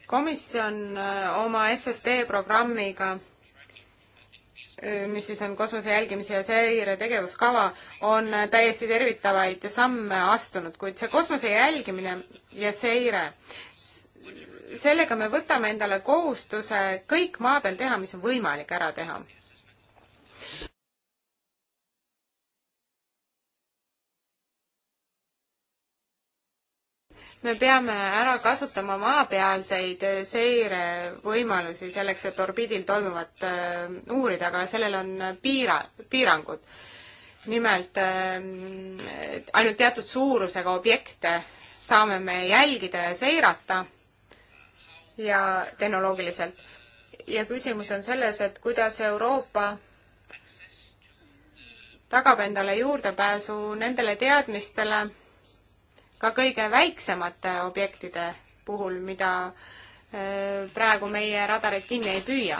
komisjon eh, oma SSD programmiga mis siis on kosmose jälgimise ja seire tegevuskava, on täiesti tervitavaid samme astunud, kuid see kosmose jälgimine ja seire, sellega me võtame endale kohustuse kõik maa peal teha, mis on võimalik ära teha me peame ära kasutama maapealseid seirevõimalusi selleks, et orbiidil toimuvat äh, uurida, aga sellel on piira, piirangud. nimelt äh, ainult teatud suurusega objekte saame me jälgida ja seirata ja tehnoloogiliselt. ja küsimus on selles, et kuidas Euroopa tagab endale juurdepääsu nendele teadmistele ka kõige väiksemate objektide puhul, mida äh, praegu meie radarid kinni ei püüa.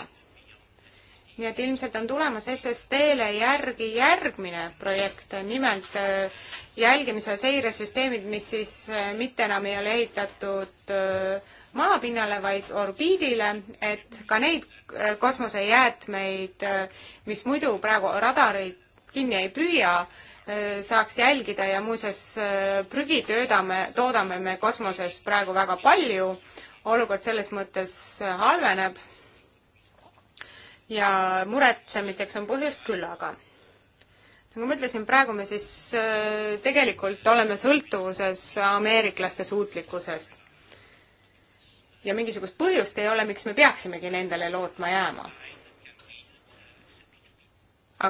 nii et ilmselt on tulemas SST-le järgi järgmine projekt, nimelt äh, jälgimise seiresüsteemid, mis siis äh, mitte enam ei ole ehitatud maapinnale, vaid orbiidile, et ka neid kosmosejäätmeid, mis muidu praegu radarid kinni ei püüa, Äh, saaks jälgida ja muuseas äh, prügi töödame, toodame me kosmoses praegu väga palju, olukord selles mõttes äh, halveneb ja muretsemiseks on põhjust küllaga. nagu ma ütlesin, praegu me siis tegelikult oleme sõltuvuses ameeriklaste suutlikkusest. ja mingisugust põhjust ei ole, miks me peaksimegi nendele lootma jääma.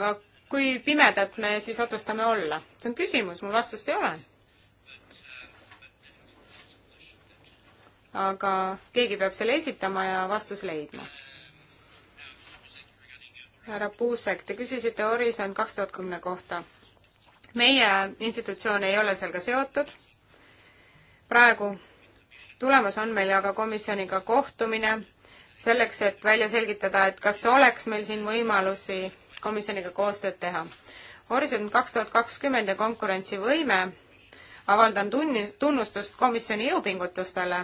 aga kui pimedad me siis otsustame olla? see on küsimus, mul vastust ei ole. aga keegi peab selle esitama ja vastus leidma. härra Puusek, te küsisite Horisont kaks tuhat kümne kohta. meie institutsioon ei ole sellega seotud. praegu tulemas on meil aga komisjoniga kohtumine selleks, et välja selgitada, et kas oleks meil siin võimalusi komisjoniga koostööd teha. Horisont kaks tuhat kakskümmend ja konkurentsivõime, avaldan tunni, tunnustust komisjoni jõupingutustele.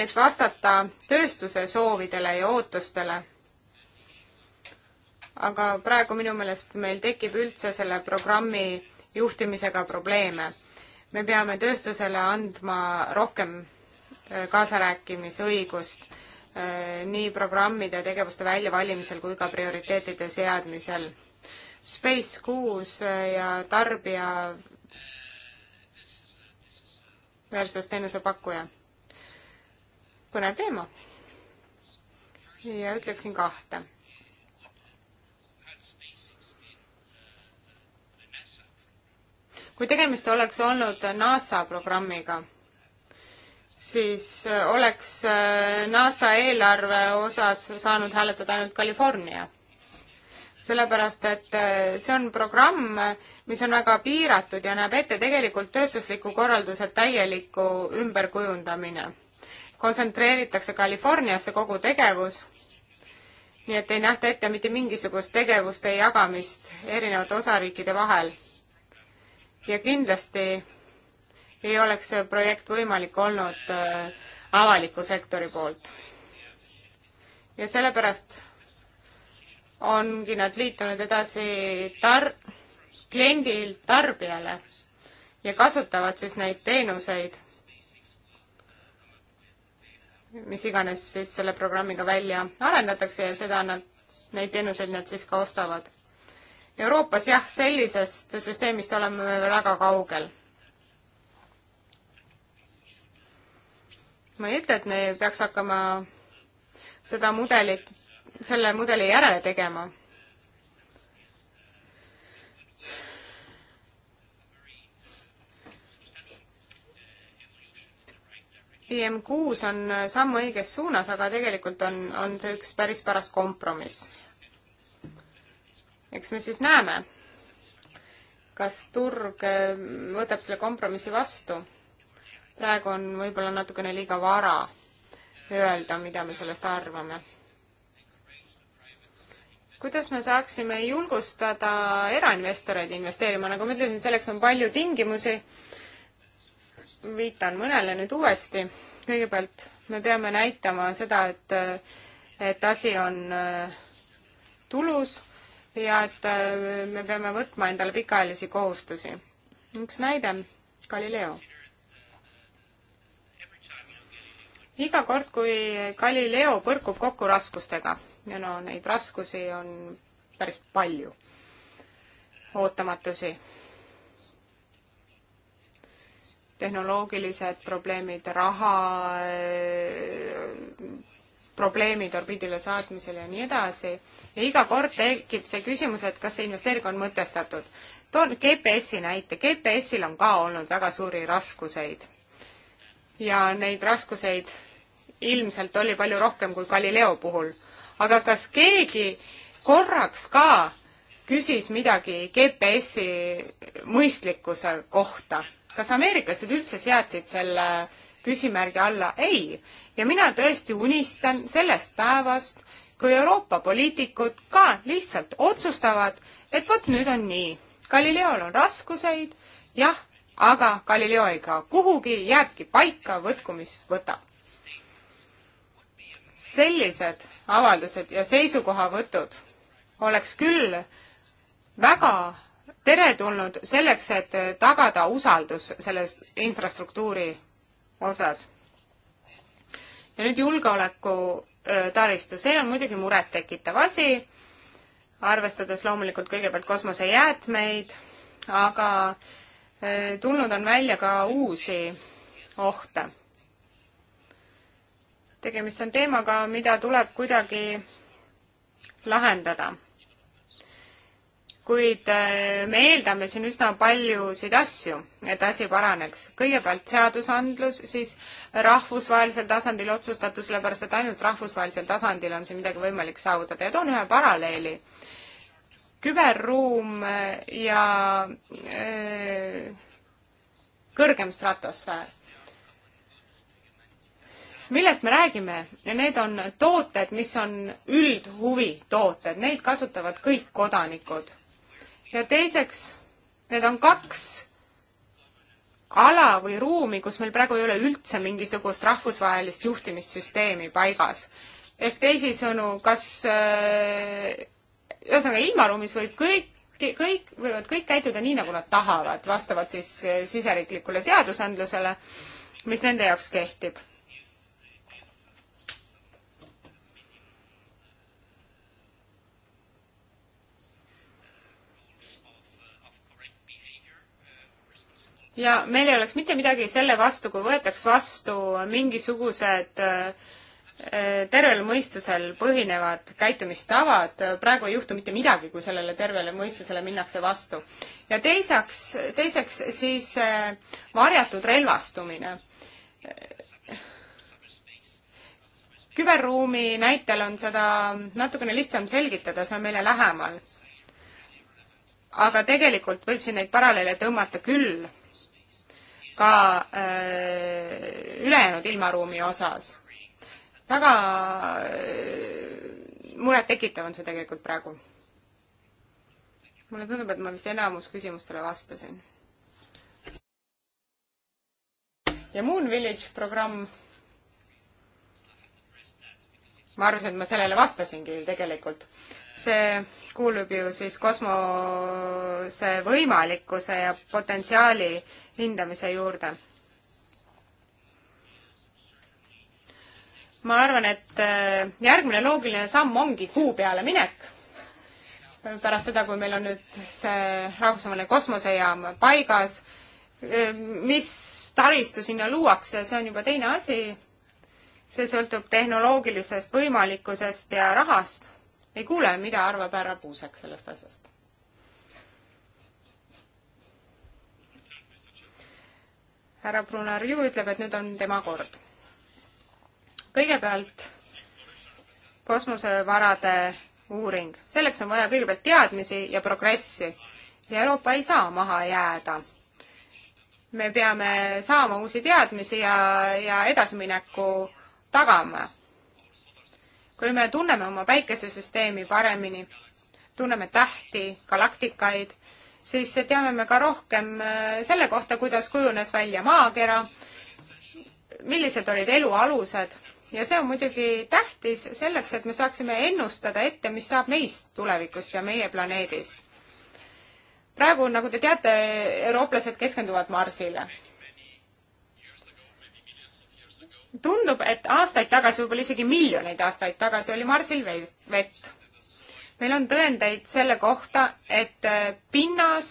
et vastata tööstuse soovidele ja ootustele aga praegu minu meelest meil tekib üldse selle programmi juhtimisega probleeme me peame tööstusele andma rohkem äh, kaasarääkimisõigust äh, nii programmide ja tegevuste väljavalimisel kui ka prioriteetide seadmisel. Space kuus äh, ja tarbija versus teenusepakkuja. põnev teema. ja ütleksin kahte kui tegemist oleks olnud NASA programmiga, siis äh, oleks äh, NASA eelarve osas saanud hääletada ainult California. sellepärast, et äh, see on programm, mis on väga piiratud ja näeb ette tegelikult tööstusliku korralduse täieliku ümberkujundamine. kontsentreeritakse Californiasse kogu tegevus, nii et ei nähta ette mitte mingisugust tegevuste jagamist erinevate osariikide vahel ja kindlasti ei oleks see projekt võimalik olnud äh, avaliku sektori poolt. ja sellepärast ongi nad liitunud edasi tar-, kliendilt tarbijale ja kasutavad siis neid teenuseid, mis iganes siis selle programmiga välja arendatakse ja seda nad, neid teenuseid nad siis ka ostavad Euroopas jah, sellisest süsteemist oleme me väga kaugel. ma ei ütle, et me peaks hakkama seda mudelit, selle mudeli järele tegema IM6 on samm õiges suunas, aga tegelikult on, on see üks päris paras kompromiss eks me siis näeme, kas turg eh, võtab selle kompromissi vastu. praegu on võib-olla natukene liiga vara öelda, mida me sellest arvame. kuidas me saaksime julgustada erainvestoreid investeerima, nagu ma ütlesin, selleks on palju tingimusi. viitan mõnele nüüd uuesti. kõigepealt me peame näitama seda, et, eh, et asi on eh, tulus ja et äh, me peame võtma endale pikaajalisi kohustusi. üks näide, Galileo. iga kord, kui Galileo põrkub kokku raskustega ja no neid raskusi on päris palju, ootamatusi, tehnoloogilised probleemid, raha probleemid orbiidile saatmisel ja nii edasi. ja iga kord tekib see küsimus, et kas see investeering on mõtestatud. toon GPS-i näite. GPS-il on ka olnud väga suuri raskuseid. ja neid raskuseid ilmselt oli palju rohkem kui Galileo puhul. aga kas keegi korraks ka küsis midagi GPS-i mõistlikkuse kohta? kas ameeriklased üldse seadsid selle küsimärgi alla, ei. ja mina tõesti unistan sellest päevast, kui Euroopa poliitikud ka lihtsalt otsustavad, et vot nüüd on nii. Galileol on raskuseid, jah, aga Galileo ei kao kuhugi, jääbki paika, võtku mis võtab. sellised avaldused ja seisukohavõtud oleks küll väga teretulnud selleks, et tagada usaldus selle infrastruktuuri osas. ja nüüd julgeoleku taristu, see on muidugi murettekitav asi, arvestades loomulikult kõigepealt kosmosejäätmeid, aga tulnud on välja ka uusi ohte. tegemist on teemaga, mida tuleb kuidagi lahendada kuid äh, me eeldame siin üsna paljusid asju, et asi paraneks. kõigepealt seadusandlus, siis rahvusvahelisel tasandil otsustatud, sellepärast et ainult rahvusvahelisel tasandil on siin midagi võimalik saavutada ja toon ühe paralleeli. küberruum äh, ja öö, äh, kõrgem stratosfäär. millest me räägime? Need on tooted, mis on üldhuvi tooted, neid kasutavad kõik kodanikud ja teiseks, need on kaks ala või ruumi, kus meil praegu ei ole üldse mingisugust rahvusvahelist juhtimissüsteemi paigas. ehk teisisõnu, kas äh, ühesõnaga ilmaruumis võib kõik kõik võivad kõik käituda nii, nagu nad tahavad, vastavalt siis äh, siseriiklikule seadusandlusele, mis nende jaoks kehtib ja meil ei oleks mitte midagi selle vastu, kui võetaks vastu mingisugused äh, tervel mõistusel põhinevad käitumistavad, praegu ei juhtu mitte midagi, kui sellele tervele mõistusele minnakse vastu. ja teiseks, teiseks siis äh, varjatud relvastumine. küberruumi näitel on seda natukene lihtsam selgitada, see on meile lähemal. aga tegelikult võib siin neid paralleele tõmmata küll ka äh, ülejäänud ilmaruumi osas. väga äh, murettekitav on see tegelikult praegu. mulle tundub, et ma vist enamus küsimustele vastasin. ja Moon Village programm. ma arvasin, et ma sellele vastasingi ju tegelikult see kuulub ju siis kosmose võimalikkuse ja potentsiaali hindamise juurde. ma arvan, et äh, järgmine loogiline samm ongi kuu peale minek. pärast seda, kui meil on nüüd see rahvusvaheline kosmosejaam paigas, äh, mis taristu sinna luuakse, see on juba teine asi. see sõltub tehnoloogilisest võimalikkusest ja rahast ei kuule, mida arvab härra Puusek sellest asjast. härra Brunariu ütleb, et nüüd on tema kord. kõigepealt kosmosevarade uuring. selleks on vaja kõigepealt teadmisi ja progressi ja Euroopa ei saa maha jääda. me peame saama uusi teadmisi ja, ja edasimineku tagama kui me tunneme oma päikesesüsteemi paremini, tunneme tähti, galaktikaid, siis teame me ka rohkem äh, selle kohta, kuidas kujunes välja maakera, millised olid elu alused ja see on muidugi tähtis selleks, et me saaksime ennustada ette, mis saab meist tulevikust ja meie planeedist. praegu, nagu te teate, eurooplased keskenduvad Marsile tundub, et aastaid tagasi, võib-olla isegi miljoneid aastaid tagasi oli Marsil vett. meil on tõendeid selle kohta, et äh, pinnas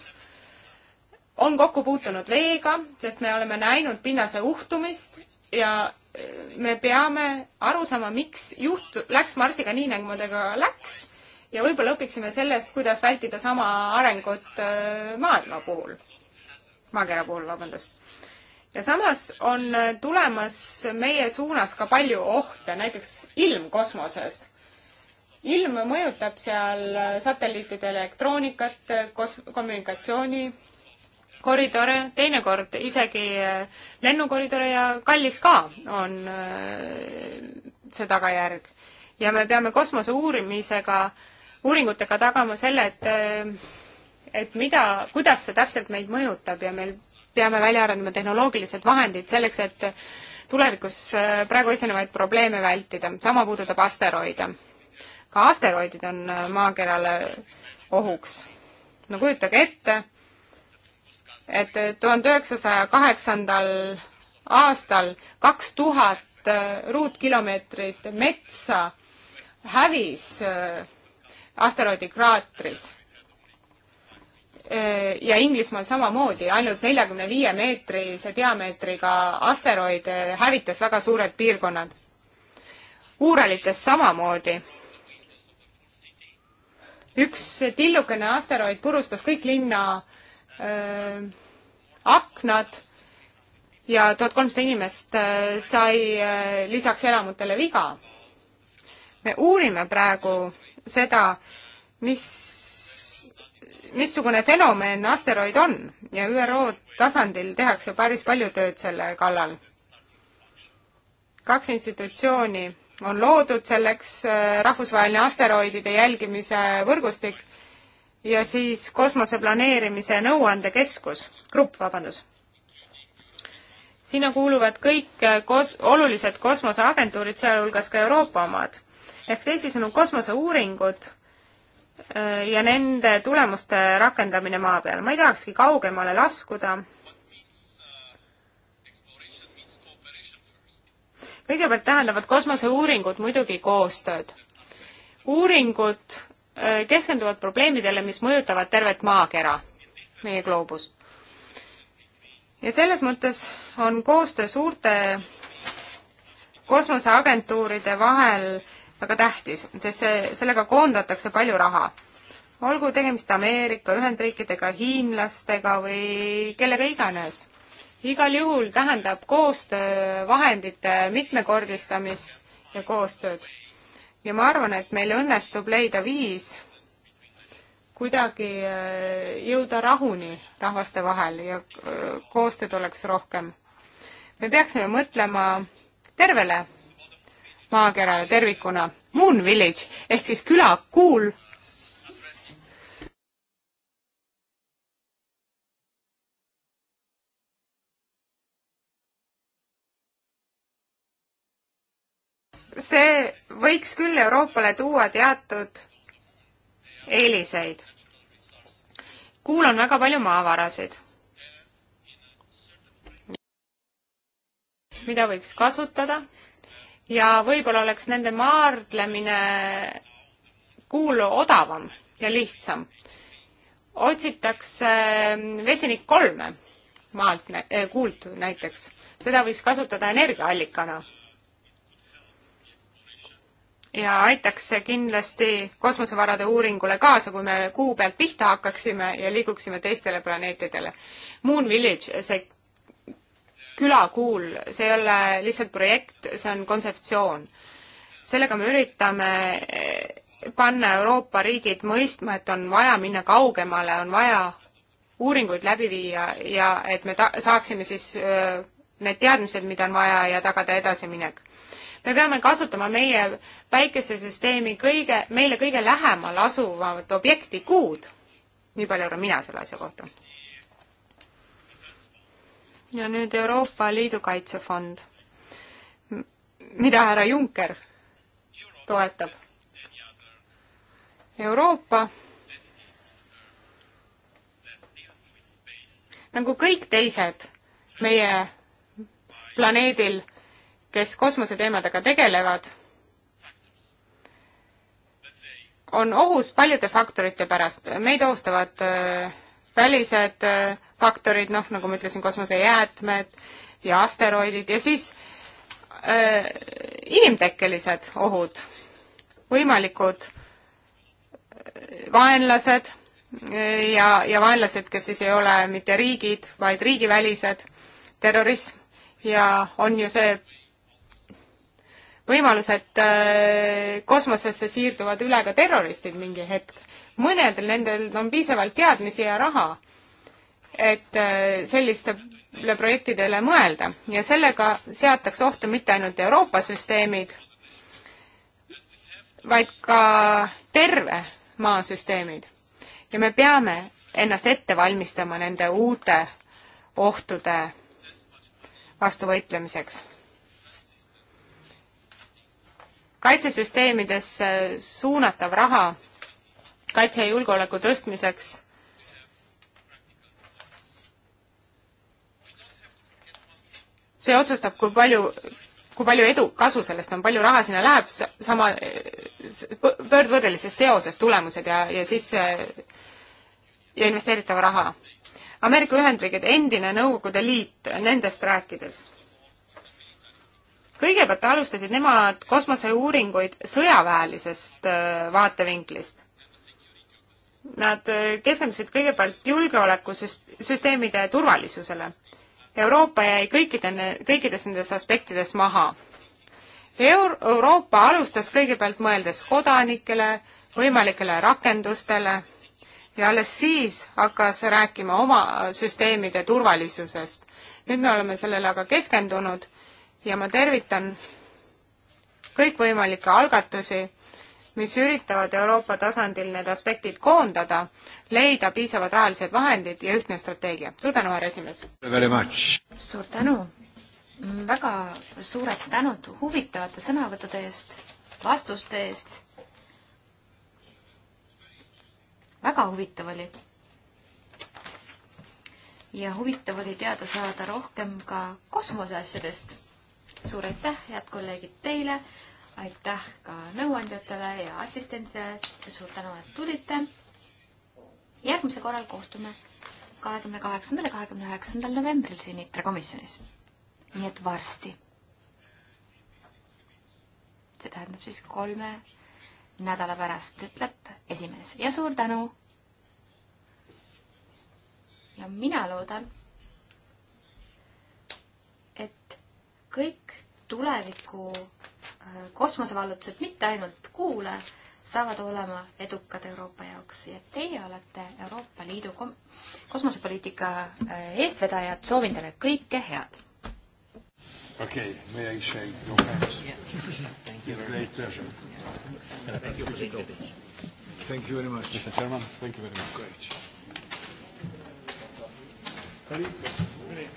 on kokku puutunud veega, sest me oleme näinud pinnase uhtumist ja äh, me peame aru saama, miks juht-, läks Marsiga nii, nagu ta läks ja võib-olla õpiksime sellest, kuidas vältida sama arengut äh, maailma puhul, maakera puhul, vabandust ja samas on äh, tulemas meie suunas ka palju ohte, näiteks ilm kosmoses. ilm mõjutab seal äh, satelliitide elektroonikat, äh, kos-, kommunikatsiooni, koridore, teinekord isegi lennukoridore ja kallis ka on see tagajärg. ja me peame kosmose uurimisega, uuringutega tagama selle, et et mida, kuidas see täpselt meid mõjutab ja meil peame välja arendama tehnoloogilised vahendid selleks, et tulevikus äh, praegu esinevaid probleeme vältida. sama puudutab asteroide. ka asteroidid on äh, maakerale ohuks. no kujutage ette, et äh, tuhande üheksasaja kaheksandal aastal kaks tuhat ruutkilomeetrit metsa hävis asteroidi kraatris Äh, ja Inglismaal samamoodi, ainult neljakümne viie meetrise diameetriga asteroid äh, hävitas väga suured piirkonnad. Uuralites samamoodi. üks tillukene asteroid purustas kõik linna öö, äh, aknad ja tuhat kolmsada inimest öö, sai öö, lisaks elamutele viga. me uurime praegu seda, mis missugune fenomen asteroid on ja ÜRO tasandil tehakse päris palju tööd selle kallal. kaks institutsiooni on loodud selleks, äh, rahvusvaheline asteroidide jälgimise võrgustik ja siis kosmose planeerimise nõuandekeskus, grupp, vabandust. sinna kuuluvad kõik äh, kos-, olulised kosmoseagentuurid, sealhulgas ka Euroopa omad. ehk teisisõnu, kosmoseuuringud ja nende tulemuste rakendamine maa peal. ma ei tahakski kaugemale laskuda. kõigepealt tähendavad kosmoseuuringud muidugi koostööd. uuringud äh, keskenduvad probleemidele, mis mõjutavad tervet maakera, meie gloobust. ja selles mõttes on koostöö suurte kosmoseagentuuride vahel äh, väga tähtis, sest see, sellega koondatakse palju raha. olgu tegemist Ameerika Ühendriikidega, hiinlastega või kellega iganes. igal juhul tähendab koostöö vahendite mitmekordistamist ja koostööd. ja ma arvan, et meil õnnestub leida viis, kuidagi äh, jõuda rahuni rahvaste vahel ja äh, koostööd oleks rohkem. me peaksime mõtlema tervele maakerale tervikuna. Moon Village ehk siis küla kuul cool.. see võiks küll Euroopale tuua teatud eeliseid. kuul on väga palju maavarasid, mida võiks kasutada ja võib-olla oleks nende maardlemine kuul odavam ja lihtsam. otsitakse ähm, vesinik kolme maalt, äh, kuult näiteks, seda võiks kasutada energiaallikana. ja aitaks see kindlasti kosmosevarade uuringule kaasa, kui me kuu pealt pihta hakkaksime ja liiguksime teistele planeetidele. Moon Village, see külakuul, see ei ole lihtsalt projekt, see on kontseptsioon. sellega me üritame eh, panna Euroopa riigid mõistma, et on vaja minna kaugemale, on vaja uuringuid läbi viia ja et me ta-, saaksime siis öö, eh, need teadmised, mida on vaja ja tagada edasiminek. me peame kasutama meie päikesesüsteemi kõige, meile kõige lähemal asuvat objekti kuud. nii palju arvan mina selle asja kohta ja nüüd Euroopa Liidu Kaitsefond, mida härra Juncker toetab. Euroopa nagu kõik teised meie planeedil, kes kosmoseteemadega tegelevad, on ohus paljude faktorite pärast. meid ohustavad äh, välised äh, faktorid, noh, nagu ma ütlesin, kosmosejäätmed ja asteroidid ja siis äh, inimtekkelised ohud, võimalikud äh, vaenlased äh, ja, ja vaenlased, kes siis ei ole mitte riigid, vaid riigivälised, terrorism ja on ju see võimalus, et äh, kosmosesse siirduvad üle ka terroristid mingi hetk mõnedel nendel on piisavalt teadmisi ja raha, et äh, sellistele projektidele mõelda ja sellega seatakse ohtu mitte ainult Euroopa süsteemid, vaid ka terve maa süsteemid. ja me peame ennast ette valmistama nende uute ohtude vastu võitlemiseks. kaitsesüsteemidesse suunatav raha kaitse ja julgeoleku tõstmiseks see otsustab, kui palju, kui palju edu, kasu sellest on, palju raha sinna läheb, sama pöördvõrdelises seoses tulemused ja, ja siis ja investeeritav raha. Ameerika Ühendriigid, endine Nõukogude Liit, nendest rääkides. kõigepealt alustasid nemad kosmoseuuringuid sõjaväelisest äh, vaatevinklist Nad äh, keskendusid kõigepealt julgeolekusüsteemide turvalisusele. Euroopa jäi kõikide, kõikides nendes aspektides maha. Euro Euroopa alustas kõigepealt mõeldes kodanikele, võimalikele rakendustele ja alles siis hakkas rääkima oma süsteemide turvalisusest. nüüd me oleme sellele aga keskendunud ja ma tervitan kõikvõimalikke algatusi mis üritavad Euroopa tasandil need aspektid koondada, leida piisavad rahalised vahendid ja ühtne strateegia. suur tänu, härra esimees! suur tänu! väga suured tänud huvitavate sõnavõttude eest, vastuste eest. väga huvitav oli. ja huvitav oli teada saada rohkem ka kosmoseasjadest. suur aitäh, head kolleegid, teile aitäh ka nõuandjatele ja assistentidele, suur tänu, et tulite. järgmisel korral kohtume kahekümne kaheksandal ja kahekümne üheksandal novembril siin ITRE komisjonis. nii et varsti. see tähendab siis kolme nädala pärast, ütleb esimees ja suur tänu. ja mina loodan, et kõik tuleviku kosmosevallutused mitte ainult Kuule saavad olema edukad Euroopa jaoks ja teie olete Euroopa Liidu kosmosepoliitika äh, eestvedajad, soovin teile kõike head! Okay, may I shake your hands? Yeah. Thank you. It's a great pleasure. Yeah. Thank you for the topic. Thank you very much. Mr. Chairman, thank you very much. Great. Ready?